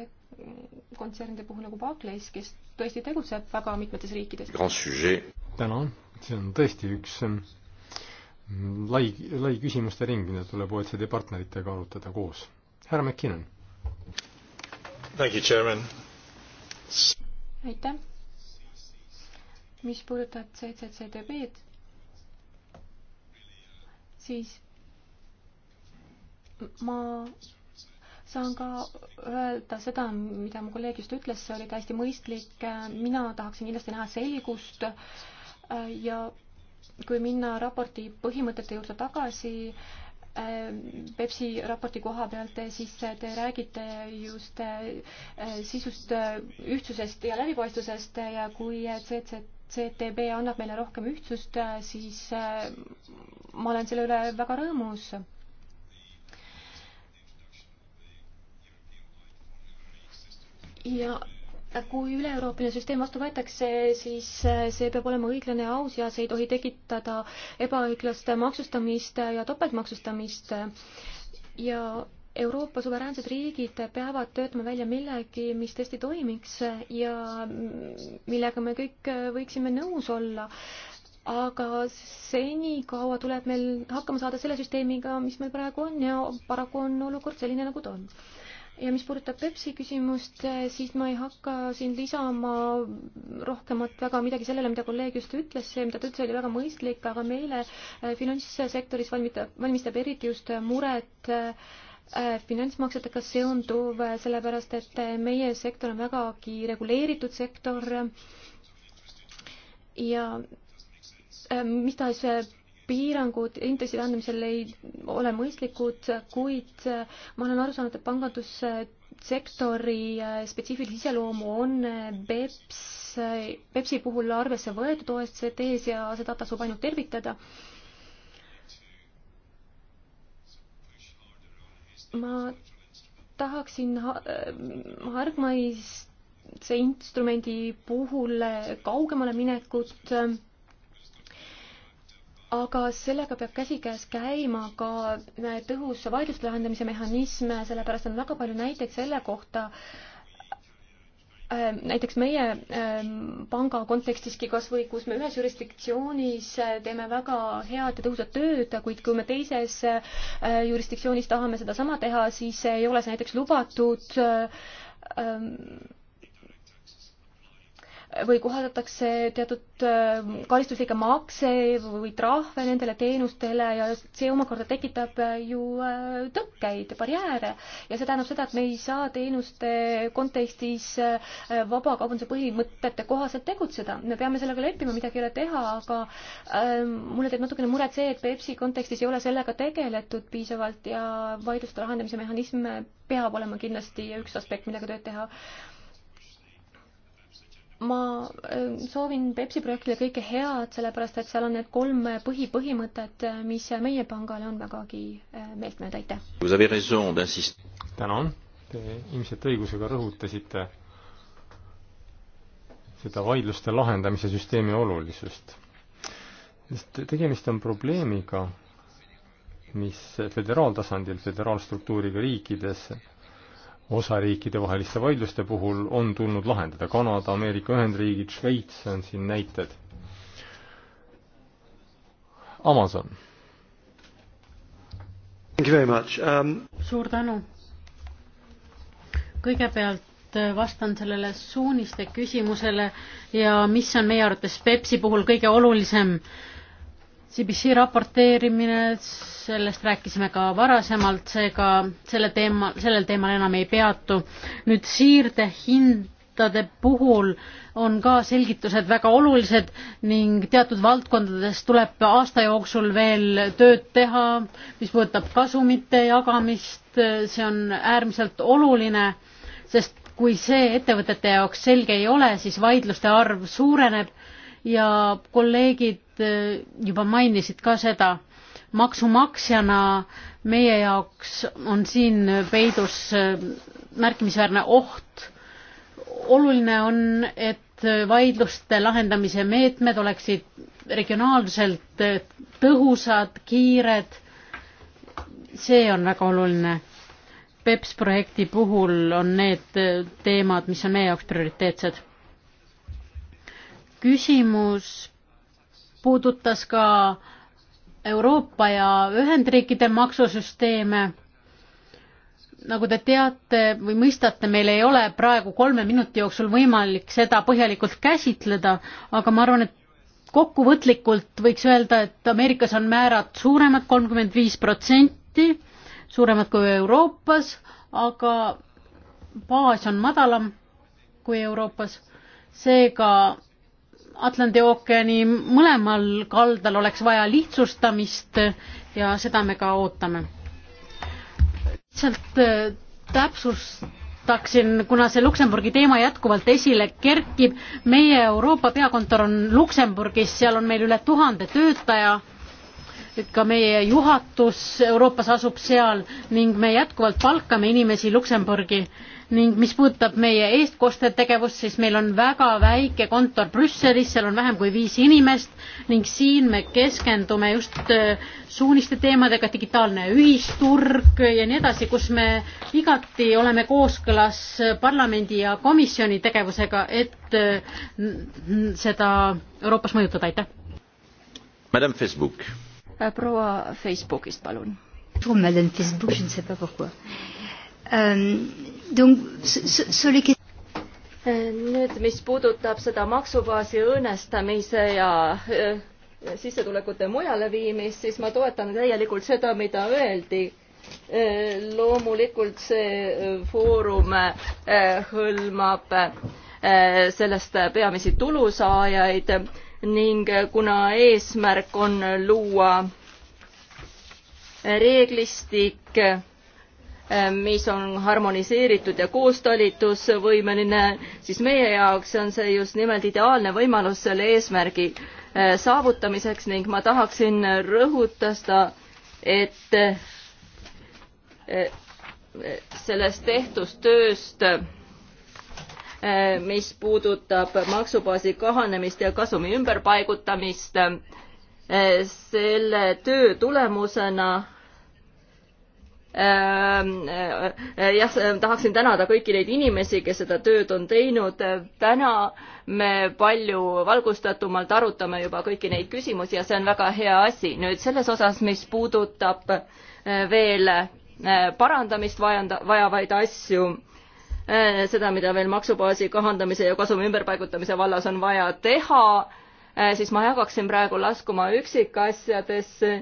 kontsernide puhul nagu Barclays, kes tõesti tegutseb väga mitmetes riikides. tänan, see on tõesti üks ähm, lai, lai küsimuste ring, mida tuleb OECD partneritega arutada koos. härra McKinnon. aitäh. mis puudutab CCCTB-d, siis ma saan ka öelda seda, mida mu kolleeg just ütles, see oli täiesti mõistlik, mina tahaksin kindlasti näha selgust ja kui minna raporti põhimõtete juurde tagasi, Pepsi raporti koha pealt, siis te räägite just sisust, ühtsusest ja läbipaistvusest ja kui CC, CTB annab meile rohkem ühtsust, siis ma olen selle üle väga rõõmus ja kui üle-Euroopaline süsteem vastu võetakse, siis äh, see peab olema õiglane ja aus ja see ei tohi tekitada ebaõiglast maksustamist ja topeltmaksustamist. ja Euroopa suveräänsed riigid peavad töötama välja millegi, mis tõesti toimiks ja millega me kõik võiksime nõus olla. aga senikaua tuleb meil hakkama saada selle süsteemiga, mis meil praegu on ja paraku on olukord selline, nagu ta on ja mis puudutab Pepsi küsimust, siis ma ei hakka siin lisama rohkemat väga midagi sellele, mida kolleeg just ütles, see, mida ta ütles, oli väga mõistlik, aga meile äh, finantssektoris valmistab, valmistab eriti just muret äh, finantsmaksetega seonduv, äh, sellepärast et meie sektor on vägagi reguleeritud sektor ja mis tahes piirangud intresside andmisel ei ole mõistlikud, kuid ma olen aru saanud, et pangandussektori äh, spetsiifilise iseloomu on BEPS, äh, BEPS-i äh, puhul arvesse võetud OSCD-s ja seda tasub ainult tervitada. ma tahaksin hargmaise instrumendi puhul kaugemale minekut aga sellega peab käsikäes käima ka tõhus vaidluste lahendamise mehhanism, sellepärast on väga palju näiteid selle kohta, äh, näiteks meie äh, panga kontekstiski kas või, kus me ühes jurisdiktsioonis äh, teeme väga head ja tõhusat tööd, kuid kui me teises jurisdiktsioonis tahame sedasama teha, siis ei ole see näiteks lubatud ähm, või kohaldatakse teatud äh, karistuslikke makse või trahve nendele teenustele ja see omakorda tekitab äh, ju äh, tõkkeid, barjääre ja see tähendab seda, et me ei saa teenuste kontekstis vabakaubanduse põhimõtete kohaselt tegutseda. me peame sellega leppima, midagi ei ole teha, aga ähm, mulle teeb natukene muret see, et Peipsi kontekstis ei ole sellega tegeletud piisavalt ja vaidluste lahendamise mehhanism peab olema kindlasti üks aspekt, millega tööd teha ma äh, soovin Pepsi projektile kõike head, sellepärast et seal on need kolm põhipõhimõtet, mis meie pangale on vägagi äh, meeltmööda, aitäh! tänan, te ilmselt õigusega rõhutasite seda vaidluste lahendamise süsteemi olulisust. sest tegemist on probleemiga, mis föderaaltasandil, föderaalstruktuuriga riikides osariikide vaheliste vaidluste puhul on tulnud lahendada. Kanada, Ameerika Ühendriigid, Šveits on siin näited. Amazon. Um... suur tänu. kõigepealt äh, vastan sellele suuniste küsimusele ja mis on meie arvates Pepsi puhul kõige olulisem äh, CBC raporteerimine, sellest rääkisime ka varasemalt, seega selle teema, sellel teemal enam ei peatu. nüüd siirdehindade puhul on ka selgitused väga olulised ning teatud valdkondades tuleb aasta jooksul veel tööd teha, mis puudutab kasumite jagamist, see on äärmiselt oluline, sest kui see ettevõtete jaoks selge ei ole, siis vaidluste arv suureneb ja kolleegid Äh, juba mainisid ka seda, maksumaksjana meie jaoks on siin peidus äh, märkimisväärne oht. oluline on, et äh, vaidluste lahendamise meetmed oleksid regionaalselt tõhusad, kiired. see on väga oluline. PEPS projekti puhul on need teemad, mis on meie jaoks prioriteetsed. küsimus puudutas ka Euroopa ja Ühendriikide maksusüsteeme. nagu te teate või mõistate, meil ei ole praegu kolme minuti jooksul võimalik seda põhjalikult käsitleda, aga ma arvan, et kokkuvõtlikult võiks öelda, et Ameerikas on määrad suuremad, kolmkümmend viis protsenti, suuremad kui Euroopas, aga baas on madalam kui Euroopas. seega Atlandi ookeani mõlemal kaldal oleks vaja lihtsustamist ja seda me ka ootame. lihtsalt äh, täpsustaksin, kuna see Luksemburgi teema jätkuvalt esile kerkib, meie Euroopa peakontor on Luksemburgis, seal on meil üle tuhande töötaja, ka meie juhatus Euroopas asub seal ning me jätkuvalt palkame inimesi Luksemburgi ning mis puudutab meie eestkostajate tegevust, siis meil on väga väike kontor Brüsselis, seal on vähem kui viis inimest ning siin me keskendume just äh, suuniste teemadega, digitaalne ühisturg ja nii edasi, kus me igati oleme kooskõlas parlamendi ja komisjoni tegevusega, et äh, seda Euroopas mõjutada, aitäh. Madame Facebook. Äh, proua Facebookist, palun. Madame Facebook, je ne sais pas pourquoi. Euh, Donc, sur les questions nüüd, mis puudutab seda maksubaasi õõnestamise ja äh, sissetulekute mujale viimist, siis ma toetan täielikult seda, mida öeldi. Äh, loomulikult see äh, foorum hõlmab sellest peamisi tulusaajaid ning kuna eesmärk on luua reeglistik Ehm, mis on harmoniseeritud ja koostalitusvõimeline, siis meie jaoks on see just nimelt ideaalne võimalus selle eesmärgi ehm, saavutamiseks ning ma tahaksin rõhutada, et ehm, sellest tehtust tööst, mis puudutab maksubaasi kahanemist ja kasumi ümberpaigutamist, selle töö tulemusena Ähm, äh, äh, jah, tahaksin tänada kõiki neid inimesi, kes seda tööd on teinud. täna me palju valgustatumalt arutame juba kõiki neid küsimusi ja see on väga hea asi. nüüd selles osas, mis puudutab äh, veel parandamist vajanda, vajavaid asju, seda, mida veel maksubaasi kahandamise ja kasumi ümberpaigutamise vallas on vaja teha, siis ma jagaksin praegu laskuma üksikasjadesse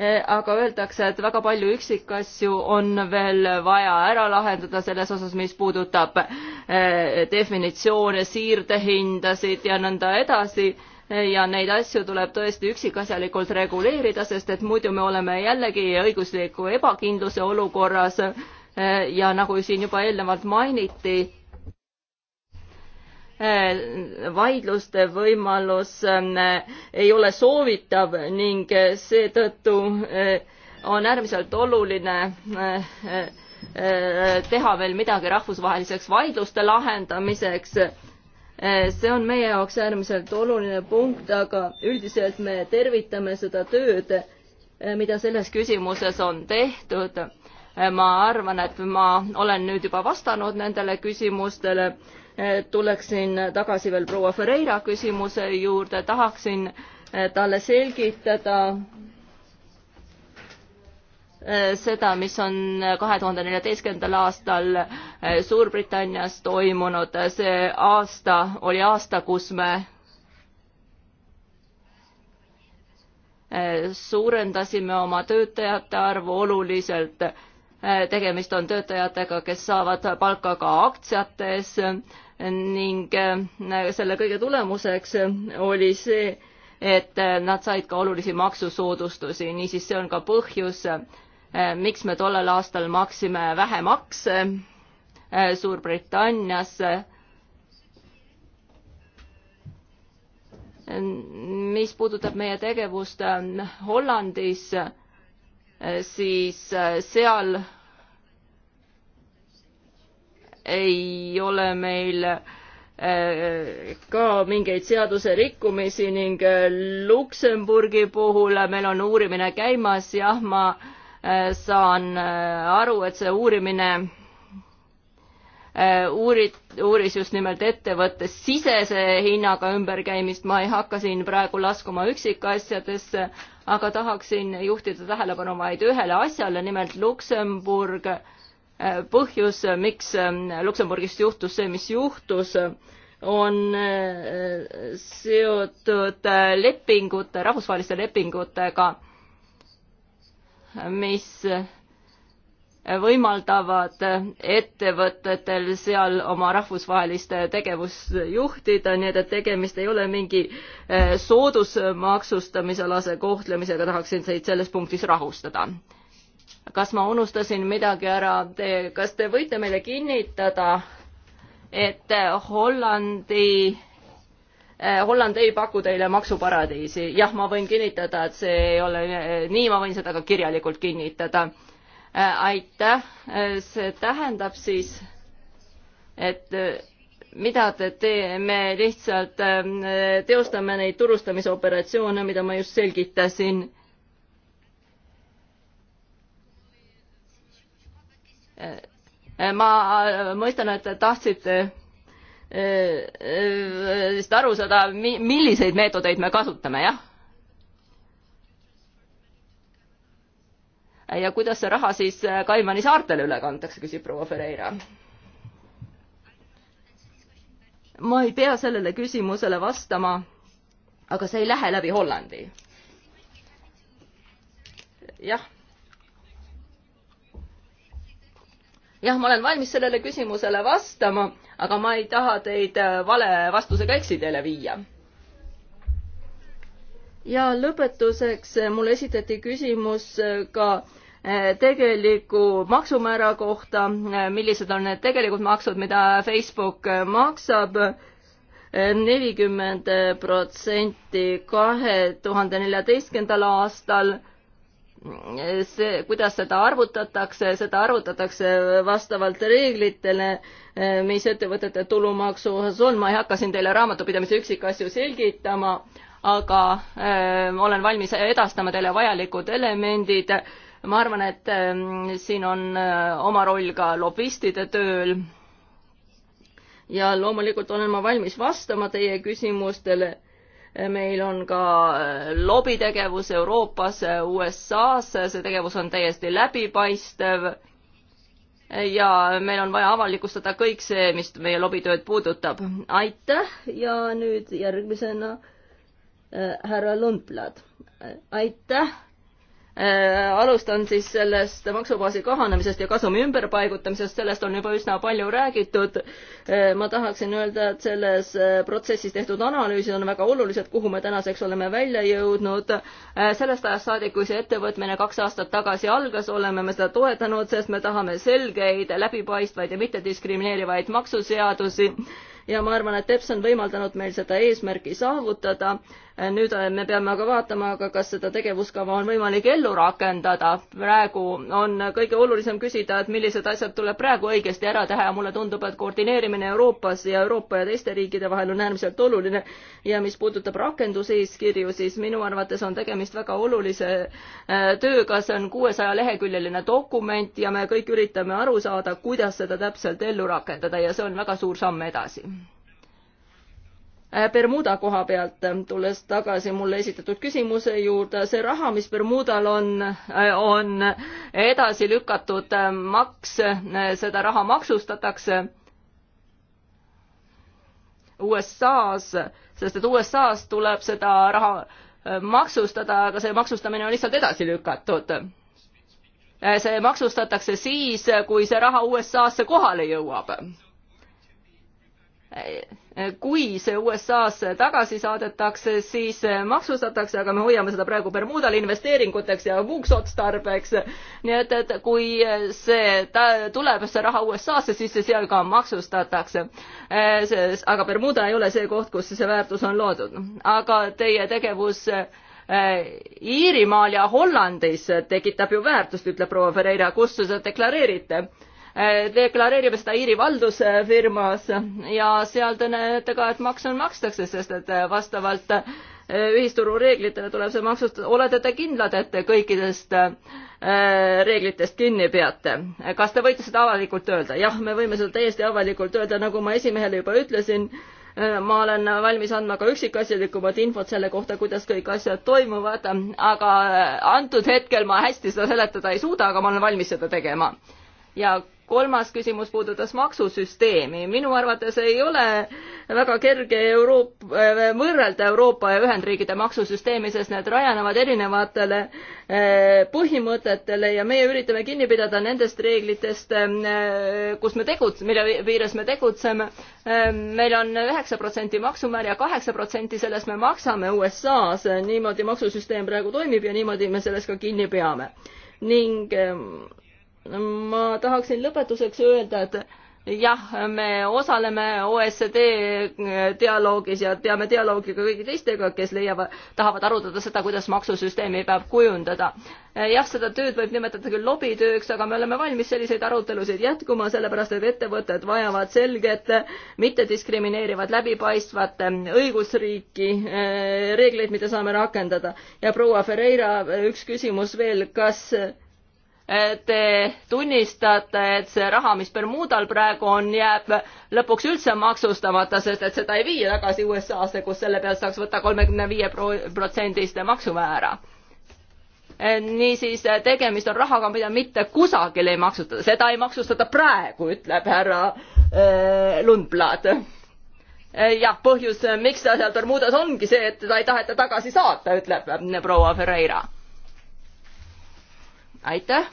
Eh, aga öeldakse, et väga palju üksikasju on veel vaja ära lahendada selles osas, mis puudutab eh, definitsioone, siirdehindasid ja nõnda edasi eh, ja neid asju tuleb tõesti üksikasjalikult reguleerida, sest et muidu me oleme jällegi õigusliku ebakindluse olukorras ja nagu siin juba eelnevalt mainiti, Äh, vaidluste võimalus ähm, äh, ei ole soovitav ning äh, seetõttu on äärmiselt oluline teha veel midagi rahvusvaheliseks vaidluste lahendamiseks. see on meie jaoks äärmiselt oluline punkt, aga üldiselt me tervitame seda tööd, mida selles küsimuses on tehtud. ma arvan, et ma olen nüüd juba vastanud nendele küsimustele Eh, tuleksin tagasi veel proua Ferreira küsimuse juurde, tahaksin eh, talle selgitada eh, seda, mis on kahe tuhande neljateistkümnendal aastal Suurbritannias toimunud. see aasta oli aasta, kus me suurendasime oma töötajate arvu oluliselt Äh, tegemist on töötajatega, kes saavad palka ka aktsiates ning äh, selle kõige tulemuseks oli see, et äh, nad said ka olulisi maksusoodustusi, niisiis see on ka põhjus, miks me tollel aastal maksime vähe makse Suurbritannias. mis puudutab meie tegevust Hollandis Äh, siis äh, seal ei ole meil äh, ka mingeid seaduserikkumisi ning Luksemburgi puhul meil on uurimine käimas, jah, ma saan aru, et see uurimine uurid, uuris just nimelt ettevõtte sisese hinnaga ümberkäimist, ma ei hakka siin praegu laskuma üksikasjadesse, aga tahaksin juhtida tähelepanu vaid ühele asjale, nimelt Luksemburg, äh, põhjus, miks äh, Luksemburgist juhtus see, mis juhtus, on äh, seotud lepingute, rahvusvaheliste lepingutega, mis võimaldavad ettevõtetel seal oma rahvusvahelist tegevust juhtida, nii et, et tegemist ei ole mingi eh, soodusmaksustamisalase kohtlemisega, tahaksin teid selles punktis rahustada. kas ma unustasin midagi ära, te, kas te võite meile kinnitada, et Hollandi eh, Holland ei paku teile maksuparadiisi, jah, ma võin kinnitada, et see ei ole eh, nii, ma võin seda ka kirjalikult kinnitada Äh, aitäh, äh, see tähendab siis, et äh, mida te tee-, me lihtsalt teostame neid turustamisoperatsioone, mida ma just selgitasin. ma mõistan, et te tahtsite vist aru saada, milliseid meetodeid me kasutame, jah ja kuidas see raha siis äh, Kaimani saartele üle kantakse, küsib proua Ferreira. ma ei pea sellele küsimusele vastama, aga see ei lähe läbi Hollandi. jah jah, ma olen valmis sellele küsimusele vastama, aga ma ei taha teid äh, vale vastusega eksiteele viia. ja lõpetuseks äh, mulle esitati küsimus ka tegeliku maksumäära kohta, millised on need tegelikud maksud, mida Facebook maksab, nelikümmend protsenti kahe tuhande neljateistkümnendal aastal see, kuidas seda arvutatakse, seda arvutatakse vastavalt reeglitele, mis ettevõtete tulumaksu osas on, ma ei hakka siin teile raamatupidamise üksikasju selgitama, aga äh, olen valmis edastama teile vajalikud elemendid äh, ma arvan, et ähm, siin on äh, oma roll ka lobistide tööl. ja loomulikult olen ma valmis vastama teie küsimustele. Äh, meil on ka äh, lobitegevus Euroopas, USA-s, see tegevus on täiesti läbipaistev ja meil on vaja avalikustada kõik see, mis meie lobitööd puudutab. aitäh ja nüüd järgmisena äh, härra Lundblad. aitäh Äh, alustan siis sellest maksubaasi kahanemisest ja kasumi ümberpaigutamisest, sellest on juba üsna palju räägitud. Äh, ma tahaksin öelda, et selles äh, protsessis tehtud analüüsid on väga olulised, kuhu me tänaseks oleme välja jõudnud. sellest ajast saadik, kui see ettevõtmine kaks aastat tagasi algas, oleme me seda toetanud, sest me tahame selgeid, läbipaistvaid ja mittediskrimineerivaid maksuseadusi ja ma arvan, et EPS on võimaldanud meil seda eesmärki saavutada nüüd äh, me peame aga vaatama, aga kas seda tegevuskava on võimalik ellu rakendada. praegu on kõige olulisem küsida, et millised asjad tuleb praegu õigesti ära teha ja mulle tundub, et koordineerimine Euroopas ja Euroopa ja teiste riikide vahel on äärmiselt oluline. ja mis puudutab rakenduseeskirju, siis minu arvates on tegemist väga olulise äh, tööga, see on kuuesaja leheküljeline dokument ja me kõik üritame aru saada, kuidas seda täpselt ellu rakendada ja see on väga suur samm edasi Äh, Bermuda koha pealt, äh, tulles tagasi mulle esitatud küsimuse juurde, see raha, mis Bermudal on, äh, on edasi lükatud maks, seda raha maksustatakse USA-s, sest et USA-s tuleb seda raha maksustada, aga see maksustamine on lihtsalt edasi lükatud. see maksustatakse siis, kui see raha USA-sse kohale jõuab kui see USA-sse tagasi saadetakse, siis maksustatakse, aga me hoiame seda praegu Bermudal investeeringuteks ja muuks otstarbeks. nii et, et kui see ta, tuleb, see raha USA-sse, siis see seal ka maksustatakse. aga Bermuda ei ole see koht, kus see väärtus on loodud. aga teie tegevus eh, Iirimaal ja Hollandis tekitab ju väärtust, ütleb proua Ferreira, kus te seda deklareerite Eh, deklareerime seda Iiri valdusfirmas ja seal te näete ka, et makse makstakse, sest et eh, vastavalt eh, ühisturu reeglitele tuleb see maksustada, olete te kindlad, et te kõikidest reeglitest kinni peate? kas te võite seda avalikult öelda? jah, me võime seda täiesti avalikult öelda, nagu ma esimehele juba ütlesin, ma olen valmis andma ka üksikasjalikumat infot selle kohta, kuidas kõik asjad toimuvad, aga antud hetkel ma hästi seda seletada ei suuda, aga ma olen valmis seda tegema. ja kolmas küsimus puudutas maksusüsteemi. minu arvates ei ole väga kerge Euroop-, äh, võrrelda Euroopa ja Ühendriikide maksusüsteemi, sest need rajanevad erinevatele äh, põhimõtetele ja meie üritame kinni pidada nendest reeglitest, äh, kus me tegutse-, mille piires me tegutseme. meil on üheksa protsenti maksumäär ja kaheksa protsenti sellest me maksame USA-s, niimoodi maksusüsteem praegu toimib ja niimoodi me sellest ka kinni peame ning ähm, ma tahaksin lõpetuseks öelda, et jah, me osaleme OSCD äh, dialoogis ja peame dialoogi ka kõigi teistega, kes leiavad, tahavad arutada seda, kuidas maksusüsteemi peab kujundada. Äh, jah, seda tööd võib nimetada küll lobitööks, aga me oleme valmis selliseid arutelusid jätkuma, sellepärast et ettevõtted vajavad selget, mittediskrimineerivat, läbipaistvat äh, õigusriiki, reegleid, mida saame rakendada. ja proua Ferreira, üks küsimus veel, kas te tunnistate, et see raha, mis Bermudal praegu on, jääb lõpuks üldse maksustamata, sest et seda ei vii tagasi USA-sse, kus selle pealt saaks võtta kolmekümne viie protsendiste maksumäära. niisiis, tegemist on rahaga, mida mitte kusagil ei maksustata, seda ei maksustata praegu, ütleb härra äh, Lundblad äh, jah, põhjus, miks ta seal Bermudas ongi see, et teda ei taheta tagasi saata, ütleb proua Ferreira. aitäh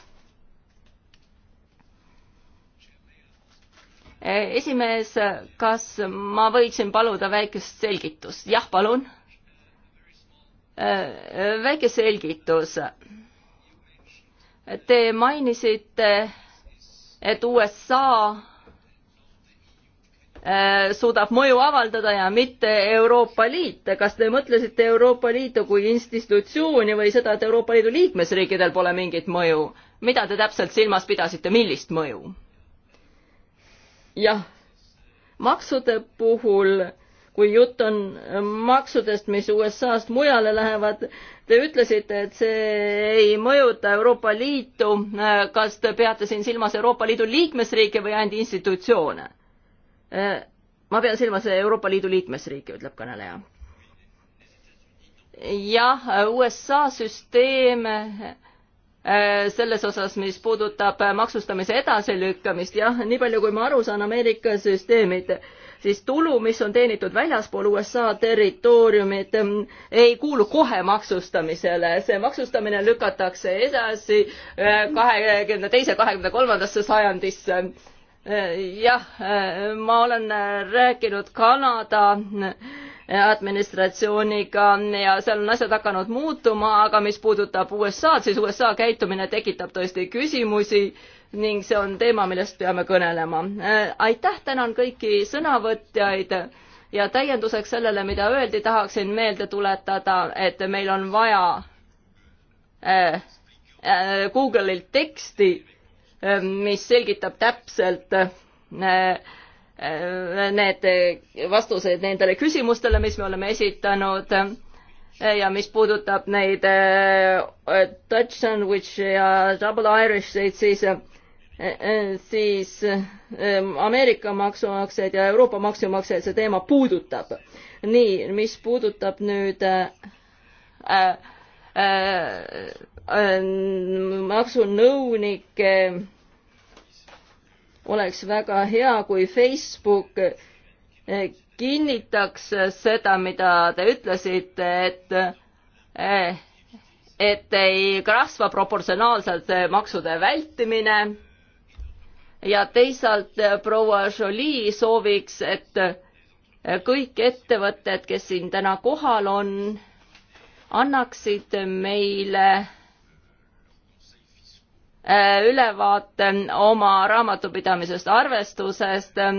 esimees, kas ma võiksin paluda väikest selgitust? jah, palun. väike selgitus. Te mainisite, et USA äh, suudab mõju avaldada ja mitte Euroopa Liit. kas te mõtlesite Euroopa Liitu kui institutsiooni või seda, et Euroopa Liidu liikmesriikidel pole mingit mõju? mida te täpselt silmas pidasite, millist mõju? jah, maksude puhul, kui jutt on äh, maksudest, mis USA-st mujale lähevad, te ütlesite, et see ei mõjuta Euroopa Liitu. Äh, kas te peate siin silmas Euroopa Liidu liikmesriike või ainult institutsioone? Äh, ma pean silmas Euroopa Liidu liikmesriike, ütleb kõneleja. jah, USA süsteem Äh, selles osas, mis puudutab äh, maksustamise edasilükkamist, jah, nii palju kui ma aru saan, Ameerika süsteemid, siis tulu, mis on teenitud väljaspool USA territooriumit, mm, ei kuulu kohe maksustamisele, see maksustamine lükatakse edasi äh, kahekümne teise, kahekümne kolmandasse sajandisse jah, ma olen rääkinud Kanada administratsiooniga ja seal on asjad hakanud muutuma, aga mis puudutab USA-d, siis USA käitumine tekitab tõesti küsimusi ning see on teema, millest peame kõnelema. aitäh, tänan kõiki sõnavõtjaid ja täienduseks sellele, mida öeldi, tahaksin meelde tuletada, et meil on vaja äh, äh, Google'ilt teksti, äh, mis selgitab täpselt Äh, need äh, vastused nendele küsimustele, mis me oleme esitanud äh, ja mis puudutab neid Dutch sandwich ja double Irish, siis siis Ameerika maksumaksjaid ja Euroopa maksumaksjaid see teema puudutab. nii, mis puudutab nüüd äh, äh, äh, maksunõunike äh, oleks väga hea, kui Facebook eh, kinnitaks seda, mida te ütlesite, et eh, et ei kasva proportsionaalselt maksude vältimine ja teisalt eh, proua Jolie sooviks, et kõik ettevõtted, kes siin täna kohal on, annaksid meile Äh, ülevaate oma raamatupidamisest, arvestusest, äh,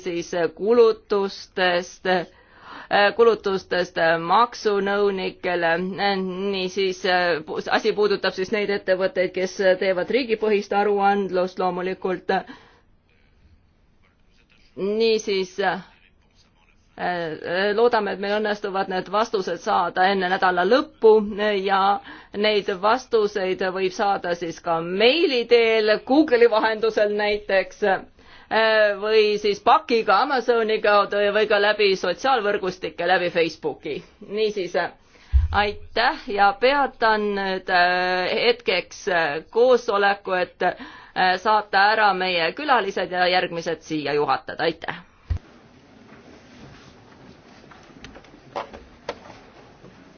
siis kulutustest, äh, kulutustest maksunõunikele, niisiis asi puudutab siis neid ettevõtteid, kes teevad riigipõhist aruandlust loomulikult. niisiis Äh, äh, loodame, et meil õnnestuvad need vastused saada enne nädala lõppu ja neid vastuseid võib saada siis ka meili teel, Google'i vahendusel näiteks äh, või siis pakiga Amazoni kaudu või ka läbi sotsiaalvõrgustike, läbi Facebooki. niisiis aitäh ja peatan nüüd hetkeks koosoleku, et saata ära meie külalised ja järgmised siia juhatada, aitäh!